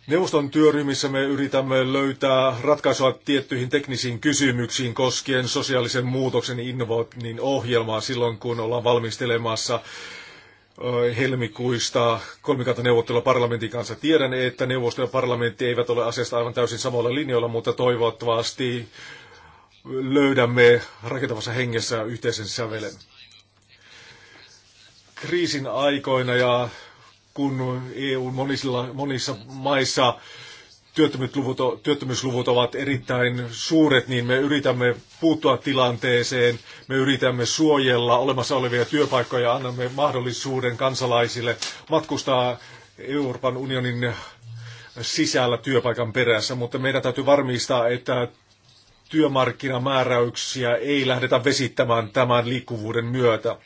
Neuvoston työryhmissä me yritämme löytää ratkaisua tiettyihin teknisiin kysymyksiin koskien sosiaalisen muutoksen innovoinnin ohjelmaa silloin, kun ollaan valmistelemassa helmikuista neuvottelua parlamentin kanssa. Tiedän, että neuvosto ja parlamentti eivät ole asiasta aivan täysin samalla linjoilla, mutta toivottavasti löydämme rakentavassa hengessä yhteisen sävelen. Kriisin aikoina ja kun EU monissa, monissa maissa työttömyysluvut, työttömyysluvut ovat erittäin suuret, niin me yritämme puuttua tilanteeseen, me yritämme suojella olemassa olevia työpaikkoja ja annamme mahdollisuuden kansalaisille matkustaa Euroopan unionin sisällä työpaikan perässä, mutta meidän täytyy varmistaa, että työmarkkinamääräyksiä ei lähdetä vesittämään tämän liikkuvuuden myötä.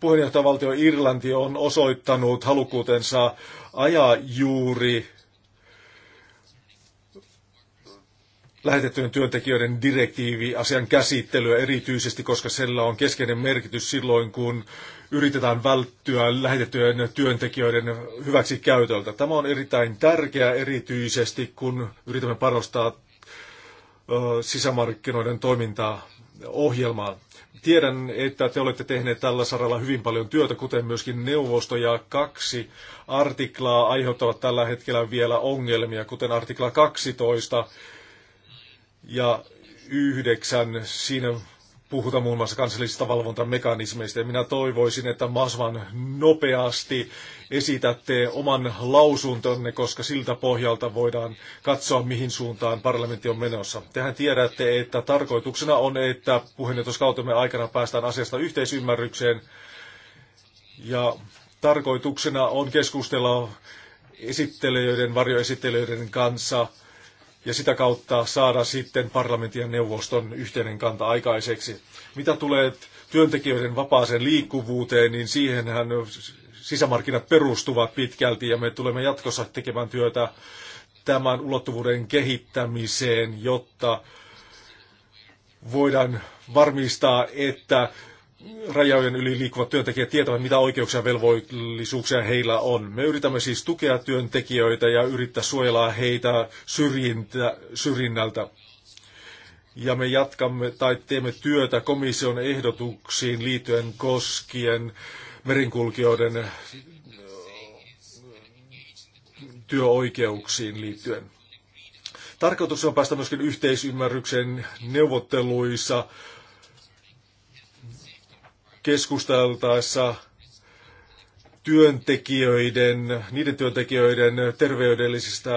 Puheenjohtajavaltio Irlanti on osoittanut halukkuutensa ajaa juuri lähetettyjen työntekijöiden direktiivi asian käsittelyä erityisesti, koska sillä on keskeinen merkitys silloin, kun yritetään välttyä lähetettyjen työntekijöiden hyväksi käytöltä. Tämä on erittäin tärkeää erityisesti, kun yritämme panostaa sisämarkkinoiden toimintaa ohjelmaan. Tiedän, että te olette tehneet tällä saralla hyvin paljon työtä, kuten myöskin neuvosto ja kaksi artiklaa aiheuttavat tällä hetkellä vielä ongelmia, kuten artikla 12, ja yhdeksän siinä puhutaan muun muassa kansallisista valvontamekanismeista. Ja minä toivoisin, että masvan nopeasti esitätte oman lausuntonne, koska siltä pohjalta voidaan katsoa, mihin suuntaan parlamentti on menossa. Tehän tiedätte, että tarkoituksena on, että puheenjohtoskautemme aikana päästään asiasta yhteisymmärrykseen. Ja tarkoituksena on keskustella esittelijöiden, varjoesittelijöiden kanssa – ja sitä kautta saada sitten parlamentin ja neuvoston yhteinen kanta aikaiseksi. Mitä tulee työntekijöiden vapaaseen liikkuvuuteen, niin siihenhän sisämarkkinat perustuvat pitkälti ja me tulemme jatkossa tekemään työtä tämän ulottuvuuden kehittämiseen, jotta voidaan varmistaa, että rajojen yli liikkuvat työntekijät tietävät, mitä oikeuksia ja velvollisuuksia heillä on. Me yritämme siis tukea työntekijöitä ja yrittää suojella heitä syrjintä, syrjinnältä. Ja me jatkamme tai teemme työtä komission ehdotuksiin liittyen koskien merinkulkijoiden työoikeuksiin liittyen. Tarkoitus on päästä myöskin yhteisymmärrykseen neuvotteluissa keskusteltaessa työntekijöiden, niiden työntekijöiden terveydellisistä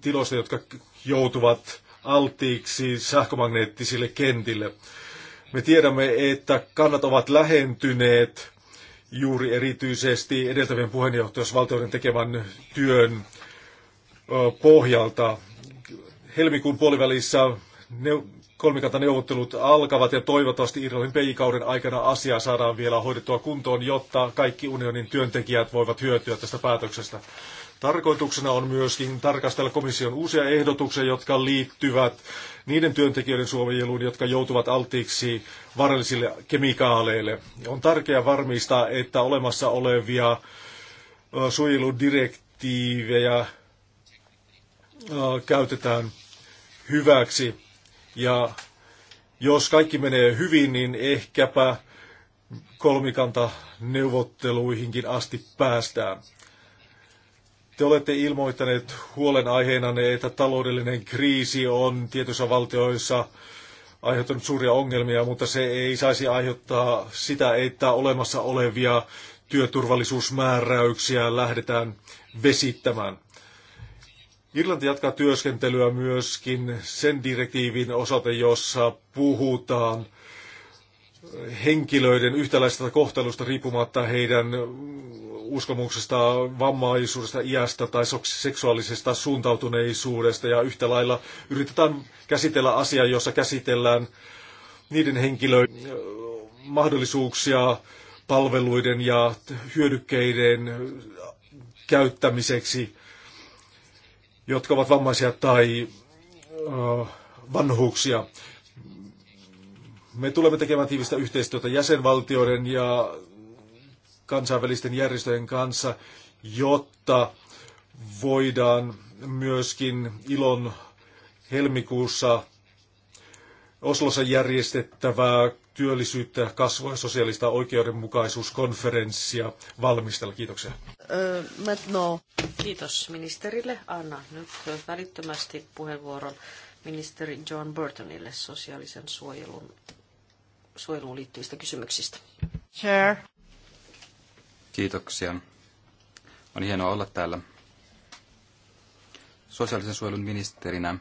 tiloista, jotka joutuvat alttiiksi sähkömagneettisille kentille. Me tiedämme, että kannat ovat lähentyneet juuri erityisesti edeltävien puheenjohtajasvaltioiden tekemän työn pohjalta. Helmikuun puolivälissä kolmikantaneuvottelut alkavat ja toivottavasti Irlannin peikauden aikana asia saadaan vielä hoidettua kuntoon, jotta kaikki unionin työntekijät voivat hyötyä tästä päätöksestä. Tarkoituksena on myöskin tarkastella komission uusia ehdotuksia, jotka liittyvät niiden työntekijöiden suojeluun, jotka joutuvat alttiiksi vaarallisille kemikaaleille. On tärkeää varmistaa, että olemassa olevia suojeludirektiivejä käytetään hyväksi. Ja jos kaikki menee hyvin, niin ehkäpä kolmikanta neuvotteluihinkin asti päästään. Te olette ilmoittaneet huolenaiheenanne, että taloudellinen kriisi on tietyissä valtioissa aiheuttanut suuria ongelmia, mutta se ei saisi aiheuttaa sitä, että olemassa olevia työturvallisuusmääräyksiä lähdetään vesittämään. Irlanti jatkaa työskentelyä myöskin sen direktiivin osalta, jossa puhutaan henkilöiden yhtäläisestä kohtelusta riippumatta heidän uskomuksesta, vammaisuudesta, iästä tai seksuaalisesta suuntautuneisuudesta. Ja yhtä lailla yritetään käsitellä asiaa, jossa käsitellään niiden henkilöiden äh, mahdollisuuksia palveluiden ja hyödykkeiden käyttämiseksi jotka ovat vammaisia tai vanhuuksia. Me tulemme tekemään tiivistä yhteistyötä jäsenvaltioiden ja kansainvälisten järjestöjen kanssa, jotta voidaan myöskin ilon helmikuussa Oslossa järjestettävää työllisyyttä, kasvua ja sosiaalista oikeudenmukaisuuskonferenssia valmistella. Kiitoksia. no. Kiitos ministerille. Anna nyt välittömästi puheenvuoron ministeri John Burtonille sosiaalisen suojelun, suojeluun liittyvistä kysymyksistä. Chair. Kiitoksia. On hienoa olla täällä sosiaalisen suojelun ministerinä.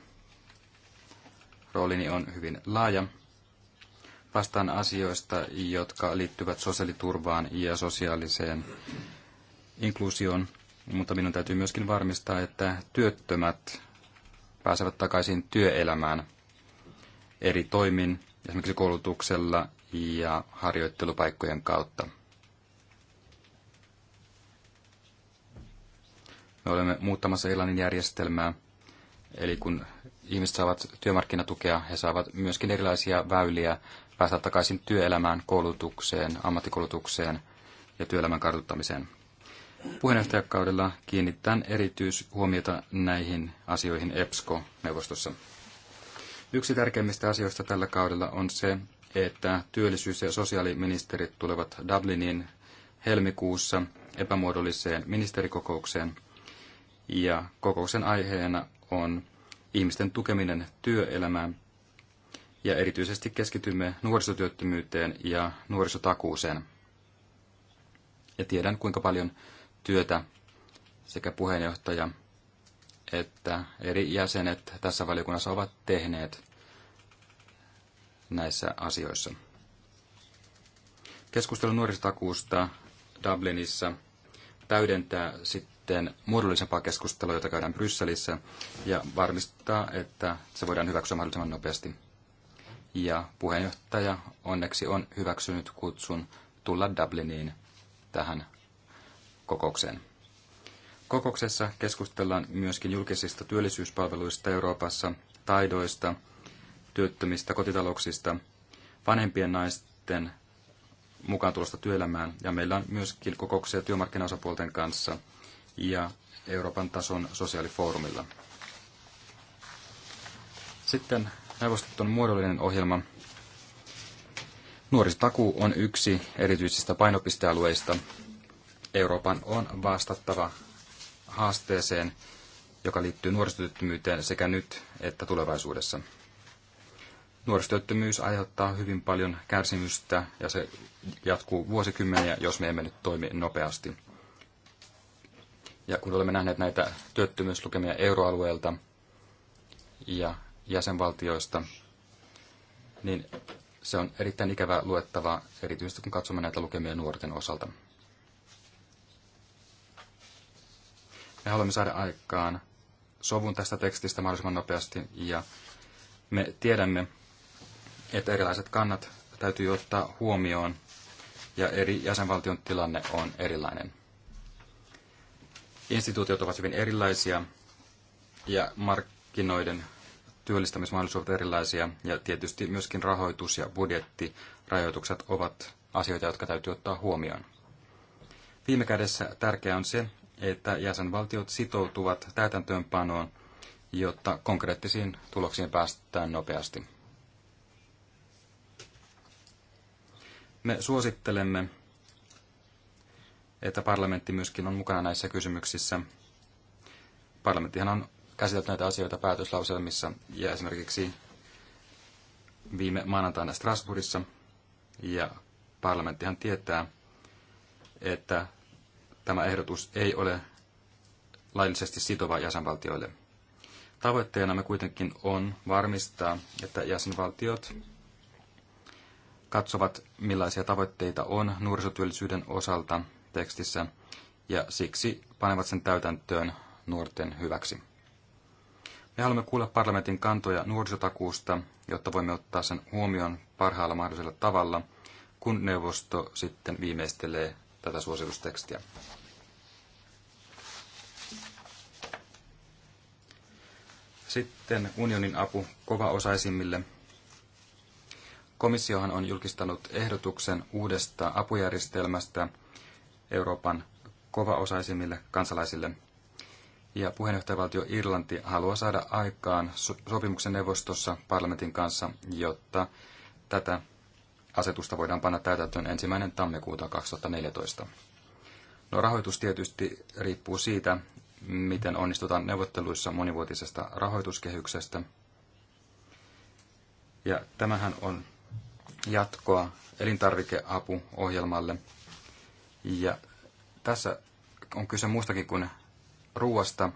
Roolini on hyvin laaja vastaan asioista, jotka liittyvät sosiaaliturvaan ja sosiaaliseen inkluusioon, mutta minun täytyy myöskin varmistaa, että työttömät pääsevät takaisin työelämään eri toimin, esimerkiksi koulutuksella ja harjoittelupaikkojen kautta. Me olemme muuttamassa Irlannin järjestelmää, eli kun ihmiset saavat työmarkkinatukea, he saavat myöskin erilaisia väyliä päästä takaisin työelämään, koulutukseen, ammattikoulutukseen ja työelämän kartuttamiseen. Puheenjohtajakaudella kiinnittään erityishuomiota näihin asioihin EPSCO-neuvostossa. Yksi tärkeimmistä asioista tällä kaudella on se, että työllisyys- ja sosiaaliministerit tulevat Dubliniin helmikuussa epämuodolliseen ministerikokoukseen. Ja kokouksen aiheena on ihmisten tukeminen työelämään ja erityisesti keskitymme nuorisotyöttömyyteen ja nuorisotakuuseen. Ja tiedän, kuinka paljon työtä sekä puheenjohtaja että eri jäsenet tässä valiokunnassa ovat tehneet näissä asioissa. Keskustelu nuorisotakuusta Dublinissa täydentää sitten muodollisempaa keskustelua, jota käydään Brysselissä, ja varmistaa, että se voidaan hyväksyä mahdollisimman nopeasti ja puheenjohtaja onneksi on hyväksynyt kutsun tulla Dubliniin tähän kokoukseen. Kokouksessa keskustellaan myöskin julkisista työllisyyspalveluista Euroopassa, taidoista, työttömistä kotitalouksista, vanhempien naisten mukaan tulosta työelämään ja meillä on myöskin kokouksia työmarkkinaosapuolten kanssa ja Euroopan tason sosiaalifoorumilla. Sitten neuvoston muodollinen ohjelma. Nuorisotakuu on yksi erityisistä painopistealueista. Euroopan on vastattava haasteeseen, joka liittyy nuorisotyöttömyyteen sekä nyt että tulevaisuudessa. Nuorisotyöttömyys aiheuttaa hyvin paljon kärsimystä ja se jatkuu vuosikymmeniä, jos me emme nyt toimi nopeasti. Ja kun olemme nähneet näitä työttömyyslukemia euroalueelta ja jäsenvaltioista, niin se on erittäin ikävää luettavaa, erityisesti kun katsomme näitä lukemia nuorten osalta. Me haluamme saada aikaan sovun tästä tekstistä mahdollisimman nopeasti ja me tiedämme, että erilaiset kannat täytyy ottaa huomioon ja eri jäsenvaltion tilanne on erilainen. Instituutiot ovat hyvin erilaisia ja markkinoiden työllistämismahdollisuudet erilaisia ja tietysti myöskin rahoitus- ja budjettirajoitukset ovat asioita, jotka täytyy ottaa huomioon. Viime kädessä tärkeää on se, että jäsenvaltiot sitoutuvat täytäntöönpanoon, jotta konkreettisiin tuloksiin päästään nopeasti. Me suosittelemme, että parlamentti myöskin on mukana näissä kysymyksissä. Parlamenttihan on käsitelty näitä asioita päätöslauselmissa ja esimerkiksi viime maanantaina Strasbourgissa. Ja parlamenttihan tietää, että tämä ehdotus ei ole laillisesti sitova jäsenvaltioille. Tavoitteena me kuitenkin on varmistaa, että jäsenvaltiot katsovat, millaisia tavoitteita on nuorisotyöllisyyden osalta tekstissä, ja siksi panevat sen täytäntöön nuorten hyväksi. Me haluamme kuulla parlamentin kantoja nuorisotakuusta, jotta voimme ottaa sen huomioon parhaalla mahdollisella tavalla, kun neuvosto sitten viimeistelee tätä suositustekstiä. Sitten unionin apu kovaosaisimmille. Komissiohan on julkistanut ehdotuksen uudesta apujärjestelmästä Euroopan kovaosaisimmille kansalaisille – ja puheenjohtajavaltio Irlanti haluaa saada aikaan sopimuksen neuvostossa parlamentin kanssa, jotta tätä asetusta voidaan panna täytäntöön ensimmäinen tammikuuta 2014. No rahoitus tietysti riippuu siitä, miten onnistutaan neuvotteluissa monivuotisesta rahoituskehyksestä. Ja tämähän on jatkoa elintarvikeapuohjelmalle. Ja tässä on kyse muustakin kuin ruoasta.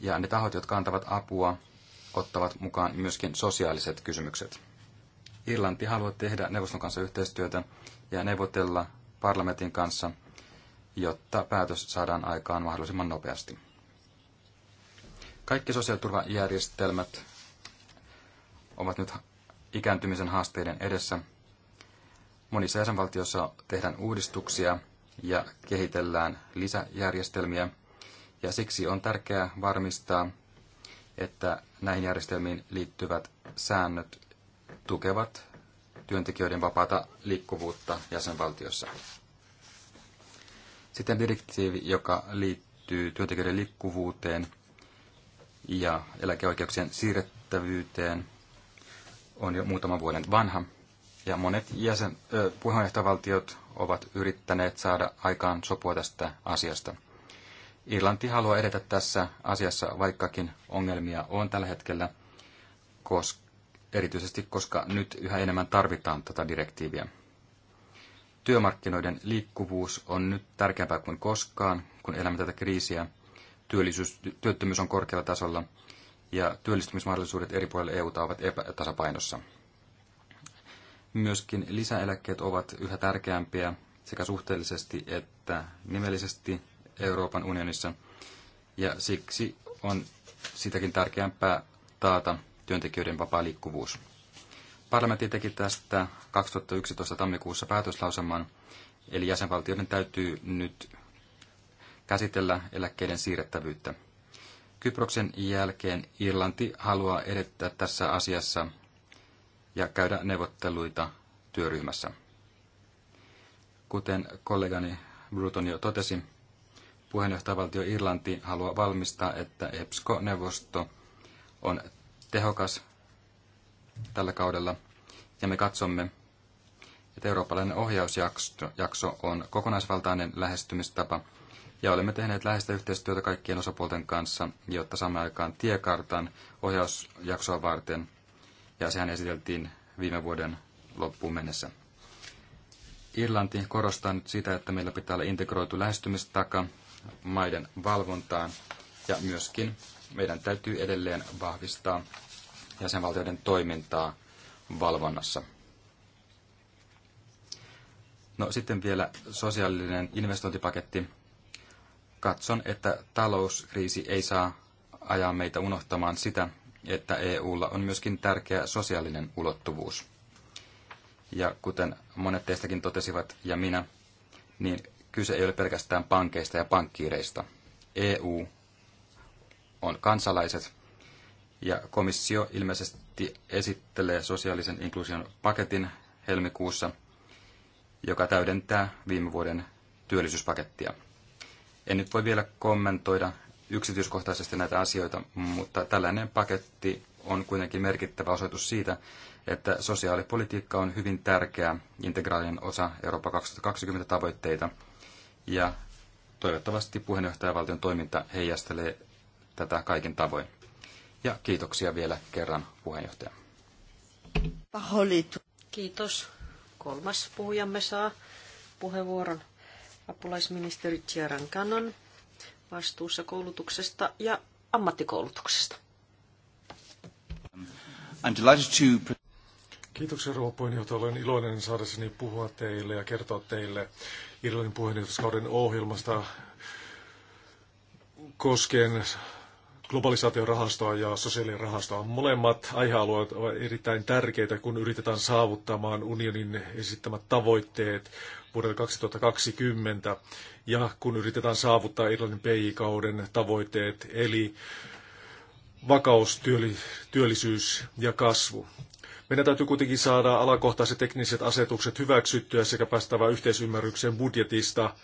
Ja ne tahot, jotka antavat apua, ottavat mukaan myöskin sosiaaliset kysymykset. Irlanti haluaa tehdä neuvoston kanssa yhteistyötä ja neuvotella parlamentin kanssa, jotta päätös saadaan aikaan mahdollisimman nopeasti. Kaikki sosiaaliturvajärjestelmät ovat nyt ikääntymisen haasteiden edessä. Monissa jäsenvaltioissa tehdään uudistuksia ja kehitellään lisäjärjestelmiä – ja siksi on tärkeää varmistaa, että näihin järjestelmiin liittyvät säännöt tukevat työntekijöiden vapaata liikkuvuutta jäsenvaltiossa. Sitten direktiivi, joka liittyy työntekijöiden liikkuvuuteen ja eläkeoikeuksien siirrettävyyteen, on jo muutaman vuoden vanha. Ja monet jäsen, ö, puheenjohtajavaltiot ovat yrittäneet saada aikaan sopua tästä asiasta. Irlanti haluaa edetä tässä asiassa, vaikkakin ongelmia on tällä hetkellä, koska, erityisesti koska nyt yhä enemmän tarvitaan tätä direktiiviä. Työmarkkinoiden liikkuvuus on nyt tärkeämpää kuin koskaan, kun elämme tätä kriisiä. Työllisyys, työttömyys on korkealla tasolla ja työllistymismahdollisuudet eri puolilla EUta ovat epätasapainossa. Myöskin lisäeläkkeet ovat yhä tärkeämpiä sekä suhteellisesti että nimellisesti Euroopan unionissa, ja siksi on sitäkin tärkeämpää taata työntekijöiden vapaa liikkuvuus. Parlamentti teki tästä 2011 tammikuussa päätöslauselman, eli jäsenvaltioiden täytyy nyt käsitellä eläkkeiden siirrettävyyttä. Kyproksen jälkeen Irlanti haluaa edettää tässä asiassa ja käydä neuvotteluita työryhmässä. Kuten kollegani Bruton jo totesi, puheenjohtajavaltio Irlanti haluaa valmistaa, että EPSCO-neuvosto on tehokas tällä kaudella, ja me katsomme, että eurooppalainen ohjausjakso on kokonaisvaltainen lähestymistapa, ja olemme tehneet läheistä yhteistyötä kaikkien osapuolten kanssa, jotta saamme aikaan tiekartan ohjausjaksoa varten, ja sehän esiteltiin viime vuoden loppuun mennessä. Irlanti korostaa nyt sitä, että meillä pitää olla integroitu lähestymistaka maiden valvontaan ja myöskin meidän täytyy edelleen vahvistaa jäsenvaltioiden toimintaa valvonnassa. No sitten vielä sosiaalinen investointipaketti. Katson, että talouskriisi ei saa ajaa meitä unohtamaan sitä, että EUlla on myöskin tärkeä sosiaalinen ulottuvuus. Ja kuten monet teistäkin totesivat ja minä, niin kyse ei ole pelkästään pankeista ja pankkiireista. EU on kansalaiset ja komissio ilmeisesti esittelee sosiaalisen inkluusion paketin helmikuussa, joka täydentää viime vuoden työllisyyspakettia. En nyt voi vielä kommentoida yksityiskohtaisesti näitä asioita, mutta tällainen paketti on kuitenkin merkittävä osoitus siitä, että sosiaalipolitiikka on hyvin tärkeä integraalinen osa Eurooppa 2020 tavoitteita – ja toivottavasti puheenjohtajavaltion toiminta heijastelee tätä kaiken tavoin. Ja kiitoksia vielä kerran puheenjohtaja. Kiitos. Kolmas puhujamme saa puheenvuoron apulaisministeri Tieran Kannon vastuussa koulutuksesta ja ammattikoulutuksesta. Kiitoksia rouva puheenjohtaja. Olen iloinen saadessani puhua teille ja kertoa teille Irlannin puheenjohtajuuskauden ohjelmasta koskien globalisaatiorahastoa ja sosiaalirahastoa. Molemmat aihealueet ovat erittäin tärkeitä, kun yritetään saavuttamaan unionin esittämät tavoitteet vuodelle 2020 ja kun yritetään saavuttaa Irlannin PI-kauden tavoitteet, eli vakaus, työllisyys ja kasvu. Meidän täytyy kuitenkin saada alakohtaiset tekniset asetukset hyväksyttyä sekä päästävä yhteisymmärrykseen budjetista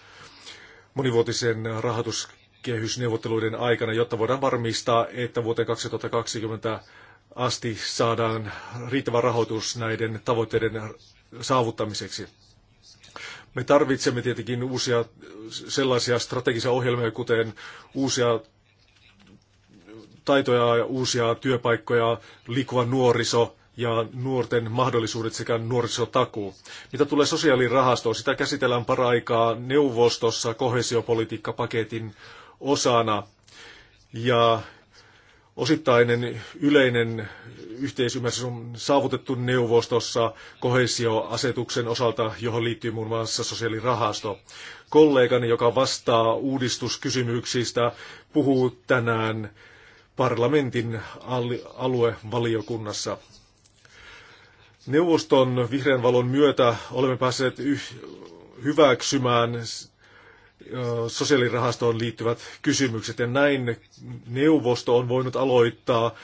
monivuotisen rahoituskehysneuvotteluiden aikana, jotta voidaan varmistaa, että vuoteen 2020 asti saadaan riittävä rahoitus näiden tavoitteiden saavuttamiseksi. Me tarvitsemme tietenkin uusia sellaisia strategisia ohjelmia, kuten uusia taitoja ja uusia työpaikkoja, liikkuva nuoriso, ja nuorten mahdollisuudet sekä nuorisotakuu. Mitä tulee sosiaalirahastoon, sitä käsitellään paraikaa neuvostossa kohesiopolitiikkapaketin osana. Ja osittainen yleinen yhteisymmärrys on saavutettu neuvostossa kohesioasetuksen osalta, johon liittyy muun muassa sosiaalirahasto. Kollegani, joka vastaa uudistuskysymyksistä, puhuu tänään parlamentin aluevaliokunnassa. Neuvoston vihreän valon myötä olemme päässeet yh- hyväksymään sosiaalirahastoon liittyvät kysymykset. Ja näin neuvosto on voinut aloittaa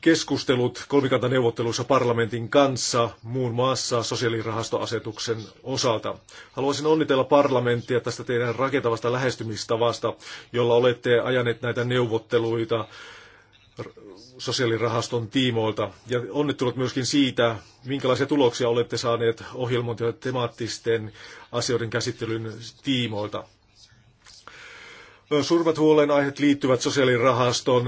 keskustelut kolmikantaneuvotteluissa parlamentin kanssa muun muassa sosiaalirahastoasetuksen osalta. Haluaisin onnitella parlamenttia tästä teidän rakentavasta lähestymistavasta, jolla olette ajaneet näitä neuvotteluita sosiaalirahaston tiimoilta. Ja onnittelut myöskin siitä, minkälaisia tuloksia olette saaneet ohjelmointi- ja temaattisten asioiden käsittelyn tiimoilta. Survat huolenaiheet liittyvät sosiaalirahaston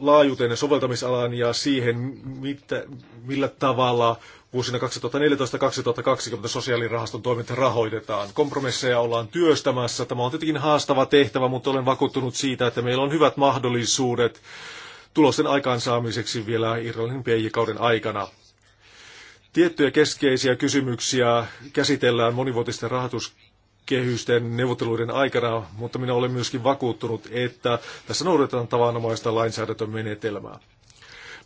laajuuteen ja soveltamisalaan ja siihen, mitä, millä tavalla vuosina 2014-2020 sosiaalirahaston toiminta rahoitetaan. Kompromisseja ollaan työstämässä. Tämä on tietenkin haastava tehtävä, mutta olen vakuuttunut siitä, että meillä on hyvät mahdollisuudet tulosten aikaansaamiseksi vielä Irlannin PJ-kauden aikana. Tiettyjä keskeisiä kysymyksiä käsitellään monivuotisten rahoituskehysten neuvotteluiden aikana, mutta minä olen myöskin vakuuttunut, että tässä noudatetaan tavanomaista lainsäädäntömenetelmää.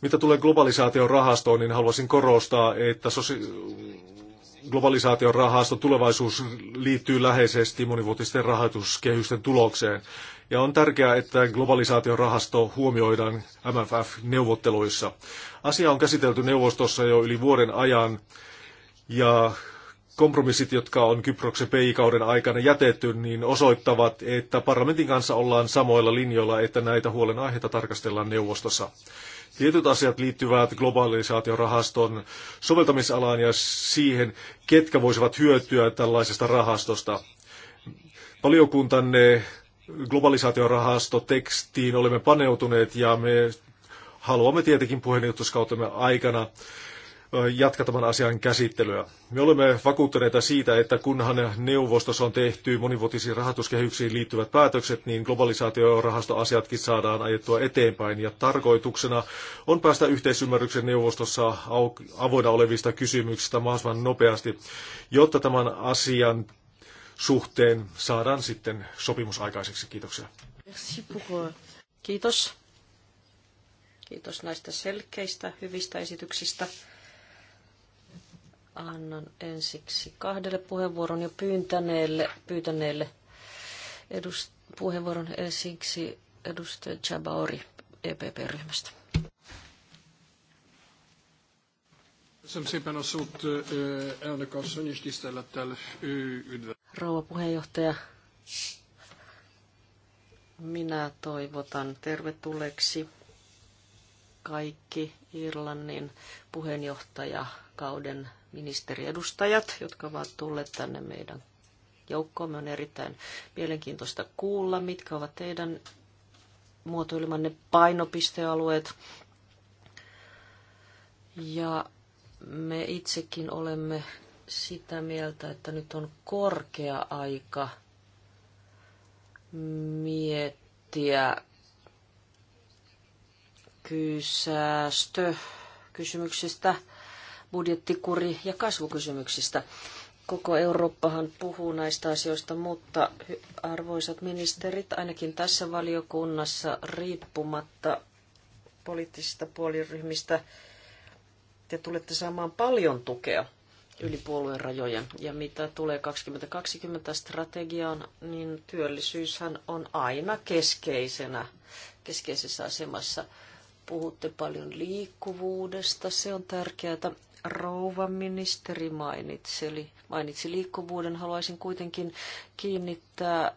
Mitä tulee globalisaation rahastoon, niin haluaisin korostaa, että sosi- globalisaation rahaston tulevaisuus liittyy läheisesti monivuotisten rahoituskehysten tulokseen. Ja on tärkeää, että globalisaation rahasto huomioidaan MFF-neuvotteluissa. Asia on käsitelty neuvostossa jo yli vuoden ajan ja kompromissit, jotka on Kyproksen PI-kauden aikana jätetty, niin osoittavat, että parlamentin kanssa ollaan samoilla linjoilla, että näitä huolenaiheita tarkastellaan neuvostossa. Tietyt asiat liittyvät globalisaatiorahaston soveltamisalaan ja siihen, ketkä voisivat hyötyä tällaisesta rahastosta. Valiokuntanne globalisaatiorahasto tekstiin olemme paneutuneet ja me haluamme tietenkin puheenjohtajuuskautemme aikana jatka tämän asian käsittelyä. Me olemme vakuuttuneita siitä, että kunhan neuvostossa on tehty monivuotisiin rahoituskehyksiin liittyvät päätökset, niin globalisaatiorahastoasiatkin saadaan ajettua eteenpäin. Ja tarkoituksena on päästä yhteisymmärryksen neuvostossa avoinna olevista kysymyksistä mahdollisimman nopeasti, jotta tämän asian suhteen saadaan sitten sopimus aikaiseksi. Kiitoksia. Euh, kiitos. Kiitos näistä selkeistä, hyvistä esityksistä. Annan ensiksi kahdelle puheenvuoron jo pyyntäneelle, pyytäneelle edust, puheenvuoron ensiksi edustaja Chabaori EPP-ryhmästä. Köszönöm szépen a szót, elnök asszony, és tisztelettel rouva puheenjohtaja. Minä toivotan tervetulleeksi kaikki Irlannin puheenjohtajakauden ministeriedustajat, jotka ovat tulleet tänne meidän joukkoomme. On erittäin mielenkiintoista kuulla, mitkä ovat teidän muotoilemanne painopistealueet. Ja me itsekin olemme sitä mieltä, että nyt on korkea aika miettiä säästökysymyksistä, budjettikuri- ja kasvukysymyksistä. Koko Eurooppahan puhuu näistä asioista, mutta arvoisat ministerit, ainakin tässä valiokunnassa riippumatta poliittisista puoliryhmistä, te tulette saamaan paljon tukea yli puolueen rajojen. Ja mitä tulee 2020 strategiaan, niin työllisyyshän on aina keskeisenä, keskeisessä asemassa. Puhutte paljon liikkuvuudesta, se on tärkeää. Rouva ministeri mainitsi, eli mainitsi liikkuvuuden. Haluaisin kuitenkin kiinnittää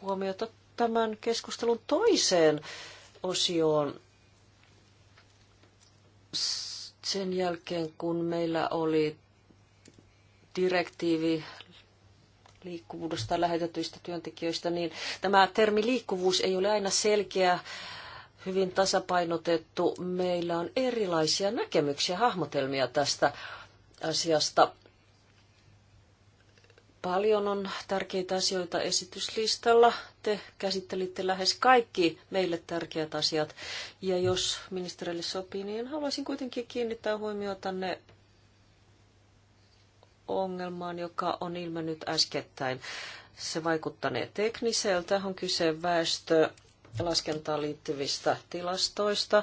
huomiota tämän keskustelun toiseen osioon sen jälkeen, kun meillä oli direktiivi liikkuvuudesta lähetetyistä työntekijöistä, niin tämä termi liikkuvuus ei ole aina selkeä, hyvin tasapainotettu. Meillä on erilaisia näkemyksiä, hahmotelmia tästä asiasta. Paljon on tärkeitä asioita esityslistalla. Te käsittelitte lähes kaikki meille tärkeät asiat. Ja jos ministerille sopii, niin haluaisin kuitenkin kiinnittää huomiota ne ongelmaan, joka on ilmennyt äskettäin. Se vaikuttanee tekniseltä, on kyse väestö laskentaan liittyvistä tilastoista.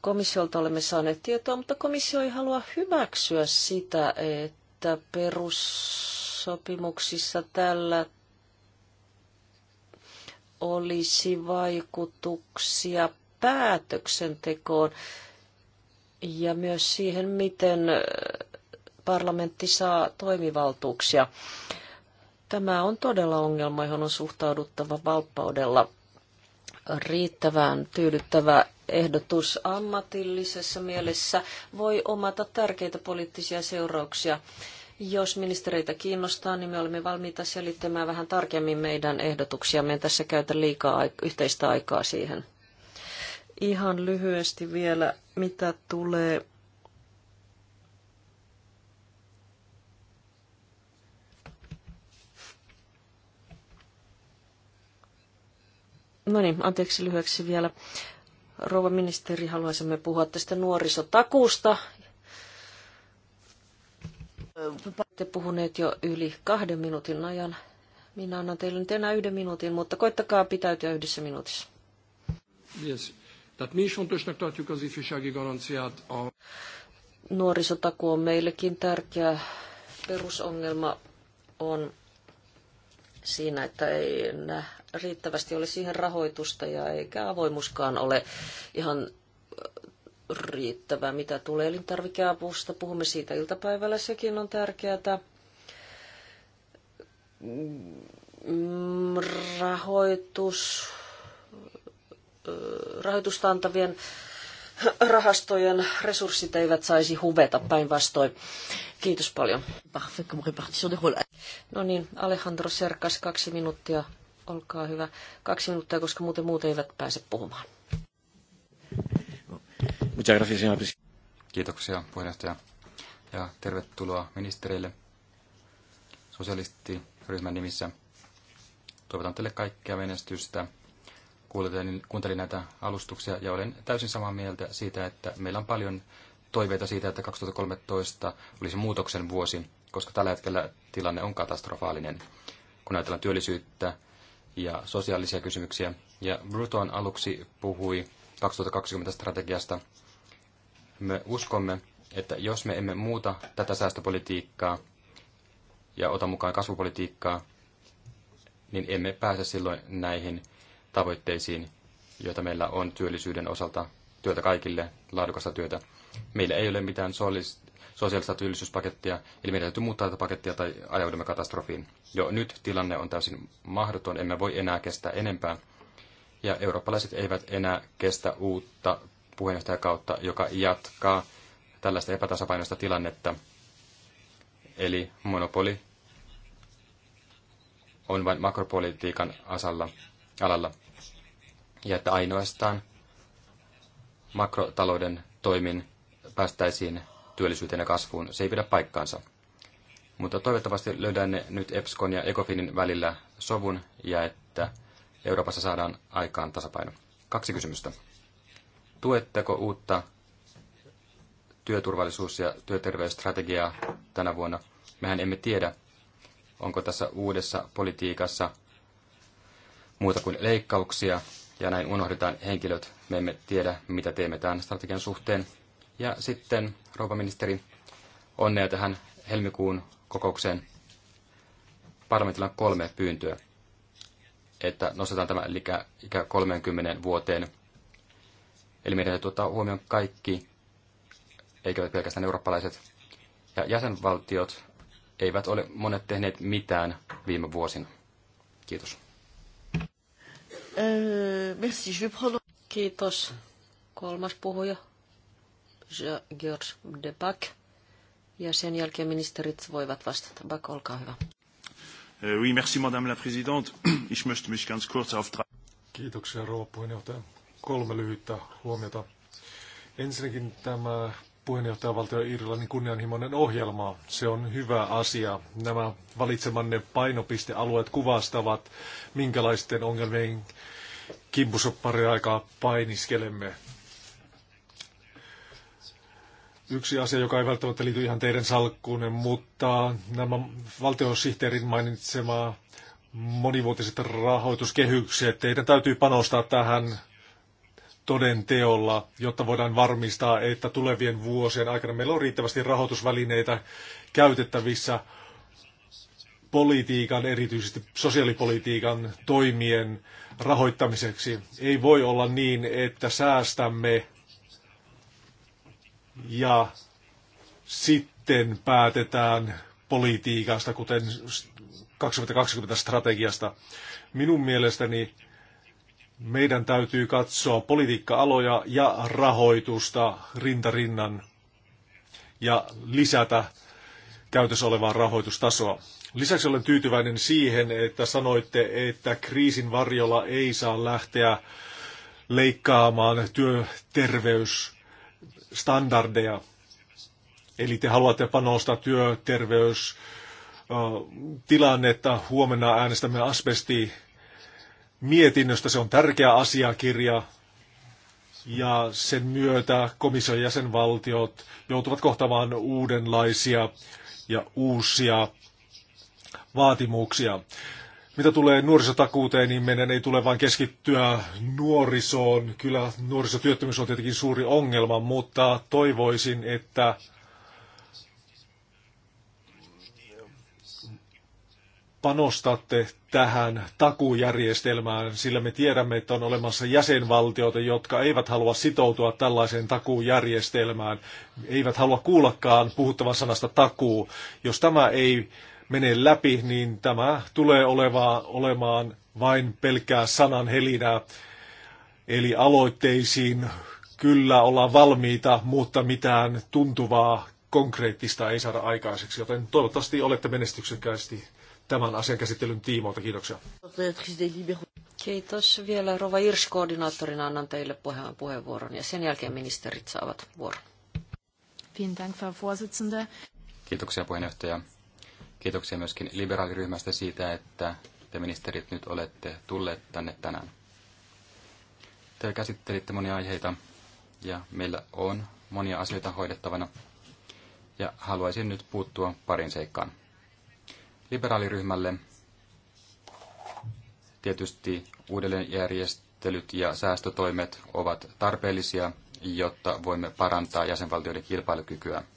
Komissiolta olemme saaneet tietoa, mutta komissio ei halua hyväksyä sitä, että perussopimuksissa tällä olisi vaikutuksia päätöksentekoon ja myös siihen, miten parlamentti saa toimivaltuuksia. Tämä on todella ongelma, johon on suhtauduttava valppaudella. Riittävän tyydyttävä ehdotus ammatillisessa mielessä voi omata tärkeitä poliittisia seurauksia. Jos ministereitä kiinnostaa, niin me olemme valmiita selittämään vähän tarkemmin meidän ehdotuksia. Me en tässä käytä liikaa yhteistä aikaa siihen. Ihan lyhyesti vielä, mitä tulee No niin, anteeksi lyhyeksi vielä. Rouva ministeri, haluaisimme puhua tästä nuorisotakuusta. Olette puhuneet jo yli kahden minuutin ajan. Minä annan teille nyt enää yhden minuutin, mutta koittakaa pitäytyä yhdessä minuutissa. Yes. Tehát mi is fontosnak tartjuk az ifjúsági garanciát. A... Nuorisotaku on meillekin tärkeä. Perusongelma on siinä, että ei nä, riittävästi ole siihen rahoitusta ja eikä avoimuskaan ole ihan äh, riittävää, mitä tulee elintarvikeapusta. Puhumme siitä iltapäivällä, sekin on tärkeää. Mm, rahoitus, äh, rahoitusta antavien rahastojen resurssit eivät saisi huveta päinvastoin. Kiitos paljon. No niin, Alejandro Serkas, kaksi minuuttia Olkaa hyvä. Kaksi minuuttia, koska muuten muut eivät pääse puhumaan. Kiitoksia puheenjohtaja ja tervetuloa ministerille sosialistiryhmän nimissä. Toivotan teille kaikkea menestystä. Kuuntelin, kuuntelin näitä alustuksia ja olen täysin samaa mieltä siitä, että meillä on paljon toiveita siitä, että 2013 olisi muutoksen vuosi, koska tällä hetkellä tilanne on katastrofaalinen. Kun ajatellaan työllisyyttä, ja sosiaalisia kysymyksiä. Ja Bruton aluksi puhui 2020-strategiasta. Me uskomme, että jos me emme muuta tätä säästöpolitiikkaa ja ota mukaan kasvupolitiikkaa, niin emme pääse silloin näihin tavoitteisiin, joita meillä on työllisyyden osalta työtä kaikille, laadukasta työtä. Meillä ei ole mitään sosiaalista työllisyyspakettia, eli meidän täytyy muuttaa tätä pakettia tai ajaudumme katastrofiin. Jo nyt tilanne on täysin mahdoton, emme voi enää kestää enempää, ja eurooppalaiset eivät enää kestä uutta puheenjohtajakautta, joka jatkaa tällaista epätasapainoista tilannetta. Eli monopoli on vain makropolitiikan asalla, alalla. Ja että ainoastaan makrotalouden toimin päästäisiin työllisyyteen ja kasvuun. Se ei pidä paikkaansa. Mutta toivottavasti löydämme nyt EPSCON ja ECOFINin välillä sovun ja että Euroopassa saadaan aikaan tasapaino. Kaksi kysymystä. Tuetteko uutta työturvallisuus- ja työterveysstrategiaa tänä vuonna? Mehän emme tiedä, onko tässä uudessa politiikassa muuta kuin leikkauksia, ja näin unohdetaan henkilöt. Me emme tiedä, mitä teemme tämän strategian suhteen. Ja sitten, rouva ministeri, onnea tähän helmikuun kokoukseen. Parlamentilla on kolme pyyntöä, että nostetaan tämä ikä, ikä 30 vuoteen. Eli meidän täytyy ottaa huomioon kaikki, eikä pelkästään eurooppalaiset. Ja jäsenvaltiot eivät ole monet tehneet mitään viime vuosina. Kiitos. Kiitos. Kolmas puhuja. George de Back. Ja sen jälkeen ministerit voivat vastata. olkaa hyvä. Eh, oui, merci madame la présidente. Ich möchte mich ganz kurz auf Kiitoksia rouva puheenjohtaja. Kolme lyhyttä huomiota. Ensinnäkin tämä puheenjohtajavaltio Irlannin kunnianhimoinen ohjelma. Se on hyvä asia. Nämä valitsemanne painopistealueet kuvastavat, minkälaisten ongelmien kimpusoppari aikaa painiskelemme yksi asia, joka ei välttämättä liity ihan teidän salkkuunne, mutta nämä valtiosihteerin mainitsema monivuotiset rahoituskehykset, teidän täytyy panostaa tähän teolla, jotta voidaan varmistaa, että tulevien vuosien aikana meillä on riittävästi rahoitusvälineitä käytettävissä politiikan, erityisesti sosiaalipolitiikan toimien rahoittamiseksi. Ei voi olla niin, että säästämme ja sitten päätetään politiikasta, kuten 2020 strategiasta. Minun mielestäni meidän täytyy katsoa politiikka-aloja ja rahoitusta rintarinnan ja lisätä käytössä olevaa rahoitustasoa. Lisäksi olen tyytyväinen siihen, että sanoitte, että kriisin varjolla ei saa lähteä leikkaamaan työterveys standardeja. Eli te haluatte panostaa työterveys tilannetta. Huomenna äänestämme asbesti mietinnöstä. Se on tärkeä asiakirja. Ja sen myötä komission jäsenvaltiot joutuvat kohtaamaan uudenlaisia ja uusia vaatimuksia. Mitä tulee nuorisotakuuteen, niin meidän ei tule vain keskittyä nuorisoon. Kyllä nuorisotyöttömyys on tietenkin suuri ongelma, mutta toivoisin, että panostatte tähän takuujärjestelmään, sillä me tiedämme, että on olemassa jäsenvaltioita, jotka eivät halua sitoutua tällaiseen takuujärjestelmään, eivät halua kuullakaan puhuttavan sanasta takuu. Jos tämä ei mene läpi, niin tämä tulee olevaa, olemaan vain pelkää sanan helinää. Eli aloitteisiin kyllä olla valmiita, mutta mitään tuntuvaa konkreettista ei saada aikaiseksi, joten toivottavasti olette menestyksekkäästi tämän asian käsittelyn tiimoilta. Kiitoksia. Kiitos. Vielä Rova Irs koordinaattorina annan teille puheenvuoron ja sen jälkeen ministerit saavat vuoron. Kiitoksia puheenjohtaja. Kiitoksia myöskin liberaaliryhmästä siitä, että te ministerit nyt olette tulleet tänne tänään. Te käsittelitte monia aiheita ja meillä on monia asioita hoidettavana ja haluaisin nyt puuttua parin seikkaan. Liberaaliryhmälle tietysti uudelleenjärjestelyt ja säästötoimet ovat tarpeellisia, jotta voimme parantaa jäsenvaltioiden kilpailukykyä –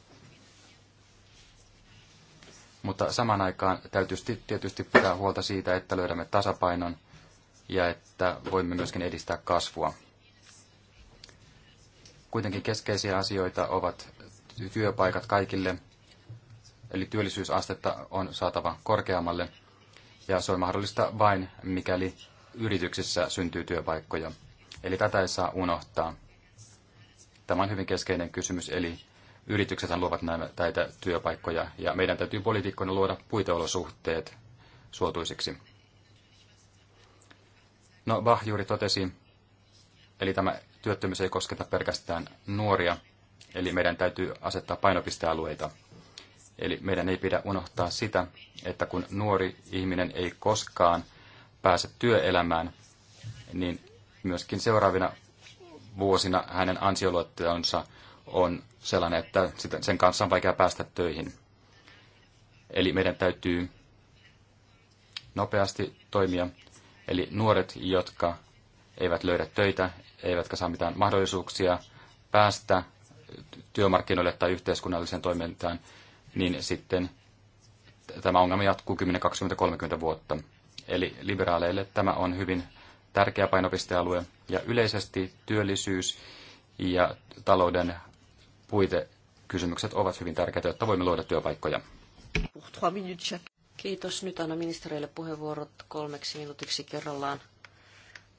mutta saman aikaan täytyy tietysti pitää huolta siitä, että löydämme tasapainon ja että voimme myöskin edistää kasvua. Kuitenkin keskeisiä asioita ovat työpaikat kaikille, eli työllisyysastetta on saatava korkeammalle, ja se on mahdollista vain, mikäli yrityksissä syntyy työpaikkoja. Eli tätä ei saa unohtaa. Tämä on hyvin keskeinen kysymys, eli Yritykset luovat näitä työpaikkoja ja meidän täytyy poliitikkoina luoda puiteolosuhteet suotuisiksi. No, Bach juuri totesi, eli tämä työttömyys ei kosketa pelkästään nuoria, eli meidän täytyy asettaa painopistealueita. Eli meidän ei pidä unohtaa sitä, että kun nuori ihminen ei koskaan pääse työelämään, niin myöskin seuraavina vuosina hänen ansioluettelonsa on sellainen, että sen kanssa on vaikea päästä töihin. Eli meidän täytyy nopeasti toimia. Eli nuoret, jotka eivät löydä töitä, eivätkä saa mitään mahdollisuuksia päästä työmarkkinoille tai yhteiskunnalliseen toimintaan, niin sitten tämä ongelma jatkuu 10, 20, 30 vuotta. Eli liberaaleille tämä on hyvin tärkeä painopistealue ja yleisesti työllisyys ja talouden puitekysymykset ovat hyvin tärkeitä, jotta voimme luoda työpaikkoja. Kiitos. Nyt annan ministereille puheenvuorot kolmeksi minuutiksi kerrallaan.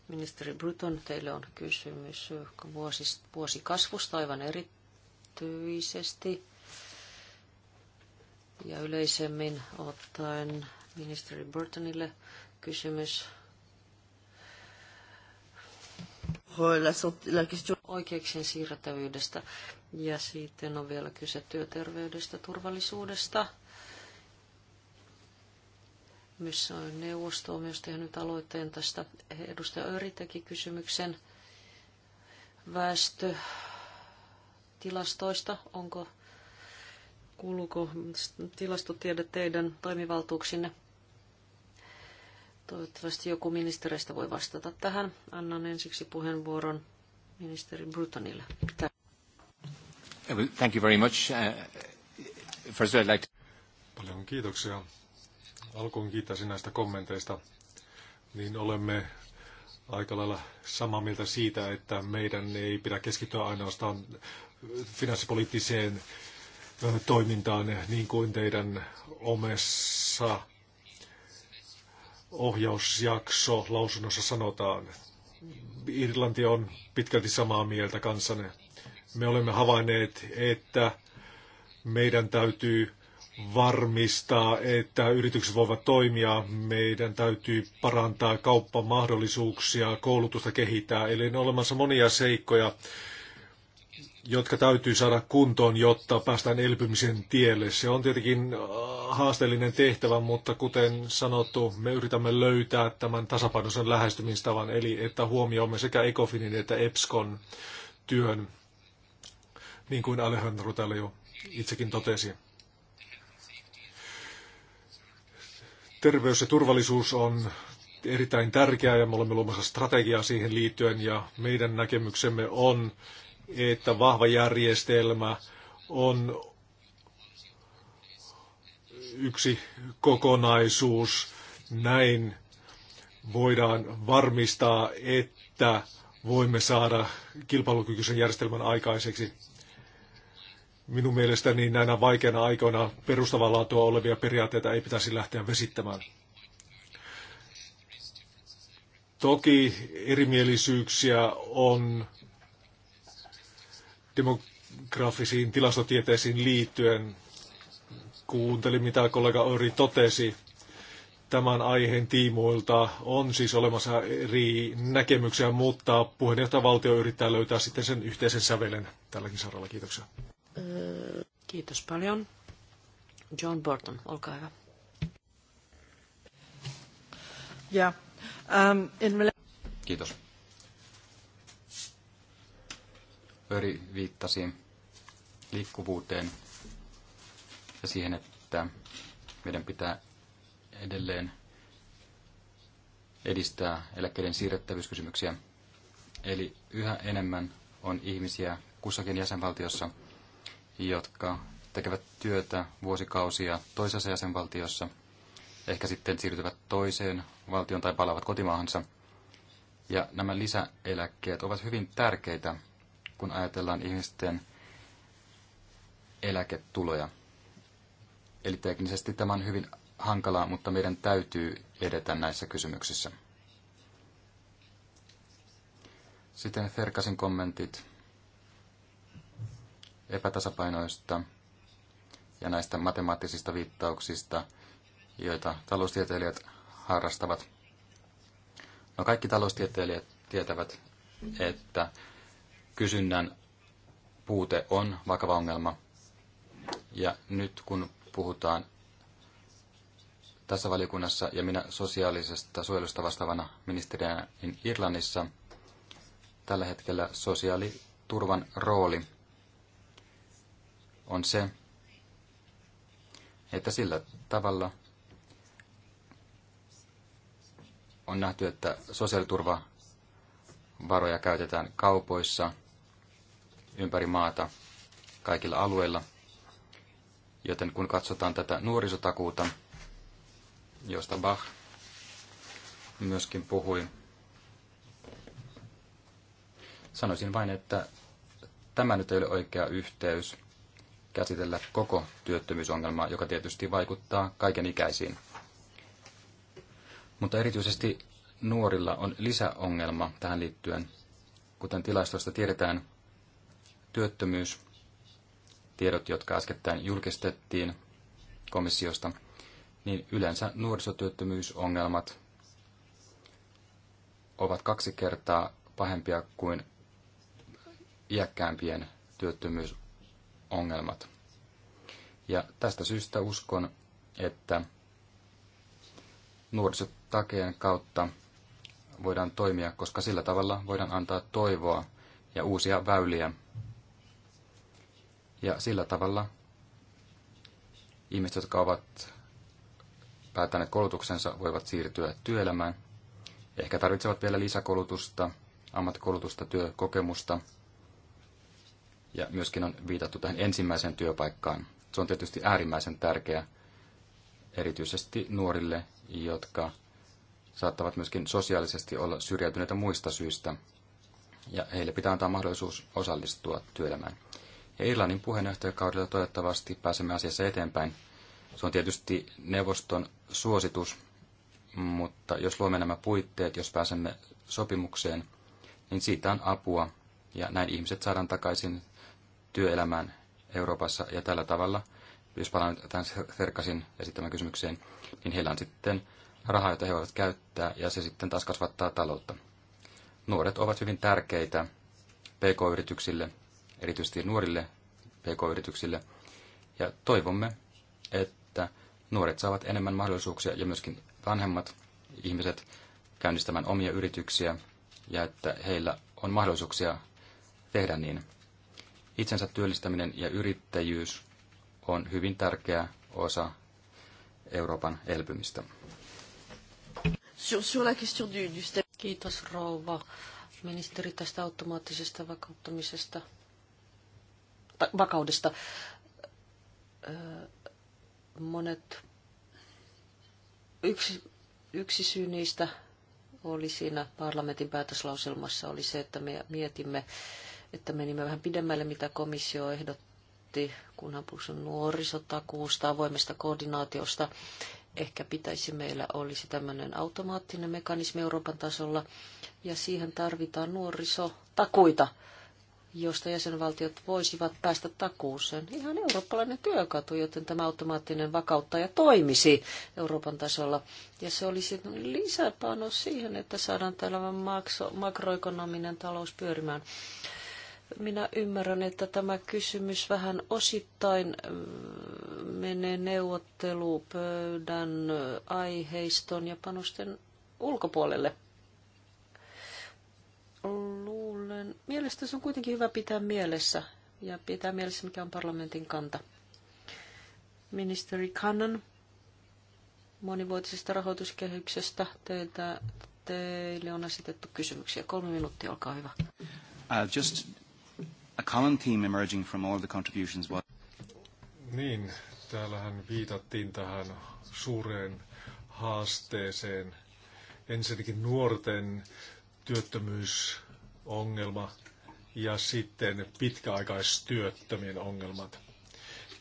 Ministeri Bruton, teille on kysymys vuosikasvusta aivan erityisesti. Ja yleisemmin ottaen ministeri Burtonille kysymys oikeuksien siirrettävyydestä. Ja sitten on vielä kyse työterveydestä, turvallisuudesta. Missä on neuvosto on myös tehnyt aloitteen tästä. Edustaja Öri teki kysymyksen väestötilastoista. Onko, kuuluuko tilastotiede teidän toimivaltuuksinne? Toivottavasti joku ministeristä voi vastata tähän. Annan ensiksi puheenvuoron ministeri Brutonille. Thank you very much. Uh, first I'd like to... Paljon kiitoksia. Alkuun kiittäisin näistä kommenteista. Niin olemme aika lailla samaa mieltä siitä, että meidän ei pidä keskittyä ainoastaan finanssipoliittiseen toimintaan, niin kuin teidän omessa ohjausjakso lausunnossa sanotaan. Irlanti on pitkälti samaa mieltä kanssanne. Me olemme havainneet, että meidän täytyy varmistaa, että yritykset voivat toimia. Meidän täytyy parantaa kauppamahdollisuuksia, koulutusta kehittää. Eli on olemassa monia seikkoja, jotka täytyy saada kuntoon, jotta päästään elpymisen tielle. Se on tietenkin äh, haasteellinen tehtävä, mutta kuten sanottu, me yritämme löytää tämän tasapainoisen lähestymistavan, eli että huomioimme sekä Ecofinin että EPSCON työn, niin kuin Alejandro täällä jo itsekin totesi. Terveys ja turvallisuus on erittäin tärkeää ja me olemme luomassa strategiaa siihen liittyen ja meidän näkemyksemme on, että vahva järjestelmä on yksi kokonaisuus. Näin voidaan varmistaa, että voimme saada kilpailukykyisen järjestelmän aikaiseksi. Minun mielestäni näinä vaikeina aikoina perustavanlaatua olevia periaatteita ei pitäisi lähteä vesittämään. Toki erimielisyyksiä on demografisiin tilastotieteisiin liittyen. Kuuntelin, mitä kollega Ori totesi tämän aiheen tiimoilta. On siis olemassa eri näkemyksiä, mutta valtio yrittää löytää sitten sen yhteisen sävelen tälläkin saralla. Kiitoksia. Kiitos paljon. John Burton, olkaa hyvä. Yeah. Um, in... Kiitos Öri viittasi liikkuvuuteen ja siihen, että meidän pitää edelleen edistää eläkkeiden siirrettävyyskysymyksiä. Eli yhä enemmän on ihmisiä kussakin jäsenvaltiossa, jotka tekevät työtä vuosikausia toisessa jäsenvaltiossa, ehkä sitten siirtyvät toiseen valtioon tai palaavat kotimaahansa. Ja nämä lisäeläkkeet ovat hyvin tärkeitä kun ajatellaan ihmisten eläketuloja. Eli teknisesti tämä on hyvin hankalaa, mutta meidän täytyy edetä näissä kysymyksissä. Sitten Ferkasin kommentit epätasapainoista ja näistä matemaattisista viittauksista, joita taloustieteilijät harrastavat. No kaikki taloustieteilijät tietävät, että kysynnän puute on vakava ongelma. Ja nyt kun puhutaan tässä valiokunnassa ja minä sosiaalisesta suojelusta vastaavana ministerinä niin Irlannissa, tällä hetkellä sosiaaliturvan rooli on se, että sillä tavalla on nähty, että sosiaaliturvavaroja käytetään kaupoissa – ympäri maata kaikilla alueilla. Joten kun katsotaan tätä nuorisotakuuta, josta Bach myöskin puhui, sanoisin vain, että tämä nyt ei ole oikea yhteys käsitellä koko työttömyysongelmaa, joka tietysti vaikuttaa kaiken ikäisiin. Mutta erityisesti nuorilla on lisäongelma tähän liittyen. Kuten tilastosta tiedetään, Työttömyys, tiedot, jotka äskettäin julkistettiin komissiosta, niin yleensä nuorisotyöttömyysongelmat ovat kaksi kertaa pahempia kuin iäkkäämpien työttömyysongelmat. Ja tästä syystä uskon, että nuorisotakeen kautta voidaan toimia, koska sillä tavalla voidaan antaa toivoa ja uusia väyliä ja sillä tavalla ihmiset, jotka ovat päättäneet koulutuksensa, voivat siirtyä työelämään. Ehkä tarvitsevat vielä lisäkoulutusta, ammattikoulutusta, työkokemusta. Ja myöskin on viitattu tähän ensimmäiseen työpaikkaan. Se on tietysti äärimmäisen tärkeä, erityisesti nuorille, jotka saattavat myöskin sosiaalisesti olla syrjäytyneitä muista syistä, ja heille pitää antaa mahdollisuus osallistua työelämään. Ja Irlannin puheenjohtajakaudella toivottavasti pääsemme asiassa eteenpäin. Se on tietysti neuvoston suositus, mutta jos luomme nämä puitteet, jos pääsemme sopimukseen, niin siitä on apua ja näin ihmiset saadaan takaisin työelämään Euroopassa ja tällä tavalla, jos palaan tämän Serkasin esittämään kysymykseen, niin heillä on sitten rahaa, jota he voivat käyttää ja se sitten taas kasvattaa taloutta. Nuoret ovat hyvin tärkeitä PK-yrityksille erityisesti nuorille pk-yrityksille. Ja toivomme, että nuoret saavat enemmän mahdollisuuksia ja myöskin vanhemmat ihmiset käynnistämään omia yrityksiä ja että heillä on mahdollisuuksia tehdä niin. Itsensä työllistäminen ja yrittäjyys on hyvin tärkeä osa Euroopan elpymistä. Kiitos rouva ministeri tästä automaattisesta vakauttamisesta vakaudesta. Monet, yksi, yksi syy niistä oli siinä parlamentin päätöslauselmassa oli se, että me mietimme, että menimme vähän pidemmälle, mitä komissio ehdotti, kunhan puhuttiin nuorisotakuusta, avoimesta koordinaatiosta. Ehkä pitäisi meillä olisi tämmöinen automaattinen mekanismi Euroopan tasolla, ja siihen tarvitaan nuorisotakuita josta jäsenvaltiot voisivat päästä takuuseen. Ihan eurooppalainen työkatu, joten tämä automaattinen vakauttaja toimisi Euroopan tasolla. Ja se olisi lisäpanos siihen, että saadaan tällainen makroekonominen talous pyörimään. Minä ymmärrän, että tämä kysymys vähän osittain mm, menee neuvottelupöydän aiheiston ja panosten ulkopuolelle. olen, mielestäni se on kuitenkin hyvä pitää mielessä ja pitää mielessä, mikä on parlamentin kanta. Ministeri Cannon monivuotisesta rahoituskehyksestä teiltä, teille on esitetty kysymyksiä. Kolme minuuttia, olkaa hyvä. Uh, just a common theme emerging from all the contributions was... Niin, täällähän viitattiin tähän suureen haasteeseen. Ensinnäkin nuorten työttömyys ongelma ja sitten pitkäaikaistyöttömien ongelmat.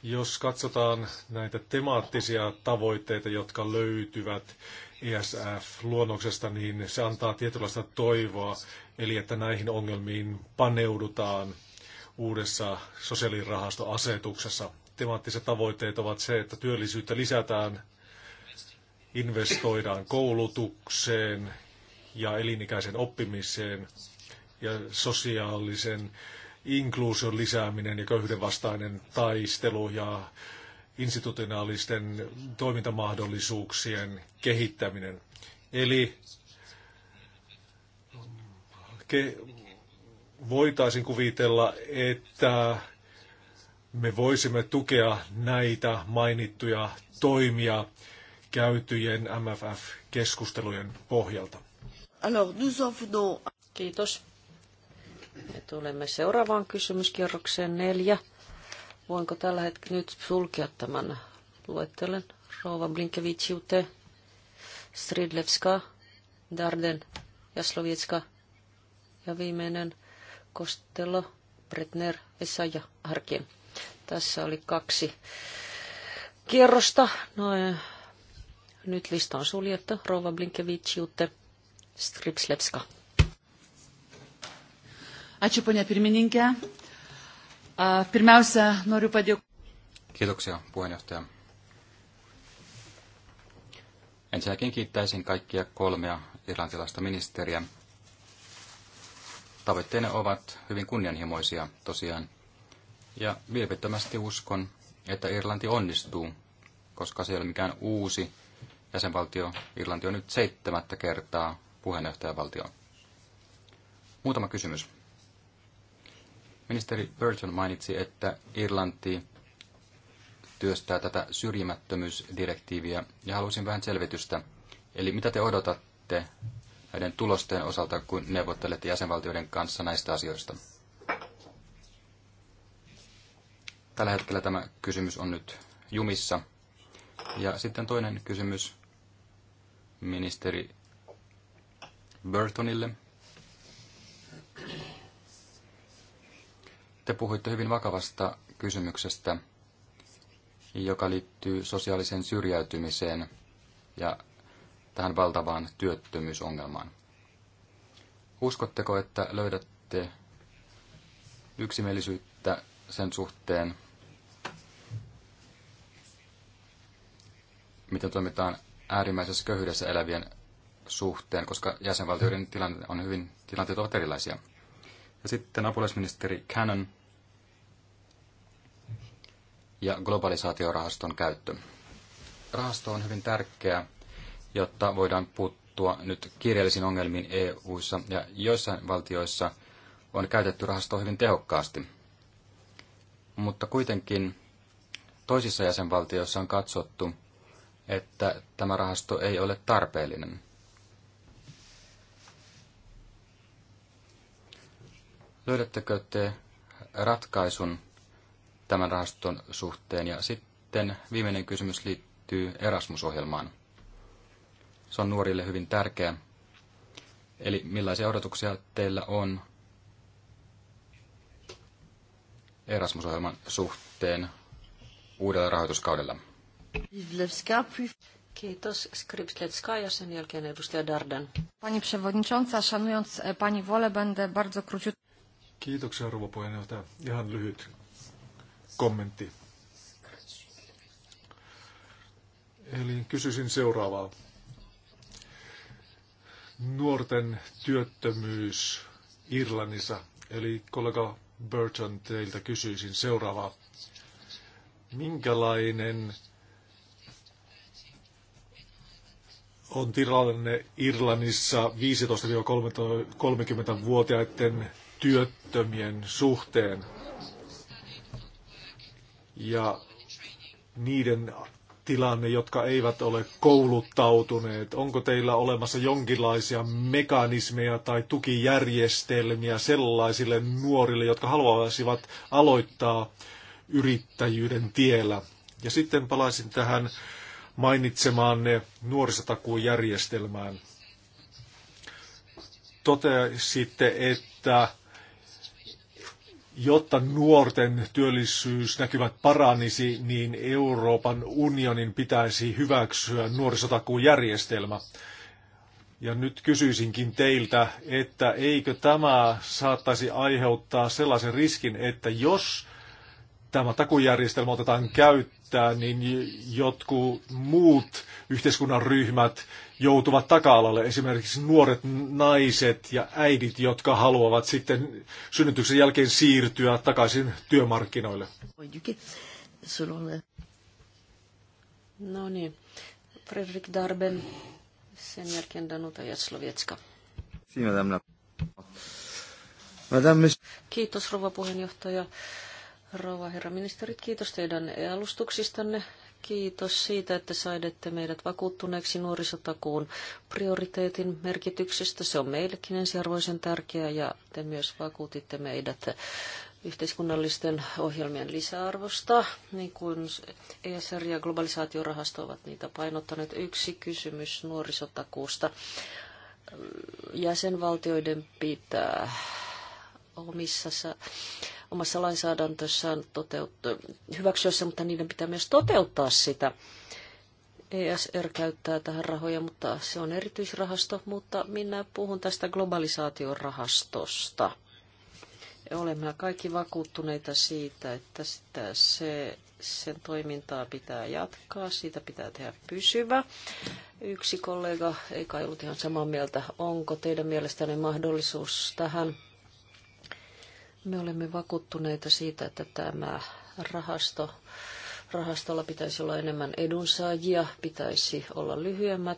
Jos katsotaan näitä temaattisia tavoitteita, jotka löytyvät ESF-luonnoksesta, niin se antaa tietynlaista toivoa, eli että näihin ongelmiin paneudutaan uudessa sosiaalirahastoasetuksessa. Temaattiset tavoitteet ovat se, että työllisyyttä lisätään, investoidaan koulutukseen ja elinikäiseen oppimiseen – ja sosiaalisen inkluusion lisääminen ja köyhyyden vastainen taistelu ja institutionaalisten toimintamahdollisuuksien kehittäminen. Eli ke- voitaisiin kuvitella, että me voisimme tukea näitä mainittuja toimia käytyjen MFF-keskustelujen pohjalta. Alors, nous Kiitos. Me tulemme seuraavaan kysymyskierrokseen neljä. Voinko tällä hetkellä nyt sulkea tämän luettelen? Rova Blinkevichiute, Stridlevska, Darden, Jaslovietska ja viimeinen Kostelo, Bretner, Esa ja Harkin. Tässä oli kaksi kierrosta. Noin. Nyt lista on suljettu. Rova Blinkevichiute, Stridlevska. Ačiū, ponė pirmininkė. Pirmiausia, noriu padėkoti. Kiitoksia, puheenjohtaja. Ensinnäkin kiittäisin kaikkia kolmea irlantilaista ministeriä. Tavoitteena ovat hyvin kunnianhimoisia tosiaan. Ja vilpittömästi uskon, että Irlanti onnistuu, koska se ei ole mikään uusi jäsenvaltio. Irlanti on nyt seitsemättä kertaa puheenjohtajavaltio. Muutama kysymys. Ministeri Burton mainitsi, että Irlanti työstää tätä syrjimättömyysdirektiiviä ja haluaisin vähän selvitystä. Eli mitä te odotatte näiden tulosten osalta, kun neuvottelette jäsenvaltioiden kanssa näistä asioista? Tällä hetkellä tämä kysymys on nyt jumissa. Ja sitten toinen kysymys ministeri Burtonille. Te puhuitte hyvin vakavasta kysymyksestä, joka liittyy sosiaaliseen syrjäytymiseen ja tähän valtavaan työttömyysongelmaan. Uskotteko, että löydätte yksimielisyyttä sen suhteen, miten toimitaan äärimmäisessä köyhyydessä elävien suhteen, koska jäsenvaltioiden tilanne on hyvin, tilanteet ovat erilaisia. Ja sitten apulaisministeri Cannon ja globalisaatiorahaston käyttö. Rahasto on hyvin tärkeä, jotta voidaan puuttua nyt kirjallisiin ongelmiin EU-ssa ja joissain valtioissa on käytetty rahastoa hyvin tehokkaasti. Mutta kuitenkin toisissa jäsenvaltioissa on katsottu, että tämä rahasto ei ole tarpeellinen – Löydättekö te ratkaisun tämän rahaston suhteen? Ja sitten viimeinen kysymys liittyy Erasmus-ohjelmaan. Se on nuorille hyvin tärkeä. Eli millaisia odotuksia teillä on Erasmus-ohjelman suhteen uudella rahoituskaudella? Kiitos. Skryptlecka ja sen jälkeen edustaja Darden. Pani przewodnicząca, szanując e, pani wolę, będę bardzo króciutko. Kiitoksia, rouva puheenjohtaja. Ihan lyhyt kommentti. Eli kysyisin seuraavaa. Nuorten työttömyys Irlannissa. Eli kollega Burton, teiltä kysyisin seuraavaa. Minkälainen on tilanne Irlannissa 15-30-vuotiaiden työttömien suhteen ja niiden tilanne, jotka eivät ole kouluttautuneet? Onko teillä olemassa jonkinlaisia mekanismeja tai tukijärjestelmiä sellaisille nuorille, jotka haluaisivat aloittaa yrittäjyyden tiellä? Ja sitten palaisin tähän mainitsemaanne nuorisotakuujärjestelmään. Toteaisitte, että Jotta nuorten työllisyysnäkymät paranisi, niin Euroopan unionin pitäisi hyväksyä nuorisotakuujärjestelmä. Ja nyt kysyisinkin teiltä, että eikö tämä saattaisi aiheuttaa sellaisen riskin, että jos tämä takujärjestelmä otetaan käyttää, niin jotkut muut yhteiskunnan ryhmät joutuvat taka-alalle. Esimerkiksi nuoret naiset ja äidit, jotka haluavat sitten synnytyksen jälkeen siirtyä takaisin työmarkkinoille. No niin. Fredrik Darben, sen jälkeen Danuta Jatslovietska. Kiitos rouva puheenjohtaja. Rouva herra ministerit, kiitos teidän alustuksistanne. Kiitos siitä, että saitte meidät vakuuttuneeksi nuorisotakuun prioriteetin merkityksestä. Se on meillekin ensiarvoisen tärkeää ja te myös vakuutitte meidät yhteiskunnallisten ohjelmien lisäarvosta, niin kuin ESR ja globalisaatiorahasto ovat niitä painottaneet. Yksi kysymys nuorisotakuusta. Jäsenvaltioiden pitää omissa, omassa lainsäädäntössään hyväksyä mutta niiden pitää myös toteuttaa sitä. ESR käyttää tähän rahoja, mutta se on erityisrahasto, mutta minä puhun tästä globalisaatiorahastosta. Olemme kaikki vakuuttuneita siitä, että sitä se, sen toimintaa pitää jatkaa, siitä pitää tehdä pysyvä. Yksi kollega ei kai ollut ihan samaa mieltä. Onko teidän mielestänne mahdollisuus tähän me olemme vakuuttuneita siitä, että tämä rahasto, rahastolla pitäisi olla enemmän edunsaajia, pitäisi olla lyhyemmät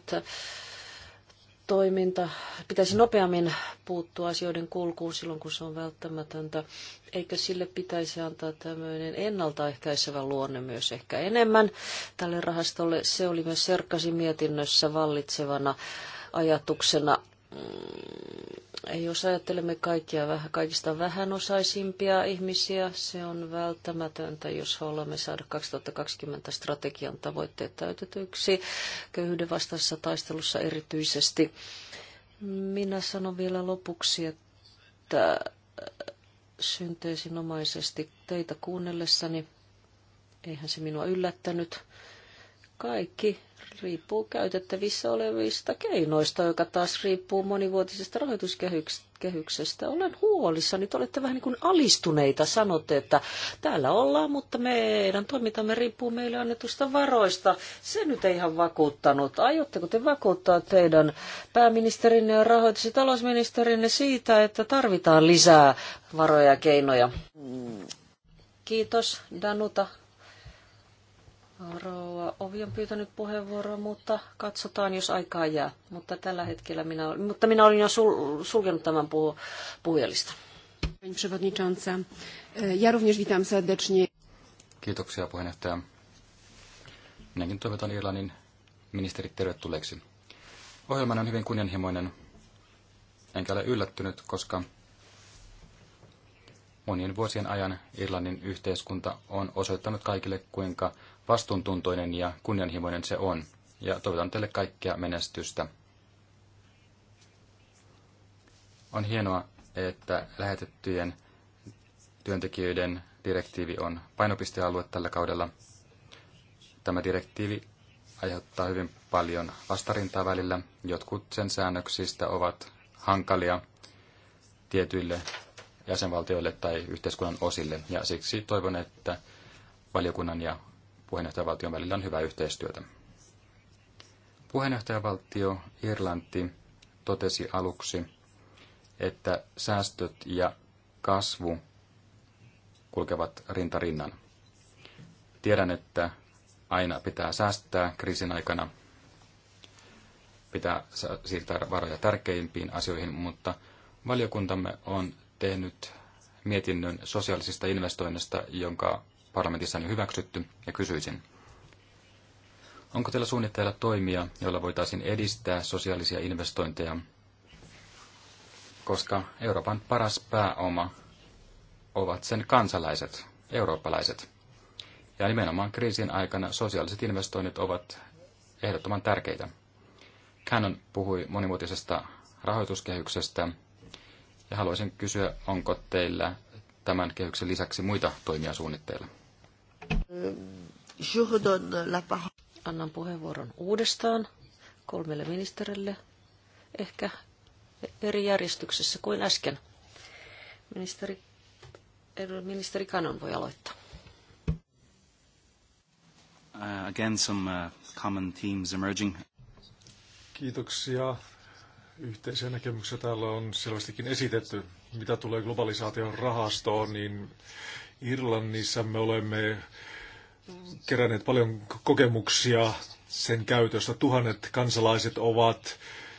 toiminta, pitäisi nopeammin puuttua asioiden kulkuun silloin, kun se on välttämätöntä. Eikö sille pitäisi antaa tämmöinen ennaltaehkäisevä luonne myös ehkä enemmän tälle rahastolle? Se oli myös Serkkasi mietinnössä vallitsevana ajatuksena mm, jos ajattelemme kaikkia vähän, kaikista vähänosaisimpia ihmisiä, se on välttämätöntä, jos haluamme saada 2020 strategian tavoitteet täytetyksi köyhyyden vastaisessa taistelussa erityisesti. Minä sanon vielä lopuksi, että synteesinomaisesti teitä kuunnellessani, eihän se minua yllättänyt, kaikki riippuu käytettävissä olevista keinoista, joka taas riippuu monivuotisesta rahoituskehyksestä. Olen huolissani, nyt olette vähän niin kuin alistuneita, sanotte, että täällä ollaan, mutta meidän toimintamme riippuu meille annetusta varoista. Se nyt ei ihan vakuuttanut. Aiotteko te vakuuttaa teidän pääministerinne ja rahoitus- ja talousministerinne siitä, että tarvitaan lisää varoja ja keinoja? Mm. Kiitos Danuta Rouva Ovi on pyytänyt puheenvuoroa, mutta katsotaan, jos aikaa jää. Mutta tällä hetkellä minä, mutta minä olin jo sul, sulkenut tämän puhu, puhujalista. przewodnicząca, e, ja również witam serdecznie. Kiitoksia puheenjohtaja. Minäkin toivotan Irlannin ministerit tervetulleeksi. Ohjelma on hyvin kunnianhimoinen, enkä ole yllättynyt, koska monien vuosien ajan Irlannin yhteiskunta on osoittanut kaikille, kuinka vastuuntuntoinen ja kunnianhimoinen se on. Ja toivotan teille kaikkea menestystä. On hienoa, että lähetettyjen työntekijöiden direktiivi on painopistealue tällä kaudella. Tämä direktiivi aiheuttaa hyvin paljon vastarintaa välillä. Jotkut sen säännöksistä ovat hankalia tietyille jäsenvaltioille tai yhteiskunnan osille, ja siksi toivon, että valiokunnan ja puheenjohtajavaltion välillä on hyvää yhteistyötä. Puheenjohtajavaltio Irlanti totesi aluksi, että säästöt ja kasvu kulkevat rinta rinnan. Tiedän, että aina pitää säästää kriisin aikana, pitää siirtää varoja tärkeimpiin asioihin, mutta valiokuntamme on tehnyt mietinnön sosiaalisista investoinnista, jonka parlamentissa on hyväksytty, ja kysyisin, onko teillä suunnitteilla toimia, joilla voitaisiin edistää sosiaalisia investointeja, koska Euroopan paras pääoma ovat sen kansalaiset, eurooppalaiset. Ja nimenomaan kriisin aikana sosiaaliset investoinnit ovat ehdottoman tärkeitä. Cannon puhui monimuotoisesta rahoituskehyksestä, ja haluaisin kysyä, onko teillä tämän kehyksen lisäksi muita toimia suunnitteilla? Annan puheenvuoron uudestaan kolmelle ministerille, ehkä eri järjestyksessä kuin äsken. Ministeri, ministeri Kanon voi aloittaa. Uh, again, some uh, common themes emerging. Kiitoksia. Yhteisiä näkemyksiä täällä on selvästikin esitetty. Mitä tulee globalisaation rahastoon, niin Irlannissa me olemme keränneet paljon kokemuksia sen käytöstä. Tuhannet kansalaiset ovat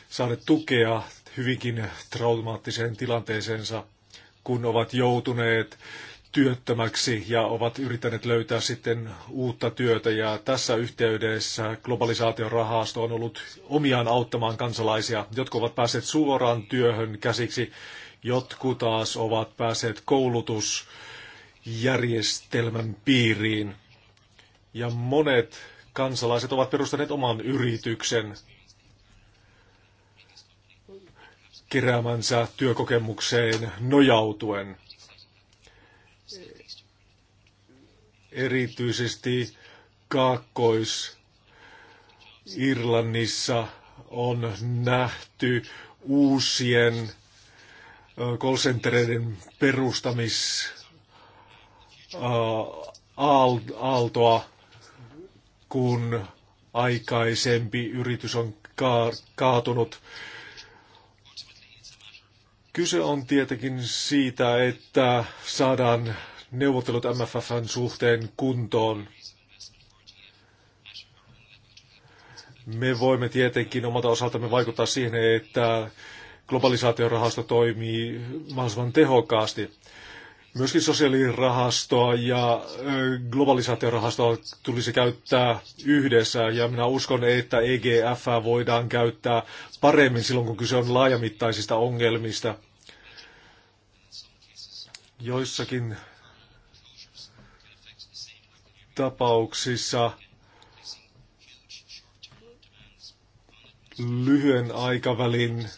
saaneet tukea hyvinkin traumaattiseen tilanteeseensa, kun ovat joutuneet työttömäksi ja ovat yrittäneet löytää sitten uutta työtä. Ja tässä yhteydessä globalisaation rahasto on ollut omiaan auttamaan kansalaisia, jotka ovat päässeet suoraan työhön käsiksi, jotkut taas ovat päässeet koulutus järjestelmän piiriin. Ja monet kansalaiset ovat perustaneet oman yrityksen keräämänsä työkokemukseen nojautuen. Erityisesti Kaakkois-Irlannissa on nähty uusien call perustamis aaltoa, kun aikaisempi yritys on kaatunut. Kyse on tietenkin siitä, että saadaan neuvottelut MFFn suhteen kuntoon. Me voimme tietenkin omalta osaltamme vaikuttaa siihen, että globalisaatiorahasto toimii mahdollisimman tehokkaasti. Myöskin sosiaalirahastoa ja globalisaatiorahastoa tulisi käyttää yhdessä ja minä uskon, että EGF voidaan käyttää paremmin silloin, kun kyse on laajamittaisista ongelmista. Joissakin tapauksissa lyhyen aikavälin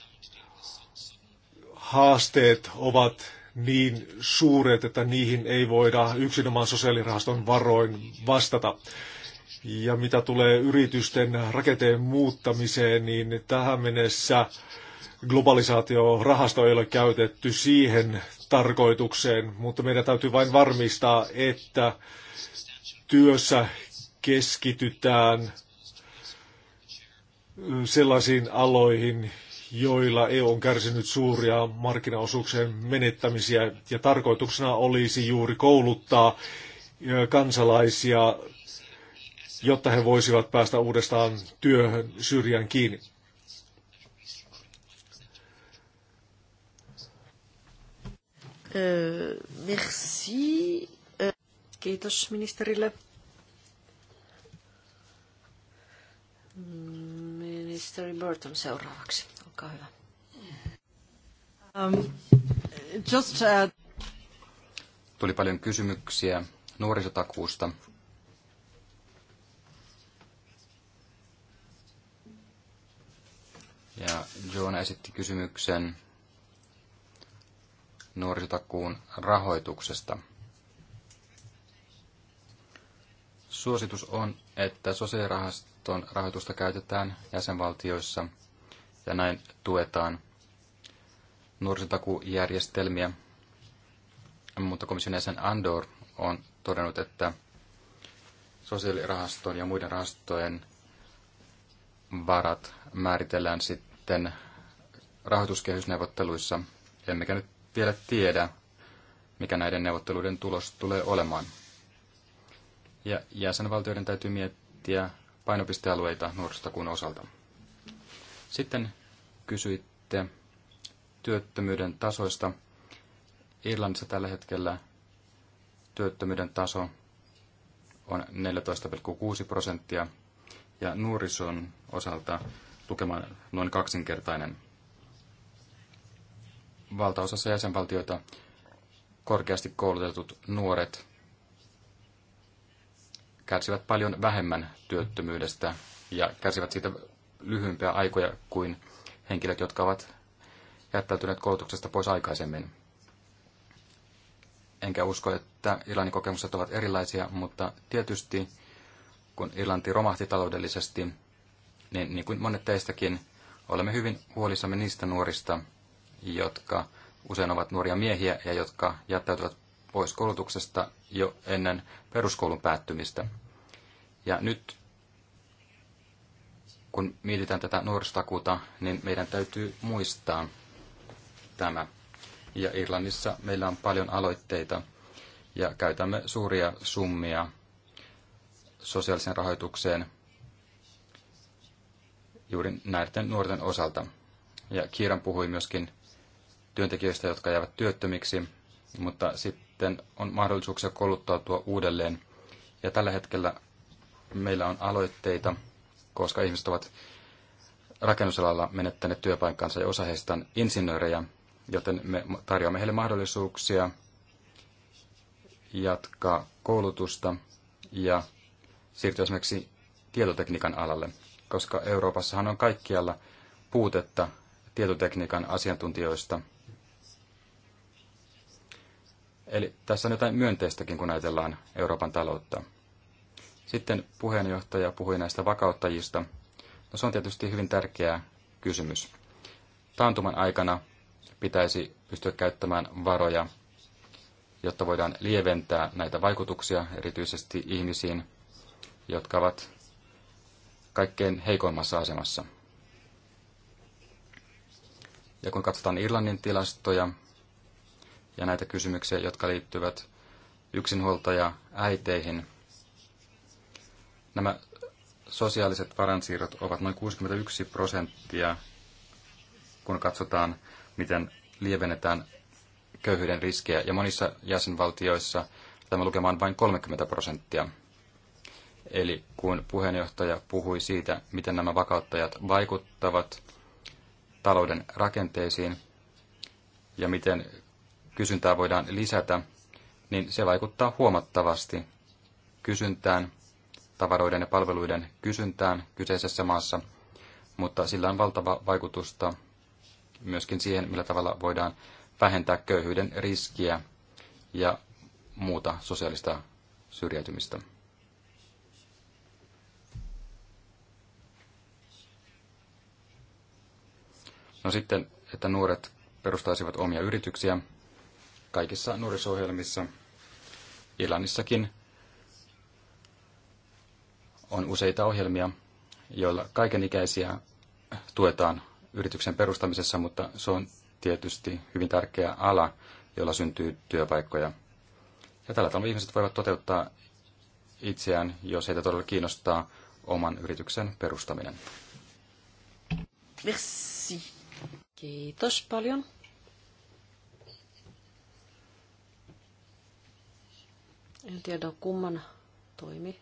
haasteet ovat niin suuret, että niihin ei voida yksinomaan sosiaalirahaston varoin vastata. Ja mitä tulee yritysten rakenteen muuttamiseen, niin tähän mennessä globalisaatiorahasto ei ole käytetty siihen tarkoitukseen, mutta meidän täytyy vain varmistaa, että työssä keskitytään sellaisiin aloihin, joilla EU on kärsinyt suuria markkinaosuuksien menettämisiä ja tarkoituksena olisi juuri kouluttaa kansalaisia, jotta he voisivat päästä uudestaan työhön syrjään kiinni. merci. Kiitos ministerille. Ministeri Burton seuraavaksi olkaa hyvä. Um, just, uh... Tuli paljon kysymyksiä nuorisotakuusta. Ja Joona esitti kysymyksen nuorisotakuun rahoituksesta. Suositus on, että sosiaalirahaston rahoitusta käytetään jäsenvaltioissa – ja näin tuetaan nuorisotakujärjestelmiä. Mutta komission jäsen Andor on todennut, että sosiaalirahaston ja muiden rahastojen varat määritellään sitten rahoituskehysneuvotteluissa, emmekä nyt vielä tiedä, mikä näiden neuvotteluiden tulos tulee olemaan. Ja jäsenvaltioiden täytyy miettiä painopistealueita nuorisotakuun osalta. Sitten kysyitte työttömyyden tasoista. Irlannissa tällä hetkellä työttömyyden taso on 14,6 prosenttia ja nuorison osalta lukema noin kaksinkertainen. Valtaosassa jäsenvaltioita korkeasti koulutetut nuoret kärsivät paljon vähemmän työttömyydestä ja kärsivät siitä lyhyempiä aikoja kuin henkilöt, jotka ovat jättäytyneet koulutuksesta pois aikaisemmin. Enkä usko, että Irlannin kokemukset ovat erilaisia, mutta tietysti kun Irlanti romahti taloudellisesti, niin, niin kuin monet teistäkin, olemme hyvin huolissamme niistä nuorista, jotka usein ovat nuoria miehiä ja jotka jättäytyvät pois koulutuksesta jo ennen peruskoulun päättymistä. Ja nyt kun mietitään tätä nuorisotakuuta, niin meidän täytyy muistaa tämä. Ja Irlannissa meillä on paljon aloitteita ja käytämme suuria summia sosiaaliseen rahoitukseen juuri näiden nuorten osalta. Ja Kiiran puhui myöskin työntekijöistä, jotka jäävät työttömiksi, mutta sitten on mahdollisuuksia kouluttautua uudelleen. Ja tällä hetkellä meillä on aloitteita, koska ihmiset ovat rakennusalalla menettäneet työpaikkansa ja osa heistä on insinöörejä, joten me tarjoamme heille mahdollisuuksia jatkaa koulutusta ja siirtyä esimerkiksi tietotekniikan alalle, koska Euroopassahan on kaikkialla puutetta tietotekniikan asiantuntijoista. Eli tässä on jotain myönteistäkin, kun ajatellaan Euroopan taloutta. Sitten puheenjohtaja puhui näistä vakauttajista. No se on tietysti hyvin tärkeä kysymys. Taantuman aikana pitäisi pystyä käyttämään varoja, jotta voidaan lieventää näitä vaikutuksia erityisesti ihmisiin, jotka ovat kaikkein heikoimmassa asemassa. Ja kun katsotaan Irlannin tilastoja ja näitä kysymyksiä, jotka liittyvät yksinhuoltaja äiteihin – Nämä sosiaaliset varansiirrot ovat noin 61 prosenttia, kun katsotaan, miten lievennetään köyhyyden riskejä, ja monissa jäsenvaltioissa tämä lukema on vain 30 prosenttia. Eli kun puheenjohtaja puhui siitä, miten nämä vakauttajat vaikuttavat talouden rakenteisiin ja miten kysyntää voidaan lisätä, niin se vaikuttaa huomattavasti kysyntään tavaroiden ja palveluiden kysyntään kyseisessä maassa, mutta sillä on valtava vaikutusta myöskin siihen, millä tavalla voidaan vähentää köyhyyden riskiä ja muuta sosiaalista syrjäytymistä. No sitten, että nuoret perustaisivat omia yrityksiä kaikissa nuorisohjelmissa. ilanissakin on useita ohjelmia, joilla kaikenikäisiä tuetaan yrityksen perustamisessa, mutta se on tietysti hyvin tärkeä ala, jolla syntyy työpaikkoja. Ja tällä tavalla ihmiset voivat toteuttaa itseään, jos heitä todella kiinnostaa oman yrityksen perustaminen. Merci. Kiitos paljon. En tiedä kumman toimi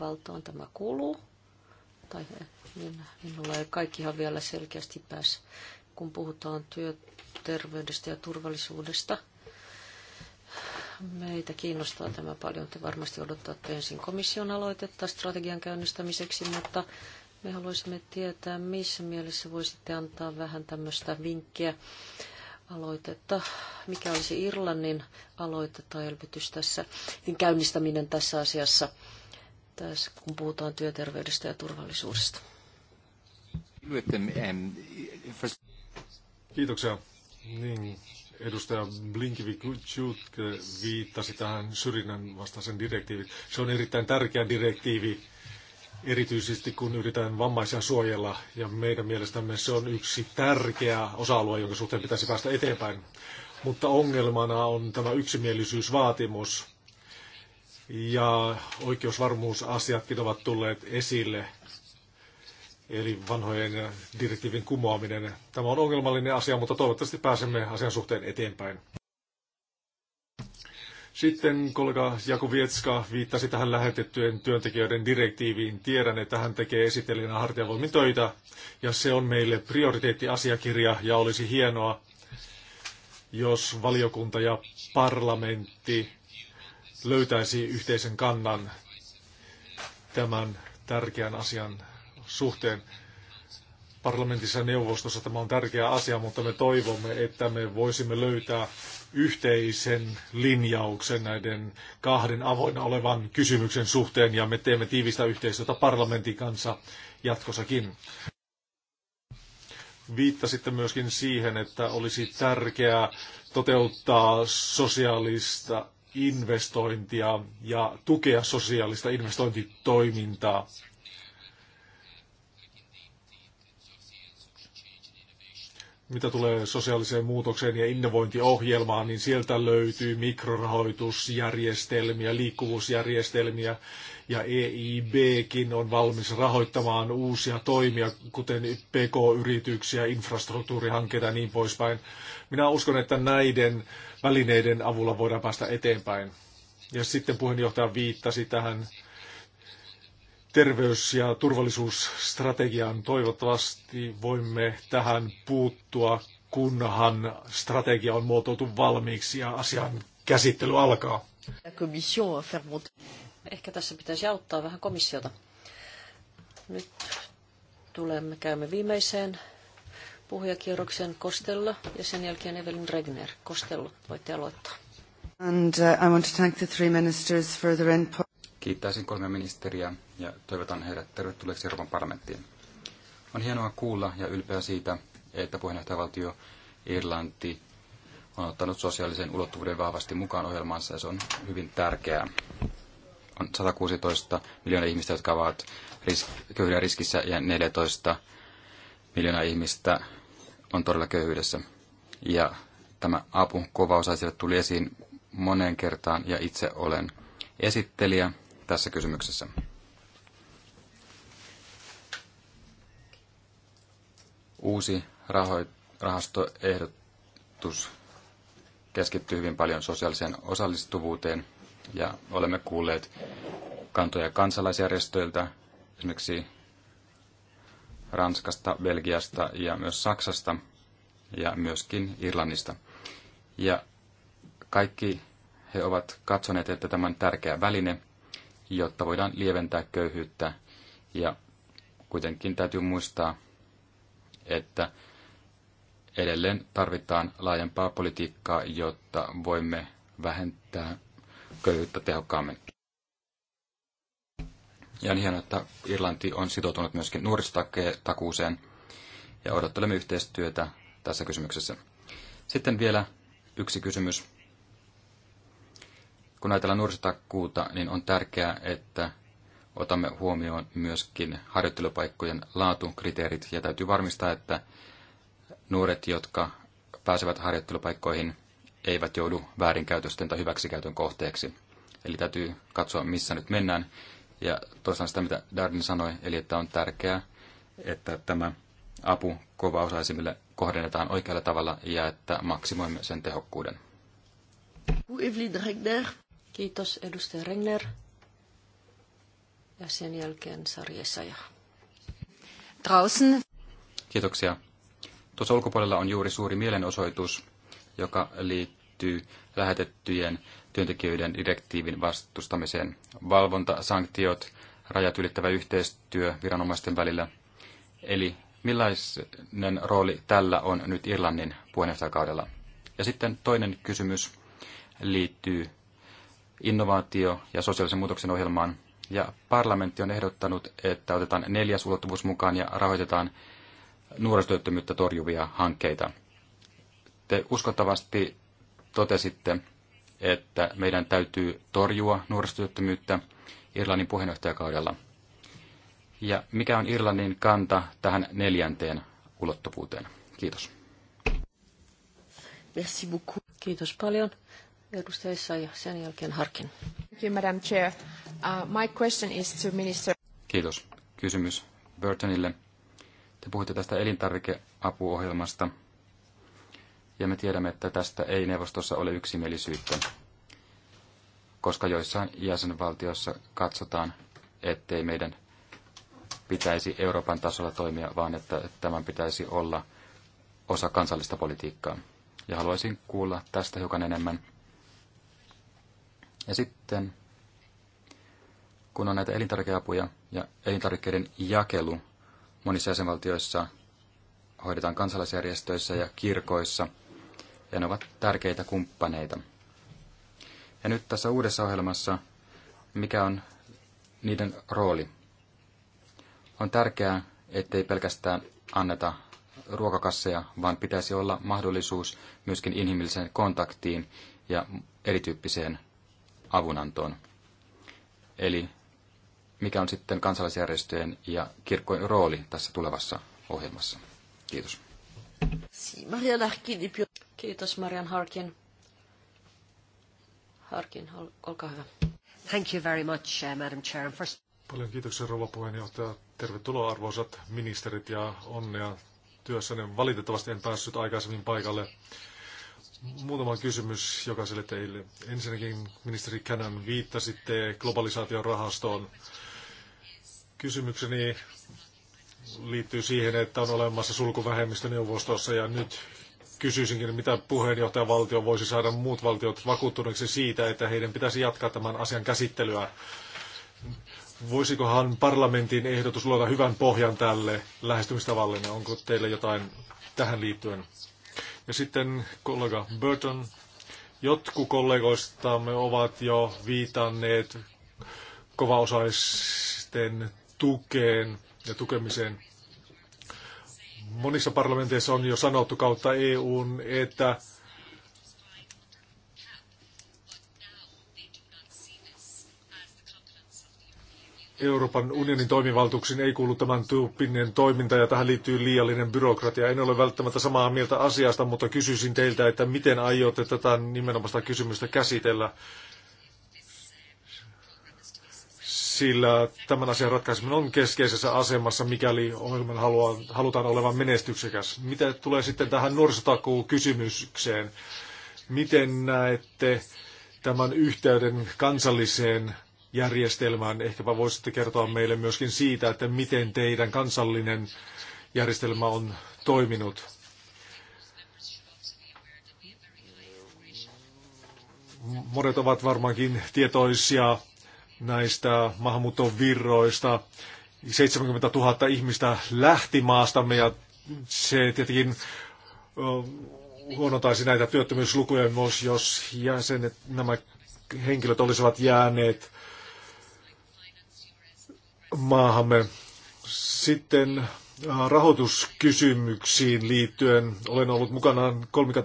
valtaan tämä kuluu. Tai niin, minulla ei kaikkihan vielä selkeästi pääs, kun puhutaan työterveydestä ja turvallisuudesta. Meitä kiinnostaa tämä paljon. Te varmasti odottaa ensin komission aloitetta strategian käynnistämiseksi, mutta me haluaisimme tietää, missä mielessä voisitte antaa vähän tämmöistä vinkkiä aloitetta. Mikä olisi Irlannin aloite tai elvytys tässä, niin käynnistäminen tässä asiassa? tässä, kun puhutaan työterveydestä ja turvallisuudesta. Kiitoksia. Niin, edustaja Blinkivik viittasi tähän syrjinnän vastaisen direktiivin. Se on erittäin tärkeä direktiivi, erityisesti kun yritetään vammaisia suojella, ja meidän mielestämme se on yksi tärkeä osa-alue, jonka suhteen pitäisi päästä eteenpäin. Mutta ongelmana on tämä yksimielisyysvaatimus ja oikeusvarmuusasiatkin ovat tulleet esille, eli vanhojen direktiivin kumoaminen. Tämä on ongelmallinen asia, mutta toivottavasti pääsemme asian suhteen eteenpäin. Sitten kollega Vietska viittasi tähän lähetettyjen työntekijöiden direktiiviin. Tiedän, että hän tekee esittelijänä hartiavoimin töitä, ja se on meille prioriteettiasiakirja, ja olisi hienoa, jos valiokunta ja parlamentti löytäisi yhteisen kannan tämän tärkeän asian suhteen. Parlamentissa ja neuvostossa tämä on tärkeä asia, mutta me toivomme, että me voisimme löytää yhteisen linjauksen näiden kahden avoinna olevan kysymyksen suhteen ja me teemme tiivistä yhteistyötä parlamentin kanssa jatkossakin. Viittasitte myöskin siihen, että olisi tärkeää toteuttaa sosiaalista investointia ja tukea sosiaalista investointitoimintaa. Mitä tulee sosiaaliseen muutokseen ja innovointiohjelmaan, niin sieltä löytyy mikrorahoitusjärjestelmiä, liikkuvuusjärjestelmiä ja EIBkin on valmis rahoittamaan uusia toimia, kuten PK-yrityksiä, infrastruktuurihankkeita ja niin poispäin. Minä uskon, että näiden välineiden avulla voidaan päästä eteenpäin. Ja sitten puheenjohtaja viittasi tähän terveys- ja turvallisuusstrategiaan. Toivottavasti voimme tähän puuttua, kunhan strategia on muotoiltu valmiiksi ja asian käsittely alkaa. Ehkä tässä pitäisi auttaa vähän komissiota. Nyt tulemme, käymme viimeiseen puhujakierroksen Costello ja sen jälkeen Evelyn Regner. Costello voitte aloittaa. And uh, I want to thank the three ministers for their input. Kiittäisin kolme ministeriä ja toivotan heidät tervetulleeksi Euroopan parlamenttiin. On hienoa kuulla ja ylpeä siitä, että puheenjohtajavaltio Irlanti on ottanut sosiaalisen ulottuvuuden vahvasti mukaan ohjelmaansa ja se on hyvin tärkeää. On 116 miljoonaa ihmistä, jotka ovat risk- köyhyyden riskissä ja 14 miljoonaa ihmistä on todella köyhyydessä. Ja tämä apu kovaosaisille tuli esiin moneen kertaan ja itse olen esittelijä tässä kysymyksessä. Uusi rahastoehdotus keskittyy hyvin paljon sosiaaliseen osallistuvuuteen ja olemme kuulleet kantoja kansalaisjärjestöiltä, esimerkiksi Ranskasta, Belgiasta ja myös Saksasta ja myöskin Irlannista. Ja kaikki he ovat katsoneet, että tämä on tärkeä väline, jotta voidaan lieventää köyhyyttä. Ja kuitenkin täytyy muistaa, että edelleen tarvitaan laajempaa politiikkaa, jotta voimme vähentää köyhyyttä tehokkaammin. Ja on hienoa, että Irlanti on sitoutunut myöskin nuorisotakuuseen ja odottelemme yhteistyötä tässä kysymyksessä. Sitten vielä yksi kysymys. Kun ajatellaan nuorisotakuuta, niin on tärkeää, että otamme huomioon myöskin harjoittelupaikkojen laatukriteerit ja täytyy varmistaa, että nuoret, jotka pääsevät harjoittelupaikkoihin, eivät joudu väärinkäytösten tai hyväksikäytön kohteeksi. Eli täytyy katsoa, missä nyt mennään ja toisaalta sitä, mitä Darden sanoi, eli että on tärkeää, että tämä apu kovaosaisimmille kohdennetaan oikealla tavalla ja että maksimoimme sen tehokkuuden. Kiitos edustaja Regner. Ja sen jälkeen Sari ja Draußen. Kiitoksia. Tuossa ulkopuolella on juuri suuri mielenosoitus, joka liittyy liittyy lähetettyjen työntekijöiden direktiivin vastustamiseen. Valvonta, sanktiot, rajat ylittävä yhteistyö viranomaisten välillä. Eli millainen rooli tällä on nyt Irlannin puheenjohtajakaudella? Ja sitten toinen kysymys liittyy innovaatio- ja sosiaalisen muutoksen ohjelmaan. Ja parlamentti on ehdottanut, että otetaan neljäs ulottuvuus mukaan ja rahoitetaan nuorisotyöttömyyttä torjuvia hankkeita. Te uskottavasti totesitte, että meidän täytyy torjua nuorisotyöttömyyttä Irlannin puheenjohtajakaudella. Ja mikä on Irlannin kanta tähän neljänteen ulottuvuuteen? Kiitos. Merci beaucoup. Kiitos paljon. Edustaja Essayah, sen jälkeen Harkin. Thank you, Madam Chair. Uh, my question is to Minister... Kiitos. Kysymys Burtonille. Te puhuitte tästä elintarvikeapuohjelmasta – ja me tiedämme, että tästä ei neuvostossa ole yksimielisyyttä, koska joissain jäsenvaltioissa katsotaan, ettei meidän pitäisi Euroopan tasolla toimia, vaan että tämän pitäisi olla osa kansallista politiikkaa. Ja haluaisin kuulla tästä hiukan enemmän. Ja sitten, kun on näitä elintarvikeapuja ja elintarvikkeiden jakelu monissa jäsenvaltioissa hoidetaan kansalaisjärjestöissä ja kirkoissa, ja ne ovat tärkeitä kumppaneita. Ja nyt tässä uudessa ohjelmassa, mikä on niiden rooli? On tärkeää, ettei pelkästään anneta ruokakasseja, vaan pitäisi olla mahdollisuus myöskin inhimilliseen kontaktiin ja erityyppiseen avunantoon. Eli mikä on sitten kansalaisjärjestöjen ja kirkkojen rooli tässä tulevassa ohjelmassa? Kiitos. Si Maria Larkin, Kiitos Marian Harkin. Harkin, ol, olkaa hyvä. Thank you very much, uh, Madam Chair. First... Paljon kiitoksia rouva puheenjohtaja. Tervetuloa arvoisat ministerit ja onnea työssänne. Valitettavasti en päässyt aikaisemmin paikalle. Muutama kysymys jokaiselle teille. Ensinnäkin ministeri Känän viittasitte globalisaation rahastoon. Kysymykseni liittyy siihen, että on olemassa sulkuvähemmistöneuvostossa ja nyt kysyisinkin, mitä puheenjohtajavaltio voisi saada muut valtiot vakuuttuneeksi siitä, että heidän pitäisi jatkaa tämän asian käsittelyä. Voisikohan parlamentin ehdotus luoda hyvän pohjan tälle lähestymistavalle? Onko teillä jotain tähän liittyen? Ja sitten kollega Burton. Jotkut kollegoistamme ovat jo viitanneet kovaosaisten tukeen ja tukemiseen monissa parlamenteissa on jo sanottu kautta EUn, että Euroopan unionin toimivaltuuksiin ei kuulu tämän tyyppinen toiminta ja tähän liittyy liiallinen byrokratia. En ole välttämättä samaa mieltä asiasta, mutta kysyisin teiltä, että miten aiotte tätä nimenomaista kysymystä käsitellä sillä tämän asian ratkaiseminen on keskeisessä asemassa, mikäli ohjelman haluaa, halutaan olevan menestyksekäs. Mitä tulee sitten tähän nuorisotakuu-kysymykseen? Miten näette tämän yhteyden kansalliseen järjestelmään? Ehkäpä voisitte kertoa meille myöskin siitä, että miten teidän kansallinen järjestelmä on toiminut. Monet ovat varmaankin tietoisia näistä maahanmuuton virroista. 70 000 ihmistä lähti maastamme ja se tietenkin huonotaisi näitä työttömyyslukuja myös, jos jäsenet, nämä henkilöt olisivat jääneet maahamme. Sitten rahoituskysymyksiin liittyen olen ollut mukana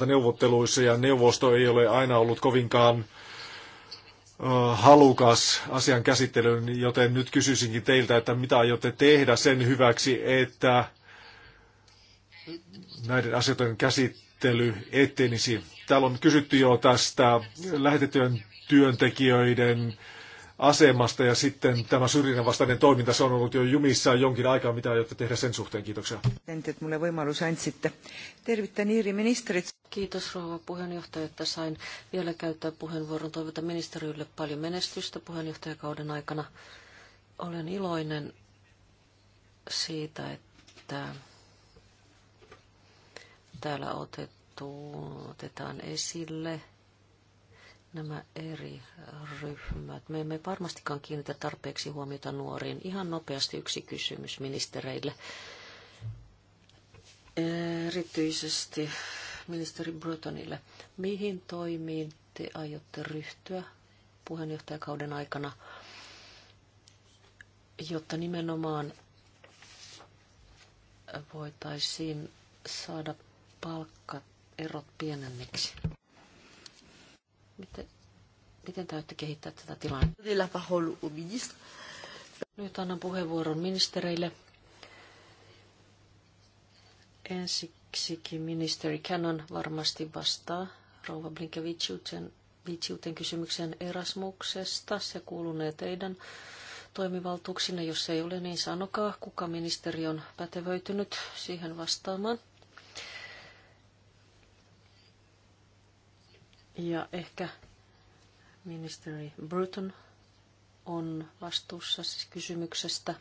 neuvotteluissa ja neuvosto ei ole aina ollut kovinkaan halukas asian käsittelyyn, joten nyt kysyisinkin teiltä, että mitä aiotte tehdä sen hyväksi, että näiden asioiden käsittely etenisi. Täällä on kysytty jo tästä lähetettyjen työntekijöiden asemasta ja sitten tämä syrjinnän vastainen toiminta, se on ollut jo jumissa jonkin aikaa, mitä aiotte tehdä sen suhteen. Kiitoksia. Entet mulle voimallus ansitte. Tervittän Iiri ministerit. Kiitos rouva puheenjohtaja, että sain vielä käyttää puheenvuoron. Toivotan ministeriölle paljon menestystä puheenjohtajakauden aikana. Olen iloinen siitä, että täällä otettu, otetaan esille – nämä eri ryhmät. Me emme varmastikaan kiinnitä tarpeeksi huomiota nuoriin. Ihan nopeasti yksi kysymys ministereille. Erityisesti ministeri Brutonille. Mihin toimiin te aiotte ryhtyä puheenjohtajakauden aikana, jotta nimenomaan voitaisiin saada palkkaerot pienemmiksi? Miten, miten te olette kehittää tätä tilannetta? Nyt annan puheenvuoron ministereille. Ensiksikin ministeri Cannon varmasti vastaa rouva Blinkevichiuten kysymyksen Erasmuksesta. Se kuulunee teidän toimivaltuuksinne. Jos ei ole, niin sanokaa, kuka ministeri on pätevöitynyt siihen vastaamaan. Ja ehkä ministeri Bruton on vastuussa siis kysymyksestä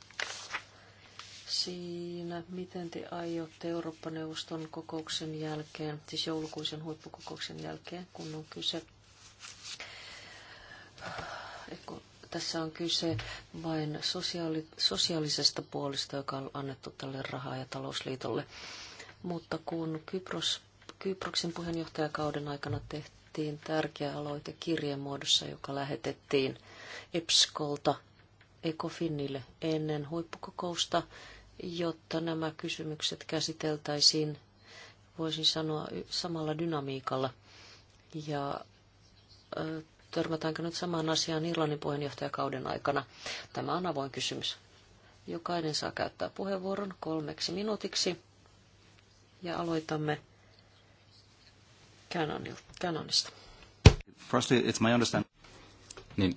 siinä, miten te aiotte Eurooppa-neuvoston kokouksen jälkeen, siis joulukuisen huippukokouksen jälkeen, kun on kyse, kun tässä on kyse vain sosiaali, sosiaalisesta puolesta, joka on annettu tälle rahaa- ja talousliitolle. Mutta kun Kypros, Kyproksen puheenjohtajakauden aikana tehtiin, tehtiin tärkeä aloite kirjeen muodossa, joka lähetettiin EPSKolta ECOFINille ennen huippukokousta, jotta nämä kysymykset käsiteltäisiin, voisin sanoa, samalla dynamiikalla. Ja törmätäänkö nyt samaan asiaan Irlannin puheenjohtajakauden aikana? Tämä on avoin kysymys. Jokainen saa käyttää puheenvuoron kolmeksi minuutiksi ja aloitamme kanonista. Firstly, it's my understanding. Niin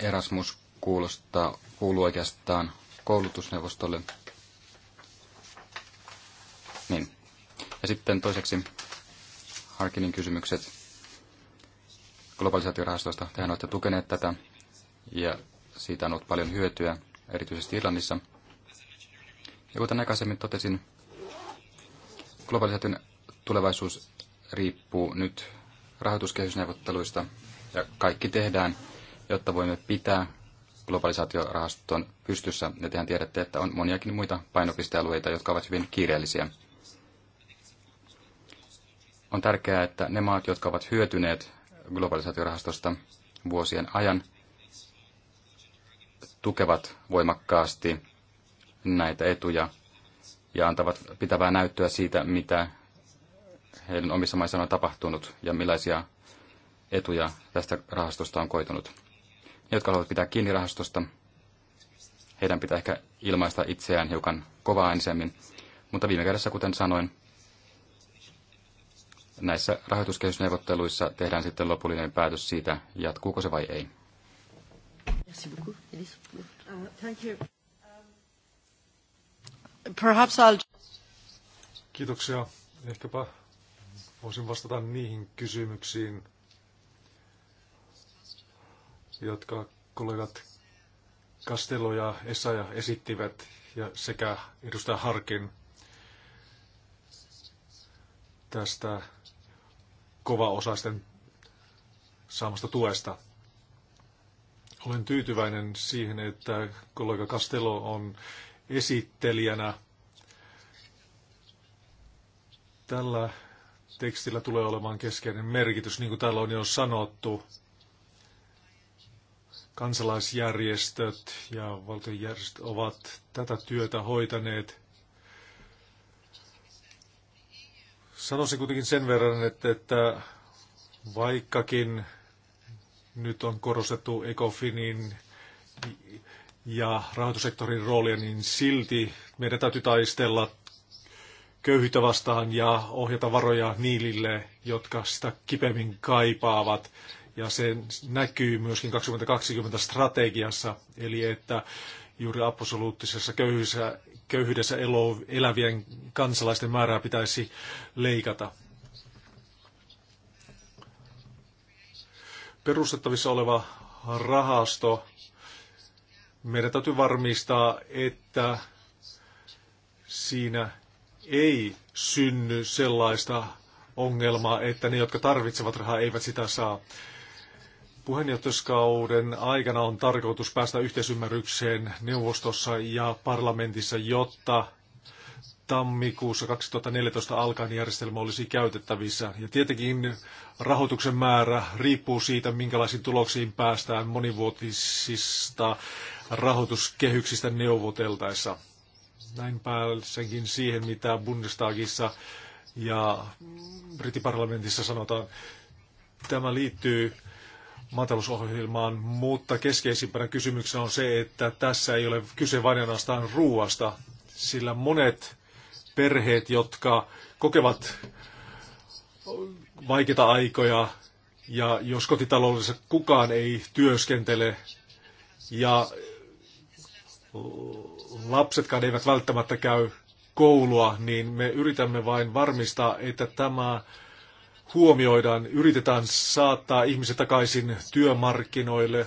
Erasmus kuulostaa, kuuluu oikeastaan koulutusneuvostolle. Niin. Ja sitten toiseksi Harkinin kysymykset globalisaatiorahastosta. Tehän olette tukeneet tätä ja siitä on ollut paljon hyötyä, erityisesti Irlannissa. Ja kuten aikaisemmin totesin, globalisaation tulevaisuus riippuu nyt rahoituskehysneuvotteluista ja kaikki tehdään, jotta voimme pitää globalisaatiorahaston pystyssä. Ja tehän tiedätte, että on moniakin muita painopistealueita, jotka ovat hyvin kiireellisiä. On tärkeää, että ne maat, jotka ovat hyötyneet globalisaatiorahastosta vuosien ajan, tukevat voimakkaasti näitä etuja ja antavat pitävää näyttöä siitä, mitä heidän omissa maissaan on tapahtunut ja millaisia etuja tästä rahastosta on koitunut. Ne, jotka haluavat pitää kiinni rahastosta, heidän pitää ehkä ilmaista itseään hiukan kovaäänisemmin, mutta viime kädessä, kuten sanoin, näissä rahoituskehysneuvotteluissa tehdään sitten lopullinen päätös siitä, jatkuuko se vai ei. Merci beaucoup. Uh, thank you. Um, perhaps I'll... Kiitoksia. Ehkäpä Voisin vastata niihin kysymyksiin, jotka kollegat Castello ja Esaja esittivät ja sekä edustaja Harkin tästä kovaosaisten saamasta tuesta. Olen tyytyväinen siihen, että kollega Castello on esittelijänä tällä tekstillä tulee olemaan keskeinen merkitys, niin kuin täällä on jo sanottu. Kansalaisjärjestöt ja valtionjärjestöt ovat tätä työtä hoitaneet. Sanoisin kuitenkin sen verran, että, että vaikkakin nyt on korostettu ECOFINin ja rahoitussektorin roolia, niin silti meidän täytyy taistella köyhyyttä vastaan ja ohjata varoja niille, jotka sitä kipeimmin kaipaavat. Ja se näkyy myöskin 2020 strategiassa, eli että juuri absoluuttisessa köyhyydessä, köyhyydessä elo, elävien kansalaisten määrää pitäisi leikata. Perustettavissa oleva rahasto, meidän täytyy varmistaa, että siinä ei synny sellaista ongelmaa, että ne, jotka tarvitsevat rahaa, eivät sitä saa. Puheenjohtajuuskauden aikana on tarkoitus päästä yhteisymmärrykseen neuvostossa ja parlamentissa, jotta tammikuussa 2014 alkaen järjestelmä olisi käytettävissä. Ja tietenkin rahoituksen määrä riippuu siitä, minkälaisiin tuloksiin päästään monivuotisista rahoituskehyksistä neuvoteltaessa. Näin pääsenkin siihen, mitä Bundestagissa ja Britiparlamentissa sanotaan. Tämä liittyy maatalousohjelmaan, mutta keskeisimpänä kysymyksenä on se, että tässä ei ole kyse vain ainoastaan ruuasta, sillä monet perheet, jotka kokevat vaikeita aikoja ja jos kotitaloudessa kukaan ei työskentele ja lapsetkaan eivät välttämättä käy koulua, niin me yritämme vain varmistaa, että tämä huomioidaan, yritetään saattaa ihmiset takaisin työmarkkinoille.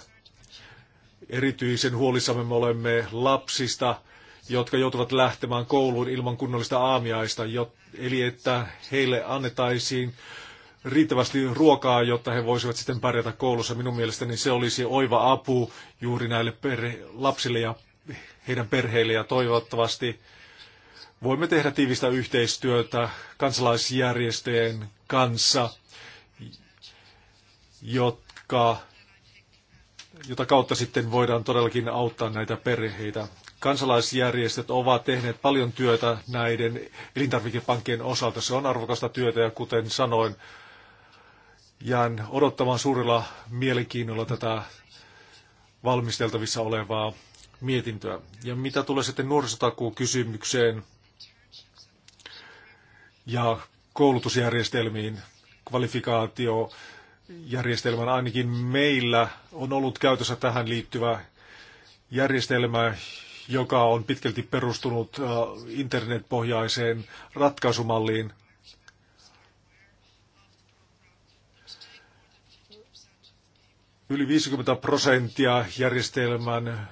Erityisen huolissamme me olemme lapsista, jotka joutuvat lähtemään kouluun ilman kunnollista aamiaista, eli että heille annettaisiin riittävästi ruokaa, jotta he voisivat sitten pärjätä koulussa. Minun mielestäni se olisi oiva apu juuri näille lapsille ja heidän perheille ja toivottavasti voimme tehdä tiivistä yhteistyötä kansalaisjärjestöjen kanssa, jotka, jota kautta sitten voidaan todellakin auttaa näitä perheitä. Kansalaisjärjestöt ovat tehneet paljon työtä näiden elintarvikepankkien osalta. Se on arvokasta työtä ja kuten sanoin, jään odottamaan suurella mielenkiinnolla tätä valmisteltavissa olevaa mietintöä. Ja mitä tulee sitten nuorisotakuun kysymykseen ja koulutusjärjestelmiin, kvalifikaatio, järjestelmän ainakin meillä on ollut käytössä tähän liittyvä järjestelmä, joka on pitkälti perustunut äh, internetpohjaiseen ratkaisumalliin. Yli 50 prosenttia järjestelmän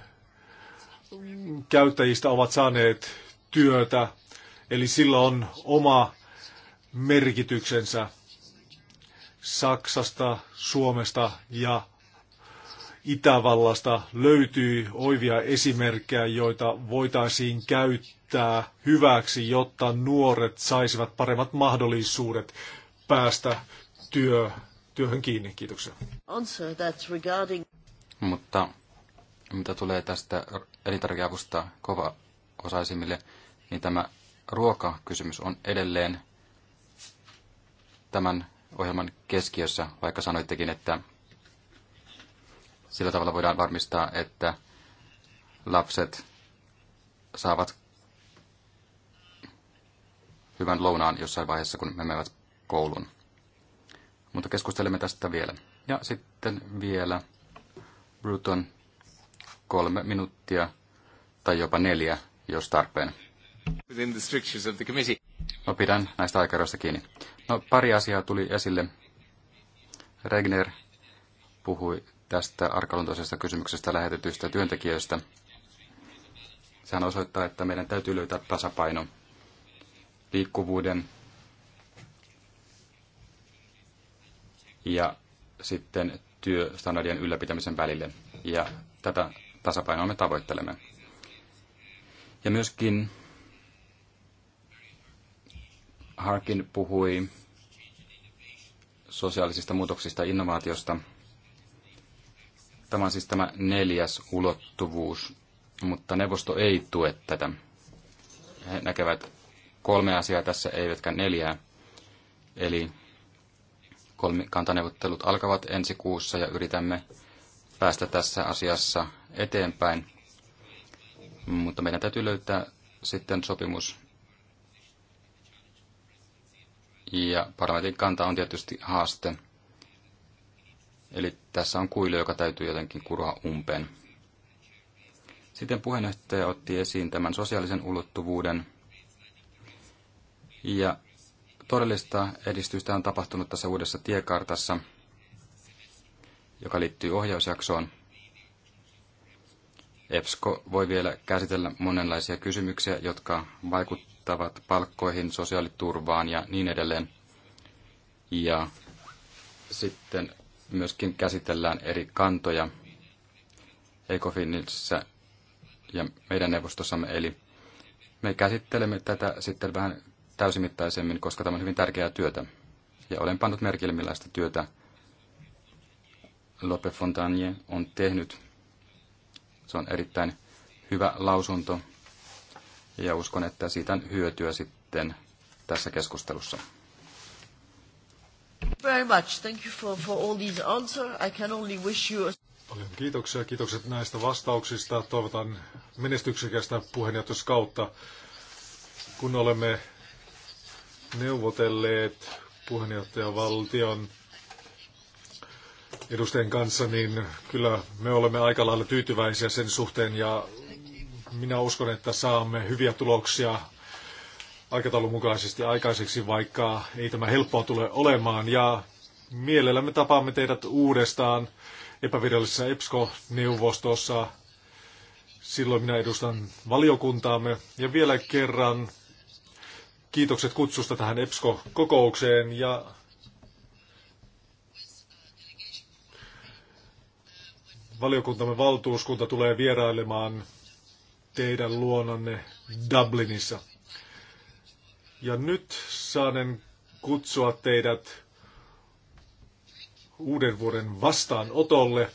käyttäjistä ovat saaneet työtä, eli sillä on oma merkityksensä Saksasta, Suomesta ja Itävallasta löytyy oivia esimerkkejä, joita voitaisiin käyttää hyväksi, jotta nuoret saisivat paremmat mahdollisuudet päästä työ, työhön kiinni. Kiitoksia. Mutta mitä tulee tästä elintarvikeavusta kova osaisimmille, niin tämä ruokakysymys on edelleen tämän ohjelman keskiössä, vaikka sanoittekin, että sillä tavalla voidaan varmistaa, että lapset saavat hyvän lounaan jossain vaiheessa, kun menevät koulun. Mutta keskustelemme tästä vielä. Ja sitten vielä Bruton kolme minuuttia tai jopa neljä, jos tarpeen. No pidän näistä aikaroista kiinni. No pari asiaa tuli esille. Regner puhui tästä arkaluontoisesta kysymyksestä lähetetyistä työntekijöistä. Sehän osoittaa, että meidän täytyy löytää tasapaino liikkuvuuden ja sitten työstandardien ylläpitämisen välille. Ja tätä tasapainoa me tavoittelemme. Ja myöskin Harkin puhui sosiaalisista muutoksista ja innovaatiosta. Tämä on siis tämä neljäs ulottuvuus, mutta neuvosto ei tue tätä. He näkevät kolme asiaa tässä, eivätkä neljää. Eli kolmikantaneuvottelut alkavat ensi kuussa ja yritämme päästä tässä asiassa eteenpäin, mutta meidän täytyy löytää sitten sopimus. Ja parlamentin kanta on tietysti haaste. Eli tässä on kuilu, joka täytyy jotenkin kuroa umpeen. Sitten puheenjohtaja otti esiin tämän sosiaalisen ulottuvuuden. Ja todellista edistystä on tapahtunut tässä uudessa tiekartassa – joka liittyy ohjausjaksoon. EPSCO voi vielä käsitellä monenlaisia kysymyksiä, jotka vaikuttavat palkkoihin, sosiaaliturvaan ja niin edelleen. Ja sitten myöskin käsitellään eri kantoja ECOFINissä ja meidän neuvostossamme. Eli me käsittelemme tätä sitten vähän täysimittaisemmin, koska tämä on hyvin tärkeää työtä. Ja olen pannut merkille, millaista työtä Lope Fontanje on tehnyt. Se on erittäin hyvä lausunto ja uskon, että siitä on hyötyä sitten tässä keskustelussa. Very much. Thank you for, for all these answers. I can only wish you a... Paljon kiitoksia. Kiitokset näistä vastauksista. Toivotan menestyksekästä puheenjohtajuuskautta. Kun olemme neuvotelleet puheenjohtajavaltion edustajien kanssa, niin kyllä me olemme aika lailla tyytyväisiä sen suhteen ja minä uskon, että saamme hyviä tuloksia aikataulun mukaisesti aikaiseksi, vaikka ei tämä helppoa tule olemaan. Ja mielellämme tapaamme teidät uudestaan epävirallisessa EPSCO-neuvostossa. Silloin minä edustan valiokuntaamme. Ja vielä kerran kiitokset kutsusta tähän EPSCO-kokoukseen ja valiokuntamme valtuuskunta tulee vierailemaan teidän luonanne Dublinissa. Ja nyt saanen kutsua teidät uuden vuoden vastaanotolle.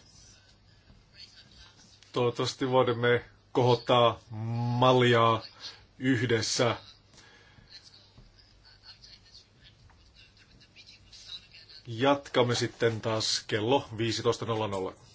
Toivottavasti voimme kohottaa maljaa yhdessä. Jatkamme sitten taas kello 15.00.